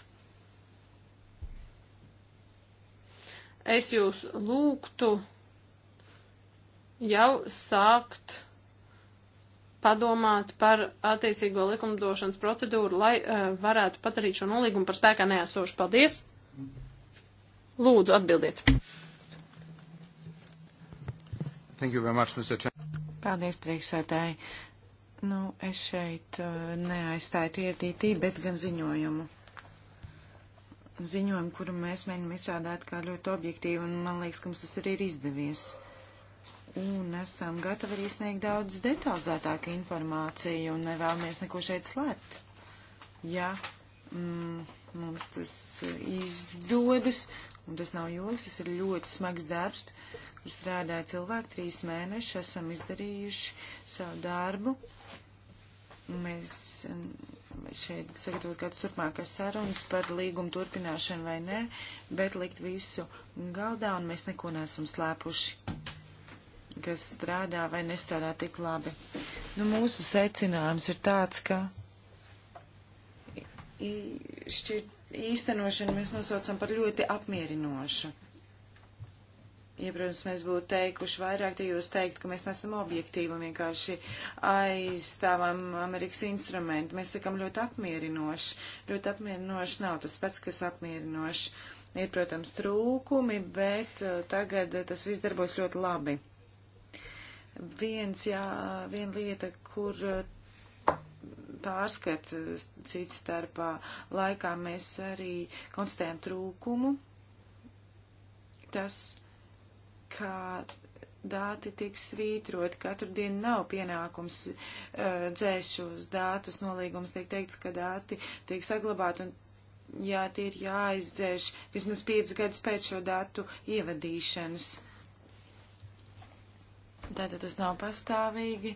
Es jūs lūgtu jau sākt padomāt par attiecīgo likumdošanas procedūru, lai uh, varētu padarīt šo nolīgumu par spēkā neesošu. Paldies! Lūdzu, atbildiet! Thank you very much, Mr. Chairman. Paldies, priekšsēdēji. Nu, es šeit uh, neaizstāju tietītī, bet gan ziņojumu. Ziņojumu, kuru mēs mēģinam izstrādāt kā ļoti objektīvu, un man liekas, ka mums tas arī ir izdevies. Un esam gatavi arī sniegt daudz detalizētāku informāciju un nevēlamies neko šeit slēpt. Ja mm, mums tas izdodas, un tas nav joks, tas ir ļoti smags darbs strādāja cilvēki trīs mēneši, esam izdarījuši savu darbu. Mēs šeit sagatavot kādas turpmākās sarunas par līgumu turpināšanu vai nē, bet likt visu galdā un mēs neko nesam slēpuši, kas strādā vai nestrādā tik labi. Nu, mūsu secinājums ir tāds, ka šķiet īstenošanu mēs nosaucam par ļoti apmierinošu. Ja, protams, mēs būtu teikuši vairāk, tad jūs teikt, ka mēs nesam objektīvi un vienkārši aizstāvam Amerikas instrumentu. Mēs sakam ļoti apmierinoši. Ļoti apmierinoši nav tas pats, kas apmierinoši. Ir, protams, trūkumi, bet uh, tagad uh, tas viss darbos ļoti labi. Viens, jā, viena lieta, kur uh, pārskats cits starpā laikā mēs arī konstatējam trūkumu. Tas ka dati tiek svītrot. Katru dienu nav pienākums uh, dzēst šos datus. Nolīgums tiek teikts, ka dati tiek saglabāti un jā, tie ir jāizdzēš vismaz piecus gadus pēc šo datu ievadīšanas. Tātad tas nav pastāvīgi,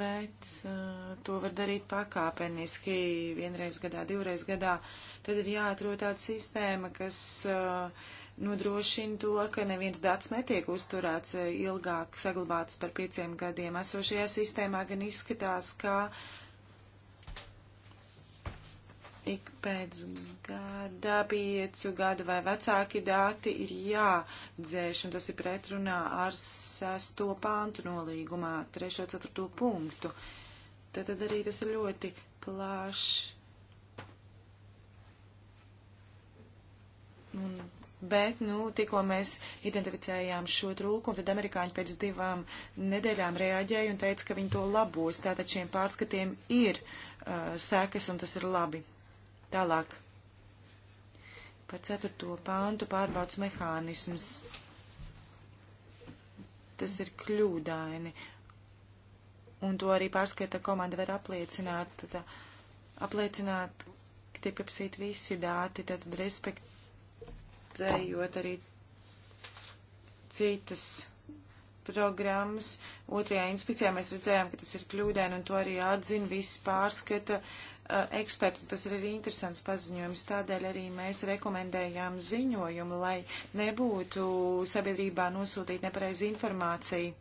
bet uh, to var darīt pakāpeniski vienreiz gadā, divreiz gadā. Tad ir jāatrod tāda sistēma, kas uh, nodrošina to, ka neviens dats netiek uzturēts eh, ilgāk, saglabāts par pieciem gadiem. Esošajā sistēmā gan izskatās, ka ik pēc gada, piecu gadu vai vecāki dati ir jādzēš, un tas ir pretrunā ar sesto pāntu nolīgumā, trešo, ceturto punktu. Tad, tad arī tas ir ļoti plašs. Un bet, nu, tikko mēs identificējām šo trūkumu, tad amerikāņi pēc divām nedēļām reaģēja un teica, ka viņi to labos. Tātad šiem pārskatiem ir uh, sekas un tas ir labi. Tālāk. Par ceturto pāntu pārbaudas mehānisms. Tas ir kļūdaini. Un to arī pārskata komanda var apliecināt, tad, uh, apliecināt, ka tiek pieprasīti visi dāti, tad respektīvi vērtējot arī citas programmas. Otrajā inspekcijā mēs redzējām, ka tas ir kļūdēni, un to arī atzina viss pārskata uh, eksperti. Tas ir arī interesants paziņojums. Tādēļ arī mēs rekomendējām ziņojumu, lai nebūtu sabiedrībā nosūtīt nepareizi informāciju.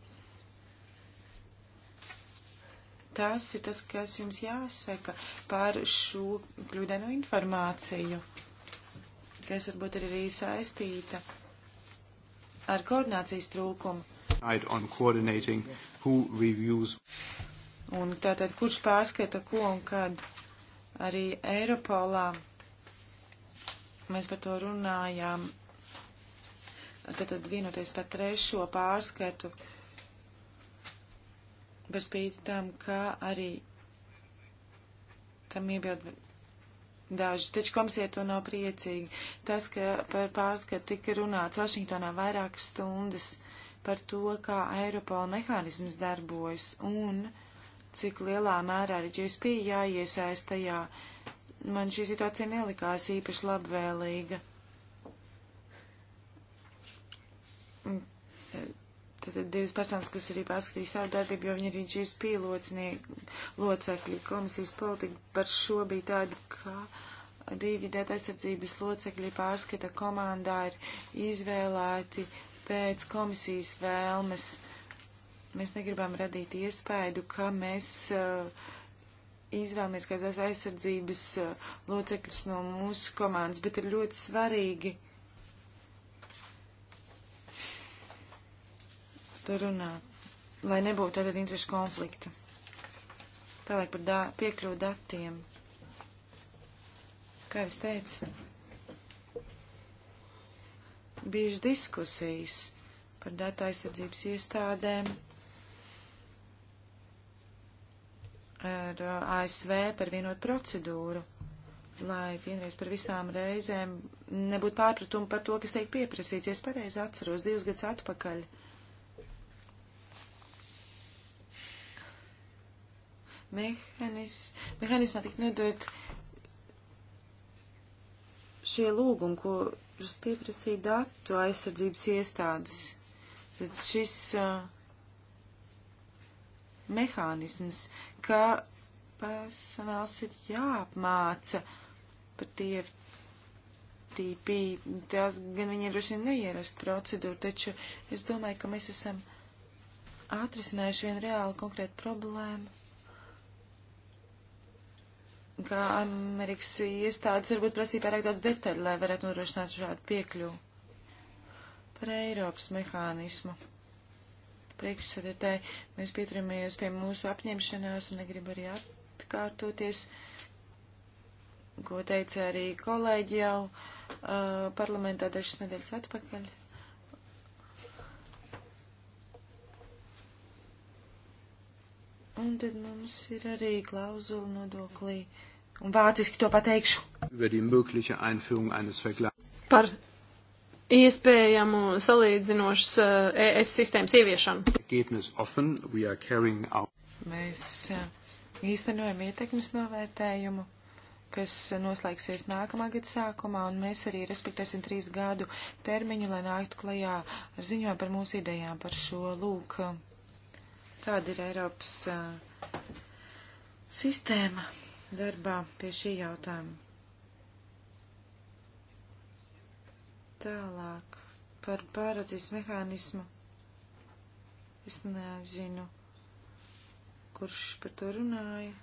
Tas ir tas, kas jums jāsaka par šo kļūdēno informāciju kas varbūt ir arī saistīta ar koordinācijas trūkumu. Un tātad, kurš pārskata ko un kad arī Eiropolā mēs par to runājām. Tātad vienoties par trešo pārskatu, par spīti tam, ka arī tam iebild daži, taču komisija to nav priecīgi. Tas, ka par pārskatu tika runāts Vašingtonā vairākas stundas par to, kā Eiropola mehānisms darbojas un cik lielā mērā arī GSP jāiesaist tajā, man šī situācija nelikās īpaši labvēlīga. Tātad divas personas, kas arī pārskatīja savu darbību, jo viņi ir šīs pielocekļi. Komisijas politika par šo bija tāda, ka divi data aizsardzības locekļi pārskata komandā ir izvēlēti pēc komisijas vēlmes. Mēs negribam radīt iespēju, ka mēs uh, izvēlamies kādās aizsardzības uh, locekļus no mūsu komandas, bet ir ļoti svarīgi tur runāt, lai nebūtu tātad interešu konflikta. Tālāk par dā, piekļuvu datiem. Kā es teicu, bijušas diskusijas par datu aizsardzības iestādēm ar uh, ASV par vienotu procedūru, lai vienreiz par visām reizēm nebūtu pārpratumu par to, kas tiek pieprasīts. Es pareizi atceros, divus gadus atpakaļ uh, Mehanis, mehanismā tik nedod šie lūgumi, kurus pieprasīja datu aizsardzības iestādes. Tad šis uh, mehānisms, ka personāls ir jāapmāca par TFTP. Tās gan viņiem droši vien neierast procedūru, taču es domāju, ka mēs esam atrisinājuši vienu reālu konkrētu problēmu ka Amerikas iestādes varbūt prasīja pārāk daudz detaļu, lai varētu nodrošināt šādu piekļuvu par Eiropas mehānismu. Priekšsēdētāji, mēs pieturamies pie mūsu apņemšanās un negribu arī atkārtoties, ko teica arī kolēģi jau uh, parlamentā dažas nedēļas atpakaļ. Un tad mums ir arī klauzula nodoklī. Un vāciski to pateikšu. Par iespējamu salīdzinošas ES eh, e sistēmas ieviešanu. Mēs eh, īstenojam ietekmes novērtējumu kas eh, noslēgsies nākamā gada sākumā, un mēs arī respektēsim trīs gadu termiņu, lai nāktu klajā ar ziņojumu par mūsu idejām par šo lūk Tāda ir Eiropas uh, sistēma darbā pie šī jautājuma. Tālāk par pārredzības mehānismu. Es nezinu, kurš par to runāja.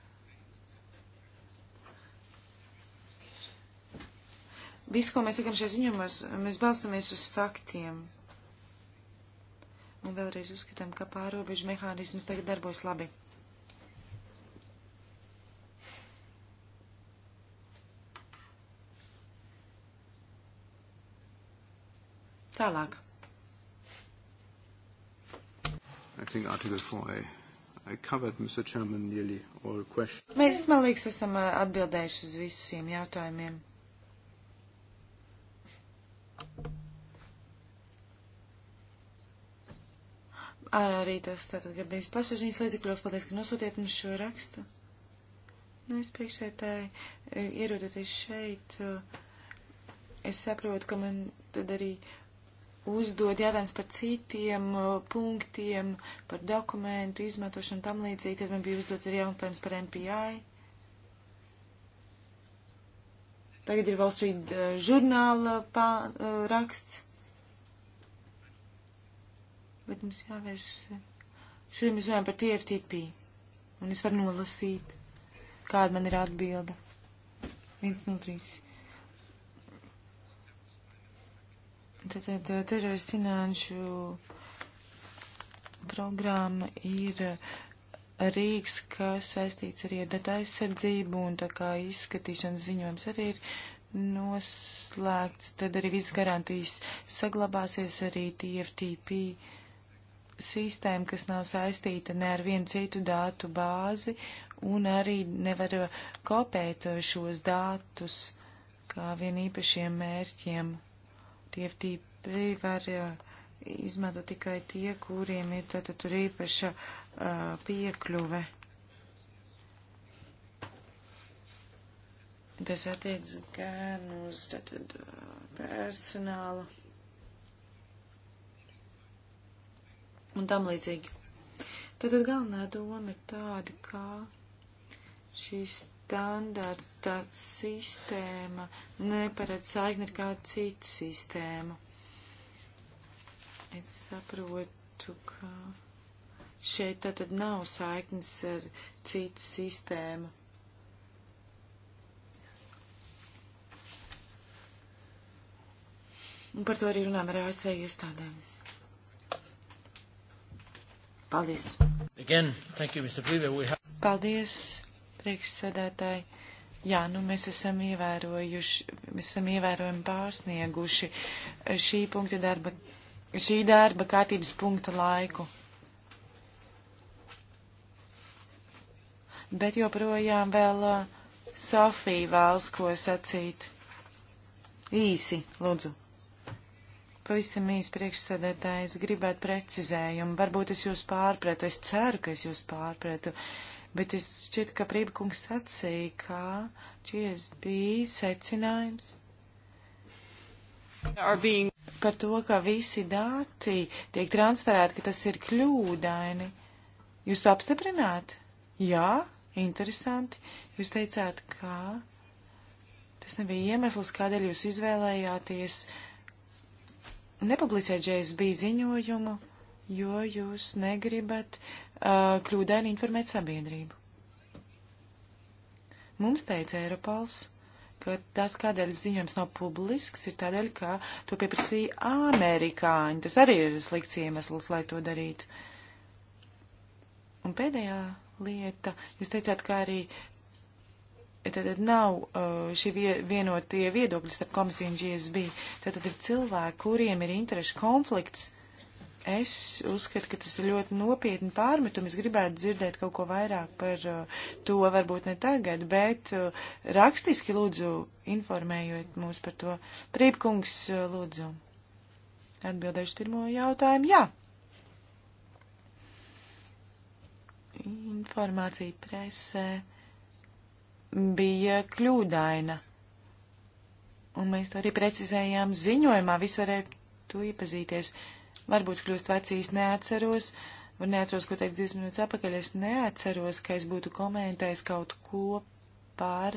Viss, ko mēs sakam šajā ziņojumā, mēs balstamies uz faktiem. Un vēlreiz uzskatām, ka pārobežu mehānisms tagad darbojas labi. Tālāk. I think Article 4a. I covered, Mr. Chairman, nearly all questions. Mēs, man liekas, esam uh, atbildējuši uz visiem jautājumiem. Arī tas tātad, ka bijis plašsaziņas līdzekļos, paldies, ka nosūtiet mums šo rakstu. Nu, es priekšētāji e, ierodoties šeit, e, es saprotu, ka man tad arī uzdod jautājumus par citiem e, punktiem, par dokumentu izmantošanu tam līdzīgi, tad man bija uzdots arī jautājums par MPI. Tagad ir Wall Street žurnāla pā, raksts bet mums jāvēršas. Šodien mēs runājam par TFTP, un es varu nolasīt, kāda man ir atbilda. 103. Tātad eh, terorista finanšu programma ir eh, Rīgas, kas saistīts arī ar datu aizsardzību, un tā kā izskatīšanas ziņojums arī ir noslēgts, tad arī viss garantijas saglabāsies arī TFTP. Uh, sistēma, kas nav saistīta ne ar vienu citu datu bāzi un arī nevar kopēt šos datus kā vien īpašiem mērķiem. TFTP var uh, izmantot tikai tie, kuriem ir tātad tur īpaša uh, piekļuve. Tas attiecas gan uz tātad uh, personālu. un tam līdzīgi. Tātad galvenā doma ir tāda, ka šī standarta sistēma neparedz saikni ar kādu citu sistēmu. Es saprotu, ka šeit tātad nav saiknes ar citu sistēmu. Un par to arī runājam ar ASV e iestādēm. Paldies! Again, thank you, Mr. Brīve. Have... Paldies, priekšsēdētāji. Jā, nu mēs esam ievērojuši, mēs esam ievērojami pārsnieguši šī punkta darba, šī darba kārtības punkta laiku. Bet joprojām vēl uh, Sofija vēlas ko sacīt. Īsi, lūdzu. Pavisam īsi priekšsēdētājs gribētu precizējumu. Varbūt es jūs pārpratu, es ceru, ka es jūs pārpratu, bet es šķiet, ka Prībakungs sacīja, kā čies bija secinājums. Being... Par to, ka visi dati tiek transferēti, ka tas ir kļūdaini. Jūs to apstiprināt? Jā, interesanti. Jūs teicāt, ka tas nebija iemesls, kādēļ jūs izvēlējāties uh, nepublicēt JSB ziņojumu, jo jūs negribat uh, kļūdaini informēt sabiedrību. Mums teica Eiropals, ka tas, kādēļ ziņojums nav publisks, ir tādēļ, ka to pieprasīja amerikāņi. Tas arī ir slikts iemesls, lai to darītu. Un pēdējā lieta, jūs teicāt, ka arī Tātad nav uh, šī vie, vienotie viedokļi starp komisiju un GSB. Tātad ir cilvēki, kuriem ir interešu konflikts. Es uzskatu, ka tas ir ļoti nopietni pārmetumi. Es gribētu dzirdēt kaut ko vairāk par uh, to, varbūt ne tagad, bet uh, rakstiski lūdzu informējot mūs par to. Trīpkungs, uh, lūdzu. Atbildēšu pirmo jautājumu. Jā. Informācija presē. Uh, bija kļūdaina. Un mēs to arī precizējām ziņojumā, visu varēja to iepazīties. Varbūt kļūst vecīs neatceros, un neatceros, ko teikt 20 minūtes apakaļ, es neatceros, ka es būtu komentējis kaut ko par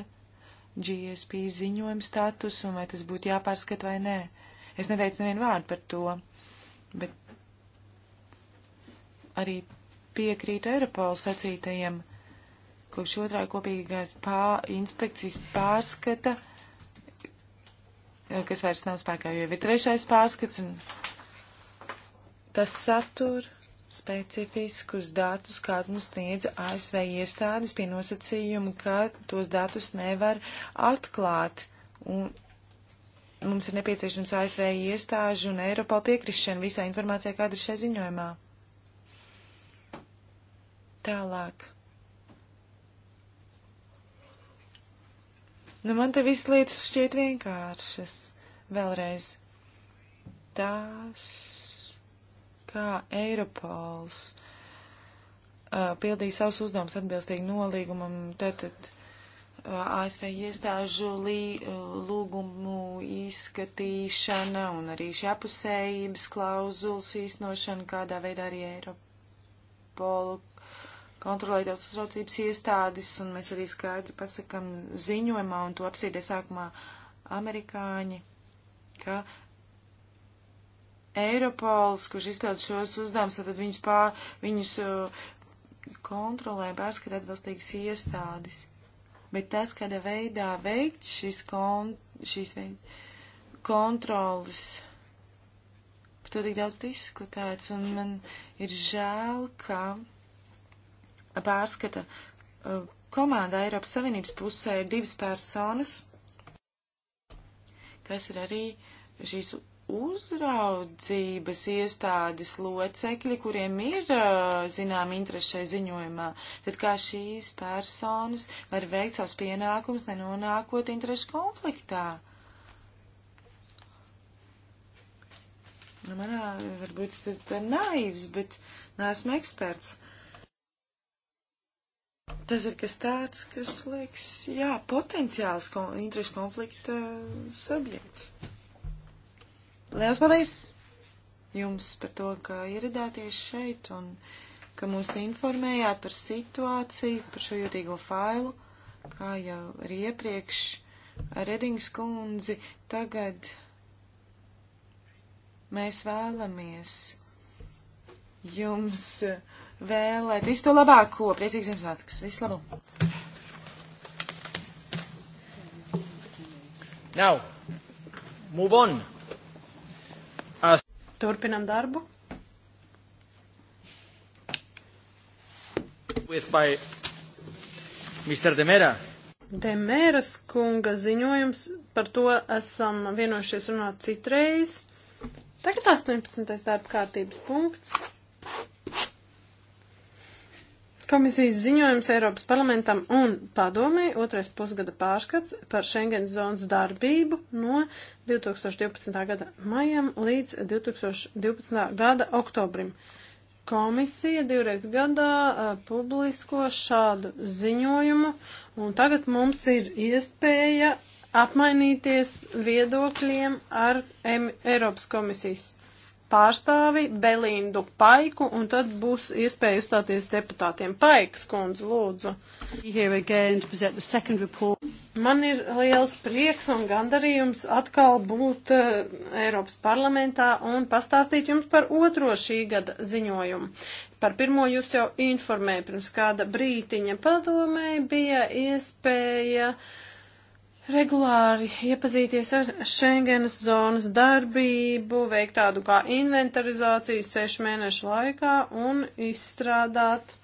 GSP ziņojumu statusu, un vai tas būtu jāpārskat vai nē. Es neteicu nevienu vārdu par to, bet arī piekrītu Eiropola sacītajiem Kopš otrā kopīgās pā, inspekcijas pārskata, eh, kas vairs nav spēkā, jo ir trešais pārskats, un tas satur specifiskus datus, kādu mums sniedza ASV iestādes pie nosacījuma, ka tos datus nevar atklāt. Un mums ir nepieciešams ASV iestāžu un Eiropā piekrišana visā informācijā, kāda ir šajā ziņojumā. Tālāk. Nu, man te viss lietas šķiet vienkāršas. Vēlreiz. Tās, kā Eiropols uh, pildīja savus uzdevumus atbilstīgi nolīgumam, tātad uh, ASV iestāžu lī, uh, lūgumu izskatīšana un arī šī apusējības klauzulas īstenošana, kādā veidā arī Eiropolu kontrolētās uzraucības iestādes, un mēs arī skaidri pasakam ziņojumā, un to apsīdē sākumā amerikāņi, ka Eiropols, kurš izpild šos uzdevumus, tad viņus, pār, viņus uh, kontrolē un pārskata atbilstīgas iestādes. Bet tas, kādā veidā veikt šis kon, šīs veid kontrolas, par to tik daudz diskutēts, un man ir žēl, ka pārskata uh, komandā Eiropas Savienības pusē ir divas personas, kas ir arī šīs uzraudzības iestādes locekļi, kuriem ir uh, zinām interesi šai ziņojumā, tad kā šīs personas var veikt savus pienākumus, nenonākot interešu konfliktā. Nu, manā varbūt tas ir naivs, bet neesmu eksperts. Tas ir kas tāds, kas liekas, jā, potenciāls kon interešu konflikta subjekts. Lielas paldies jums par to, ka ieradāties šeit un ka mūs informējāt par situāciju, par šo jūtīgo failu, kā jau arī iepriekš ar Redings kundzi. Tagad mēs vēlamies jums. Uh, vēlēt visu to labāko. Priecīgs jums vārds. Visu labu! Now, move on. As... Turpinam darbu. With by Mr. Demera. Demēras kunga ziņojums, par to esam vienojušies runāt citreiz. Tagad 18. darba kārtības punkts. Komisijas ziņojums Eiropas parlamentam un padomē otrais pusgada pārskats par Schengens zonas darbību no 2012. gada maijam līdz 2012. gada oktobrim. Komisija divreiz gadā uh, publisko šādu ziņojumu, un tagad mums ir iespēja apmainīties viedokļiem ar M Eiropas komisijas pārstāvi Belindu Paiku, un tad būs iespēja uzstāties deputātiem. Paiks, kundze, lūdzu. Man ir liels prieks un gandarījums atkal būt uh, Eiropas parlamentā un pastāstīt jums par otro šī gada ziņojumu. Par pirmo jūs jau informēju pirms kāda brītiņa padomē bija iespēja uh, regulāri iepazīties ar Schengenas zonas darbību, veikt tādu kā inventarizāciju sešu mēnešu laikā un izstrādāt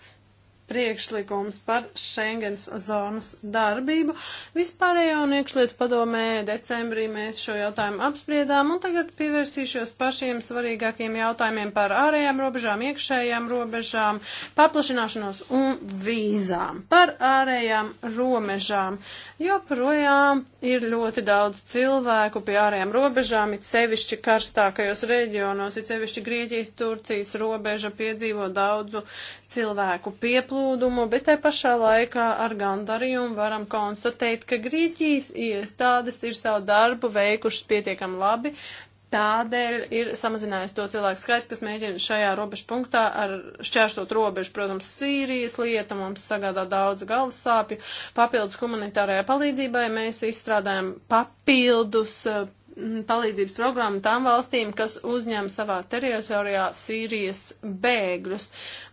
priekšlikums par Schengens zonas darbību. Vispārējo un iekšlietu padomē decembrī mēs šo jautājumu apspriedām, un tagad pievērsīšos pašiem svarīgākiem jautājumiem par ārējām robežām, iekšējām robežām, paplašināšanos un vīzām. Par ārējām robežām. Joprojām ir ļoti daudz cilvēku pie ārējām robežām, it sevišķi karstākajos reģionos, it sevišķi Grieķijas, Turcijas robeža piedzīvo daudzu cilvēku pieplūdu noplūdumu, bet tai pašā laikā ar gandarījumu varam konstatēt, ka Grieķijas iestādes ir savu darbu veikušas pietiekam labi, Tādēļ ir samazinājies to cilvēku skaits, kas mēģina šajā robežu punktā ar šķērsot robežu. Protams, Sīrijas lieta mums sagādā daudz galvas sāpju. Papildus humanitārajai palīdzībai mēs izstrādājam papildus eh, Mm, palīdzības programmu tām valstīm, kas uzņem savā teritorijā Sīrijas bēgļus.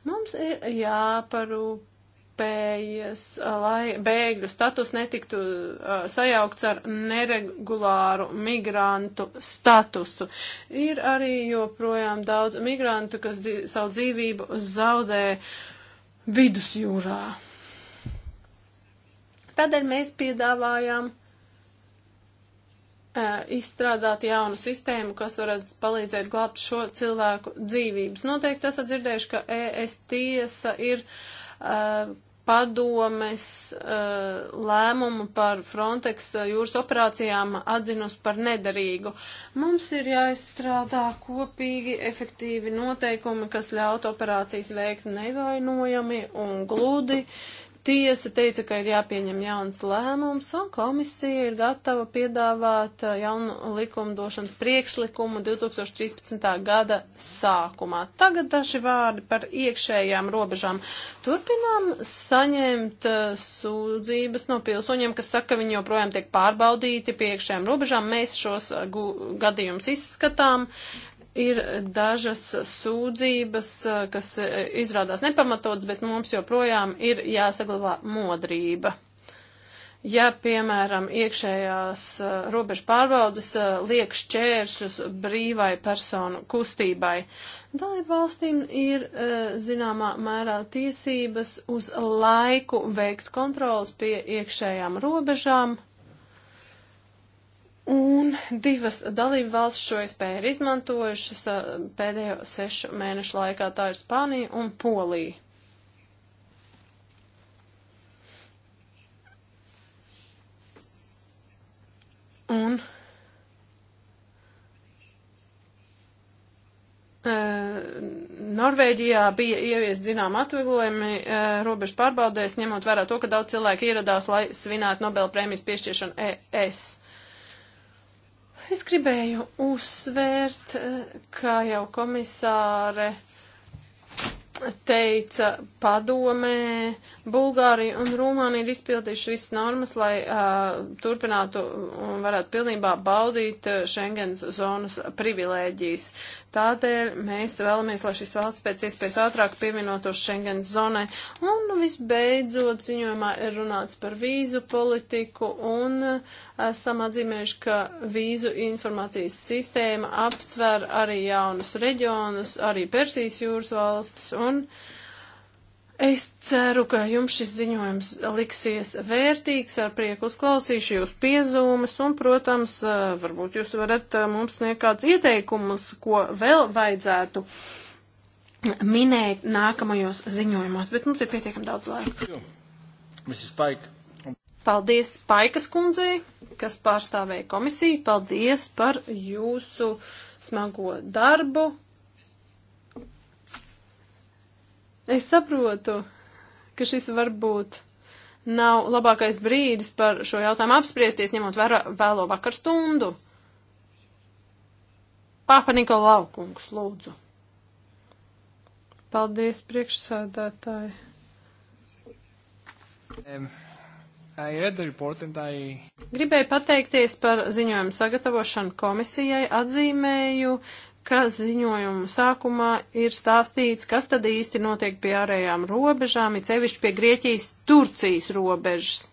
Mums ir jāparūpējas, lai bēgļu status netiktu uh, sajaukts ar neregulāru migrantu statusu. Ir arī joprojām daudz migrantu, kas dzīv, savu dzīvību zaudē vidusjūrā. Tādēļ mēs piedāvājām uh, izstrādāt jaunu sistēmu, kas varētu palīdzēt glābt šo cilvēku dzīvības. Noteikti esat dzirdējuši, ka ES tiesa ir uh, padomes uh, lēmumu par Frontex jūras operācijām atzinus par nedarīgu. Mums ir jāizstrādā kopīgi efektīvi noteikumi, kas ļaut operācijas veikt nevainojami un gludi, Tiesa teica, ka ir jāpieņem jauns lēmums, un komisija ir gatava piedāvāt uh, jaunu likumdošanas priekšlikumu 2013. gada sākumā. Tagad daži vārdi par iekšējām robežām. Turpinām saņemt uh, sūdzības no pilsoņiem, kas saka, ka viņi joprojām tiek pārbaudīti pie iekšējām robežām. Mēs šos uh, gadījumus izskatām. Uh, ir dažas sūdzības, eh, kas eh, izrādās nepamatotas, bet mums joprojām ir jāsaglabā modrība. Ja, piemēram, iekšējās eh, robežu pārbaudas liek šķēršļus brīvai personu kustībai, dalību valstīm ir zināmā mērā tiesības uz laiku veikt kontrolas pie iekšējām robežām Un divas dalību valsts šo iespēju ir izmantojušas pēdējo sešu mēnešu laikā. Tā ir Spānija un Polija. Un Norvēģijā bija ieviest zinām atvieglojumi robežu pārbaudēs, ņemot vērā to, ka daudz cilvēku ieradās, lai svinētu Nobel prēmijas piešķiršanu ES. Es gribēju uzsvērt, eh, kā jau komisāre teica padomē, Bulgārija un Rumānija ir izpildījuši visas normas, lai uh, turpinātu un varētu pilnībā baudīt uh, Schengens zonas privilēģijas. Tādēļ mēs vēlamies, lai šis valsts pēc iespējas ātrāk pievienotos Schengens zonai. Un nu, visbeidzot, ziņojumā ir runāts par vīzu politiku un uh, esam atzīmējuši, ka vīzu informācijas sistēma aptver arī jaunus reģionus, arī Persijas jūras valstis un uh, Es ceru, ka jums šis ziņojums liksies vērtīgs, ar prieku uzklausīšu jūs piezīmes un, protams, varbūt jūs varat mums sniegt kāds ieteikumus, ko vēl vajadzētu minēt nākamajos ziņojumos, bet mums ir pietiekami daudz laika. Paldies Paikas kundzei, kas pārstāvēja komisiju. Paldies par jūsu smago darbu Es saprotu, ka šis varbūt nav labākais brīdis par šo jautājumu apspriesties, ņemot vērā vēlo vakar stundu. Pāpa Nikolau kungs, lūdzu. Paldies, priekšsādātāji. Um. I... Gribēju pateikties par ziņojumu sagatavošanu komisijai, atzīmēju ka ziņojumu sākumā ir stāstīts, kas tad īsti notiek pie ārējām robežām, it sevišķi pie Grieķijas-Turcijas robežas.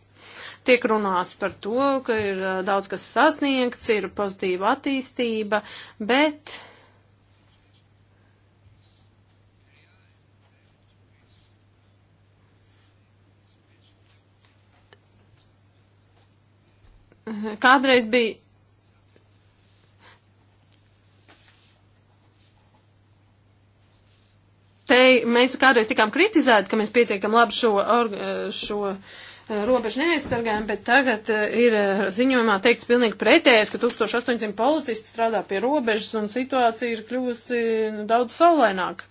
Tiek runāts par to, ka ir daudz kas sasniegts, ir pozitīva attīstība, bet kādreiz bija Te mēs kādreiz tikām kritizēti, ka mēs pietiekam labi šo, šo eh, robežu neaizsargājam, bet tagad eh, ir eh, ziņojumā teikts pilnīgi pretējais, ka 1800 policisti strādā pie robežas un situācija ir kļuvusi nu, daudz saulaināka.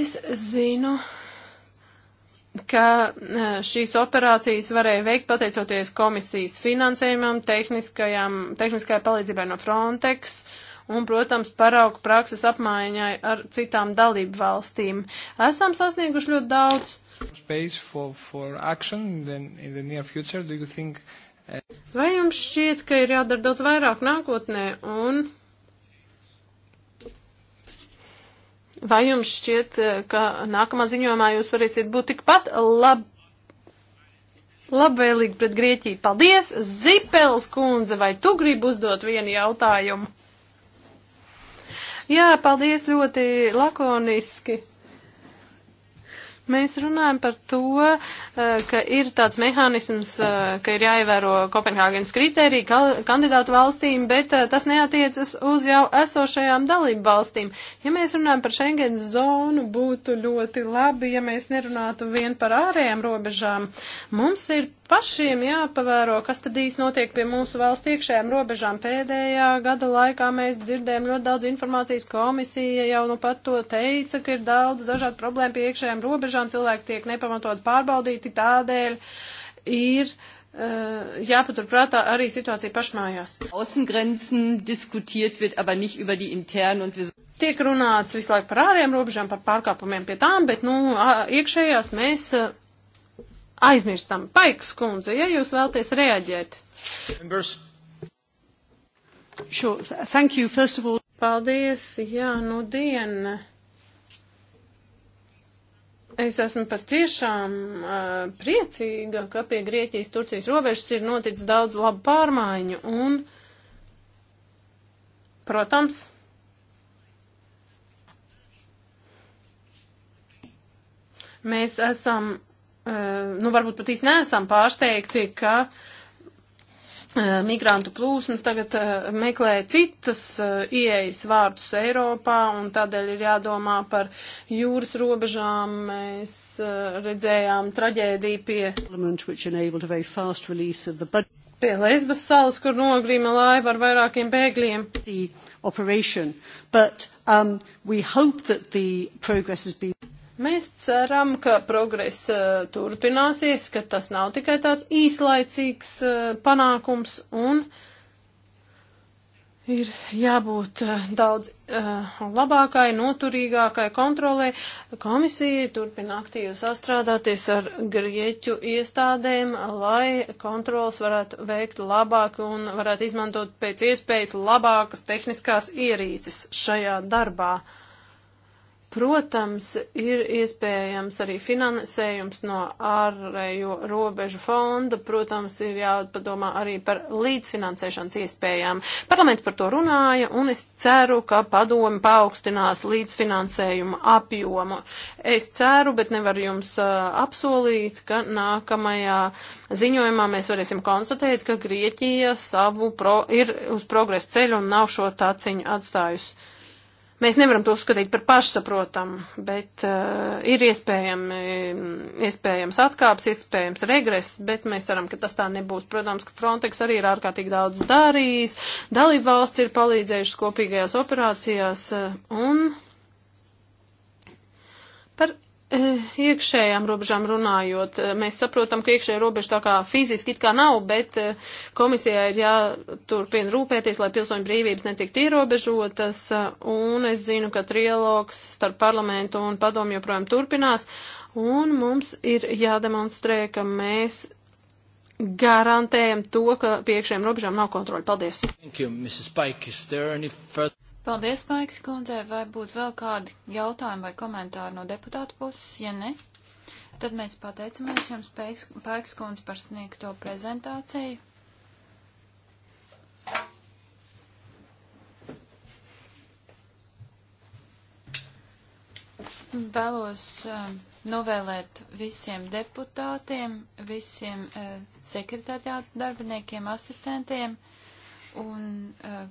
Es zinu, ka šīs operācijas varēja veikt pateicoties komisijas finansējumam, tehniskajai palīdzībai no Frontex, uh, un, protams, paraugu prakses apmaiņai ar citām dalību valstīm. Esam sasnieguši ļoti daudz. For, for action, then in the near future, do you think uh, Vai jums šķiet, ka ir jādara daudz vairāk nākotnē, un vai jums šķiet, uh, ka nākamā ziņojumā jūs varēsiet būt tikpat lab, labvēlīgi pret Grieķiju? Paldies, Zipels kundze, vai tu gribi uzdot vienu jautājumu? Jā, paldies ļoti lakoniski. Mēs runājam par to, eh, ka ir tāds mehānisms, eh, ka ir jāievēro Kopenhāgenes kritērija kandidātu valstīm, bet eh, tas neatiecas uz jau esošajām dalību valstīm. Ja mēs runājam par Schengens zonu, būtu ļoti labi, ja mēs nerunātu vien par ārējām robežām. Mums ir pašiem jāpavēro, kas tad īsti notiek pie mūsu valsts iekšējām robežām. Pēdējā gada laikā mēs dzirdējām ļoti daudz informācijas. Komisija jau nu pat to teica, ka ir daudz dažādu problēmu pie iekšējām robežām. Cilvēki tiek nepamatot pārbaudīti tādēļ ir. Uh, jāpaturprātā arī situācija pašmājās. Außengrenzen diskutiert wird, aber nicht über die internen und wir Tiek runāts visu laiku par āriem robežām, par pārkāpumiem pie tām, bet, nu, iekšējās mēs eh, aizmirstam. Paiks kundze, ja jūs vēlties reaģēt. Members. Sure. Thank you, first of all. Paldies, jā, nu diena. Es esmu patiešām uh, priecīga, ka pie Grieķijas-Turcijas robežas ir noticis daudz labu pārmaiņu un, protams, mēs esam Eh, nu varbūt pat īsti neesam pārsteigti, ka eh, migrantu plūsmas tagad eh, meklē citas ieejas vārdus Eiropā, un tādēļ ir jādomā par jūras robežām. Mēs redzējām traģēdiju pie, pie Lesbas salas, kur nogrima laiva ar vairākiem bēgļiem. Operation, but um, we hope that the progress has been. Mēs ceram, ka progress uh, turpināsies, ka tas nav tikai tāds īslaicīgs uh, panākums un ir jābūt uh, daudz labākai, noturīgākai kontrolē. Komisija turpina aktīvi sastrādāties ar grieķu iestādēm, lai kontrols varētu veikt labāk un varētu izmantot pēc iespējas labākas tehniskās ierīces šajā darbā. Uh, Protams, ir iespējams arī finansējums no ārējo robežu fonda, protams, ir jāpadomā arī par līdzfinansēšanas iespējām. Parlaments par to runāja, un es ceru, ka padomi paaugstinās līdzfinansējumu apjomu. Es ceru, bet nevaru jums uh, apsolīt, ka nākamajā ziņojumā mēs varēsim konstatēt, ka Grieķija savu pro ir uz progresu ceļu un nav šo tāciņu atstājusi Mēs nevaram to uzskatīt par pašsaprotamu, bet uh, ir iespējami, iespējams atkāps, iespējams regress, bet mēs ceram, ka tas tā nebūs. Protams, ka Frontex arī ir ārkārtīgi daudz darījis, dalība valsts ir palīdzējušas kopīgajās operācijās uh, un par Eh, iekšējām robežām runājot, eh, mēs saprotam, ka iekšējā robeža tā kā fiziski it kā nav, bet eh, komisijā ir jāturpina rūpēties, lai pilsoņu brīvības netikt ierobežotas, un es zinu, ka trialogs starp parlamentu un padomu joprojām turpinās, un mums ir jādemonstrē, ka mēs garantējam to, ka pie iekšējām robežām nav kontroli. Paldies! Thank you, Mrs. Pike. Is there any further... Paldies, Maiks kundze, vai būtu vēl kādi jautājumi vai komentāri no deputātu puses? Ja ne, tad mēs pateicamies jums, Paiks kundze, par sniegto prezentāciju. Vēlos uh, novēlēt visiem deputātiem, visiem uh, sekretariātu darbiniekiem, asistentiem un uh,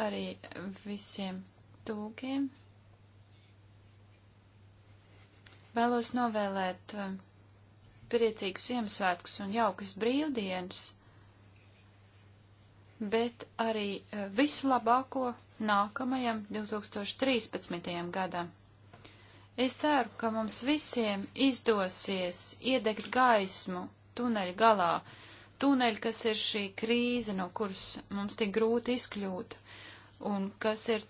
arī visiem tūkiem. Vēlos novēlēt um, priecīgus Ziemassvētkus un jaukas brīvdienas, bet arī uh, visu labāko nākamajam 2013. gadam. Es ceru, ka mums visiem izdosies iedegt gaismu tuneļa galā, tuneļi, kas ir šī krīze, no kuras mums tik grūti izkļūt, un kas ir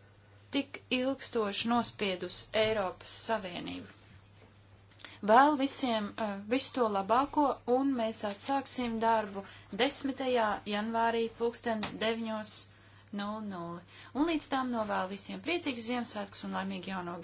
tik ilgstoši nospiedus Eiropas Savienību. Vēl visiem eh, visu to labāko, un mēs atsāksim darbu 10. janvārī 2009.00. Un līdz tam novēlu visiem priecīgus Ziemassvētkus un laimīgu jauno gadu.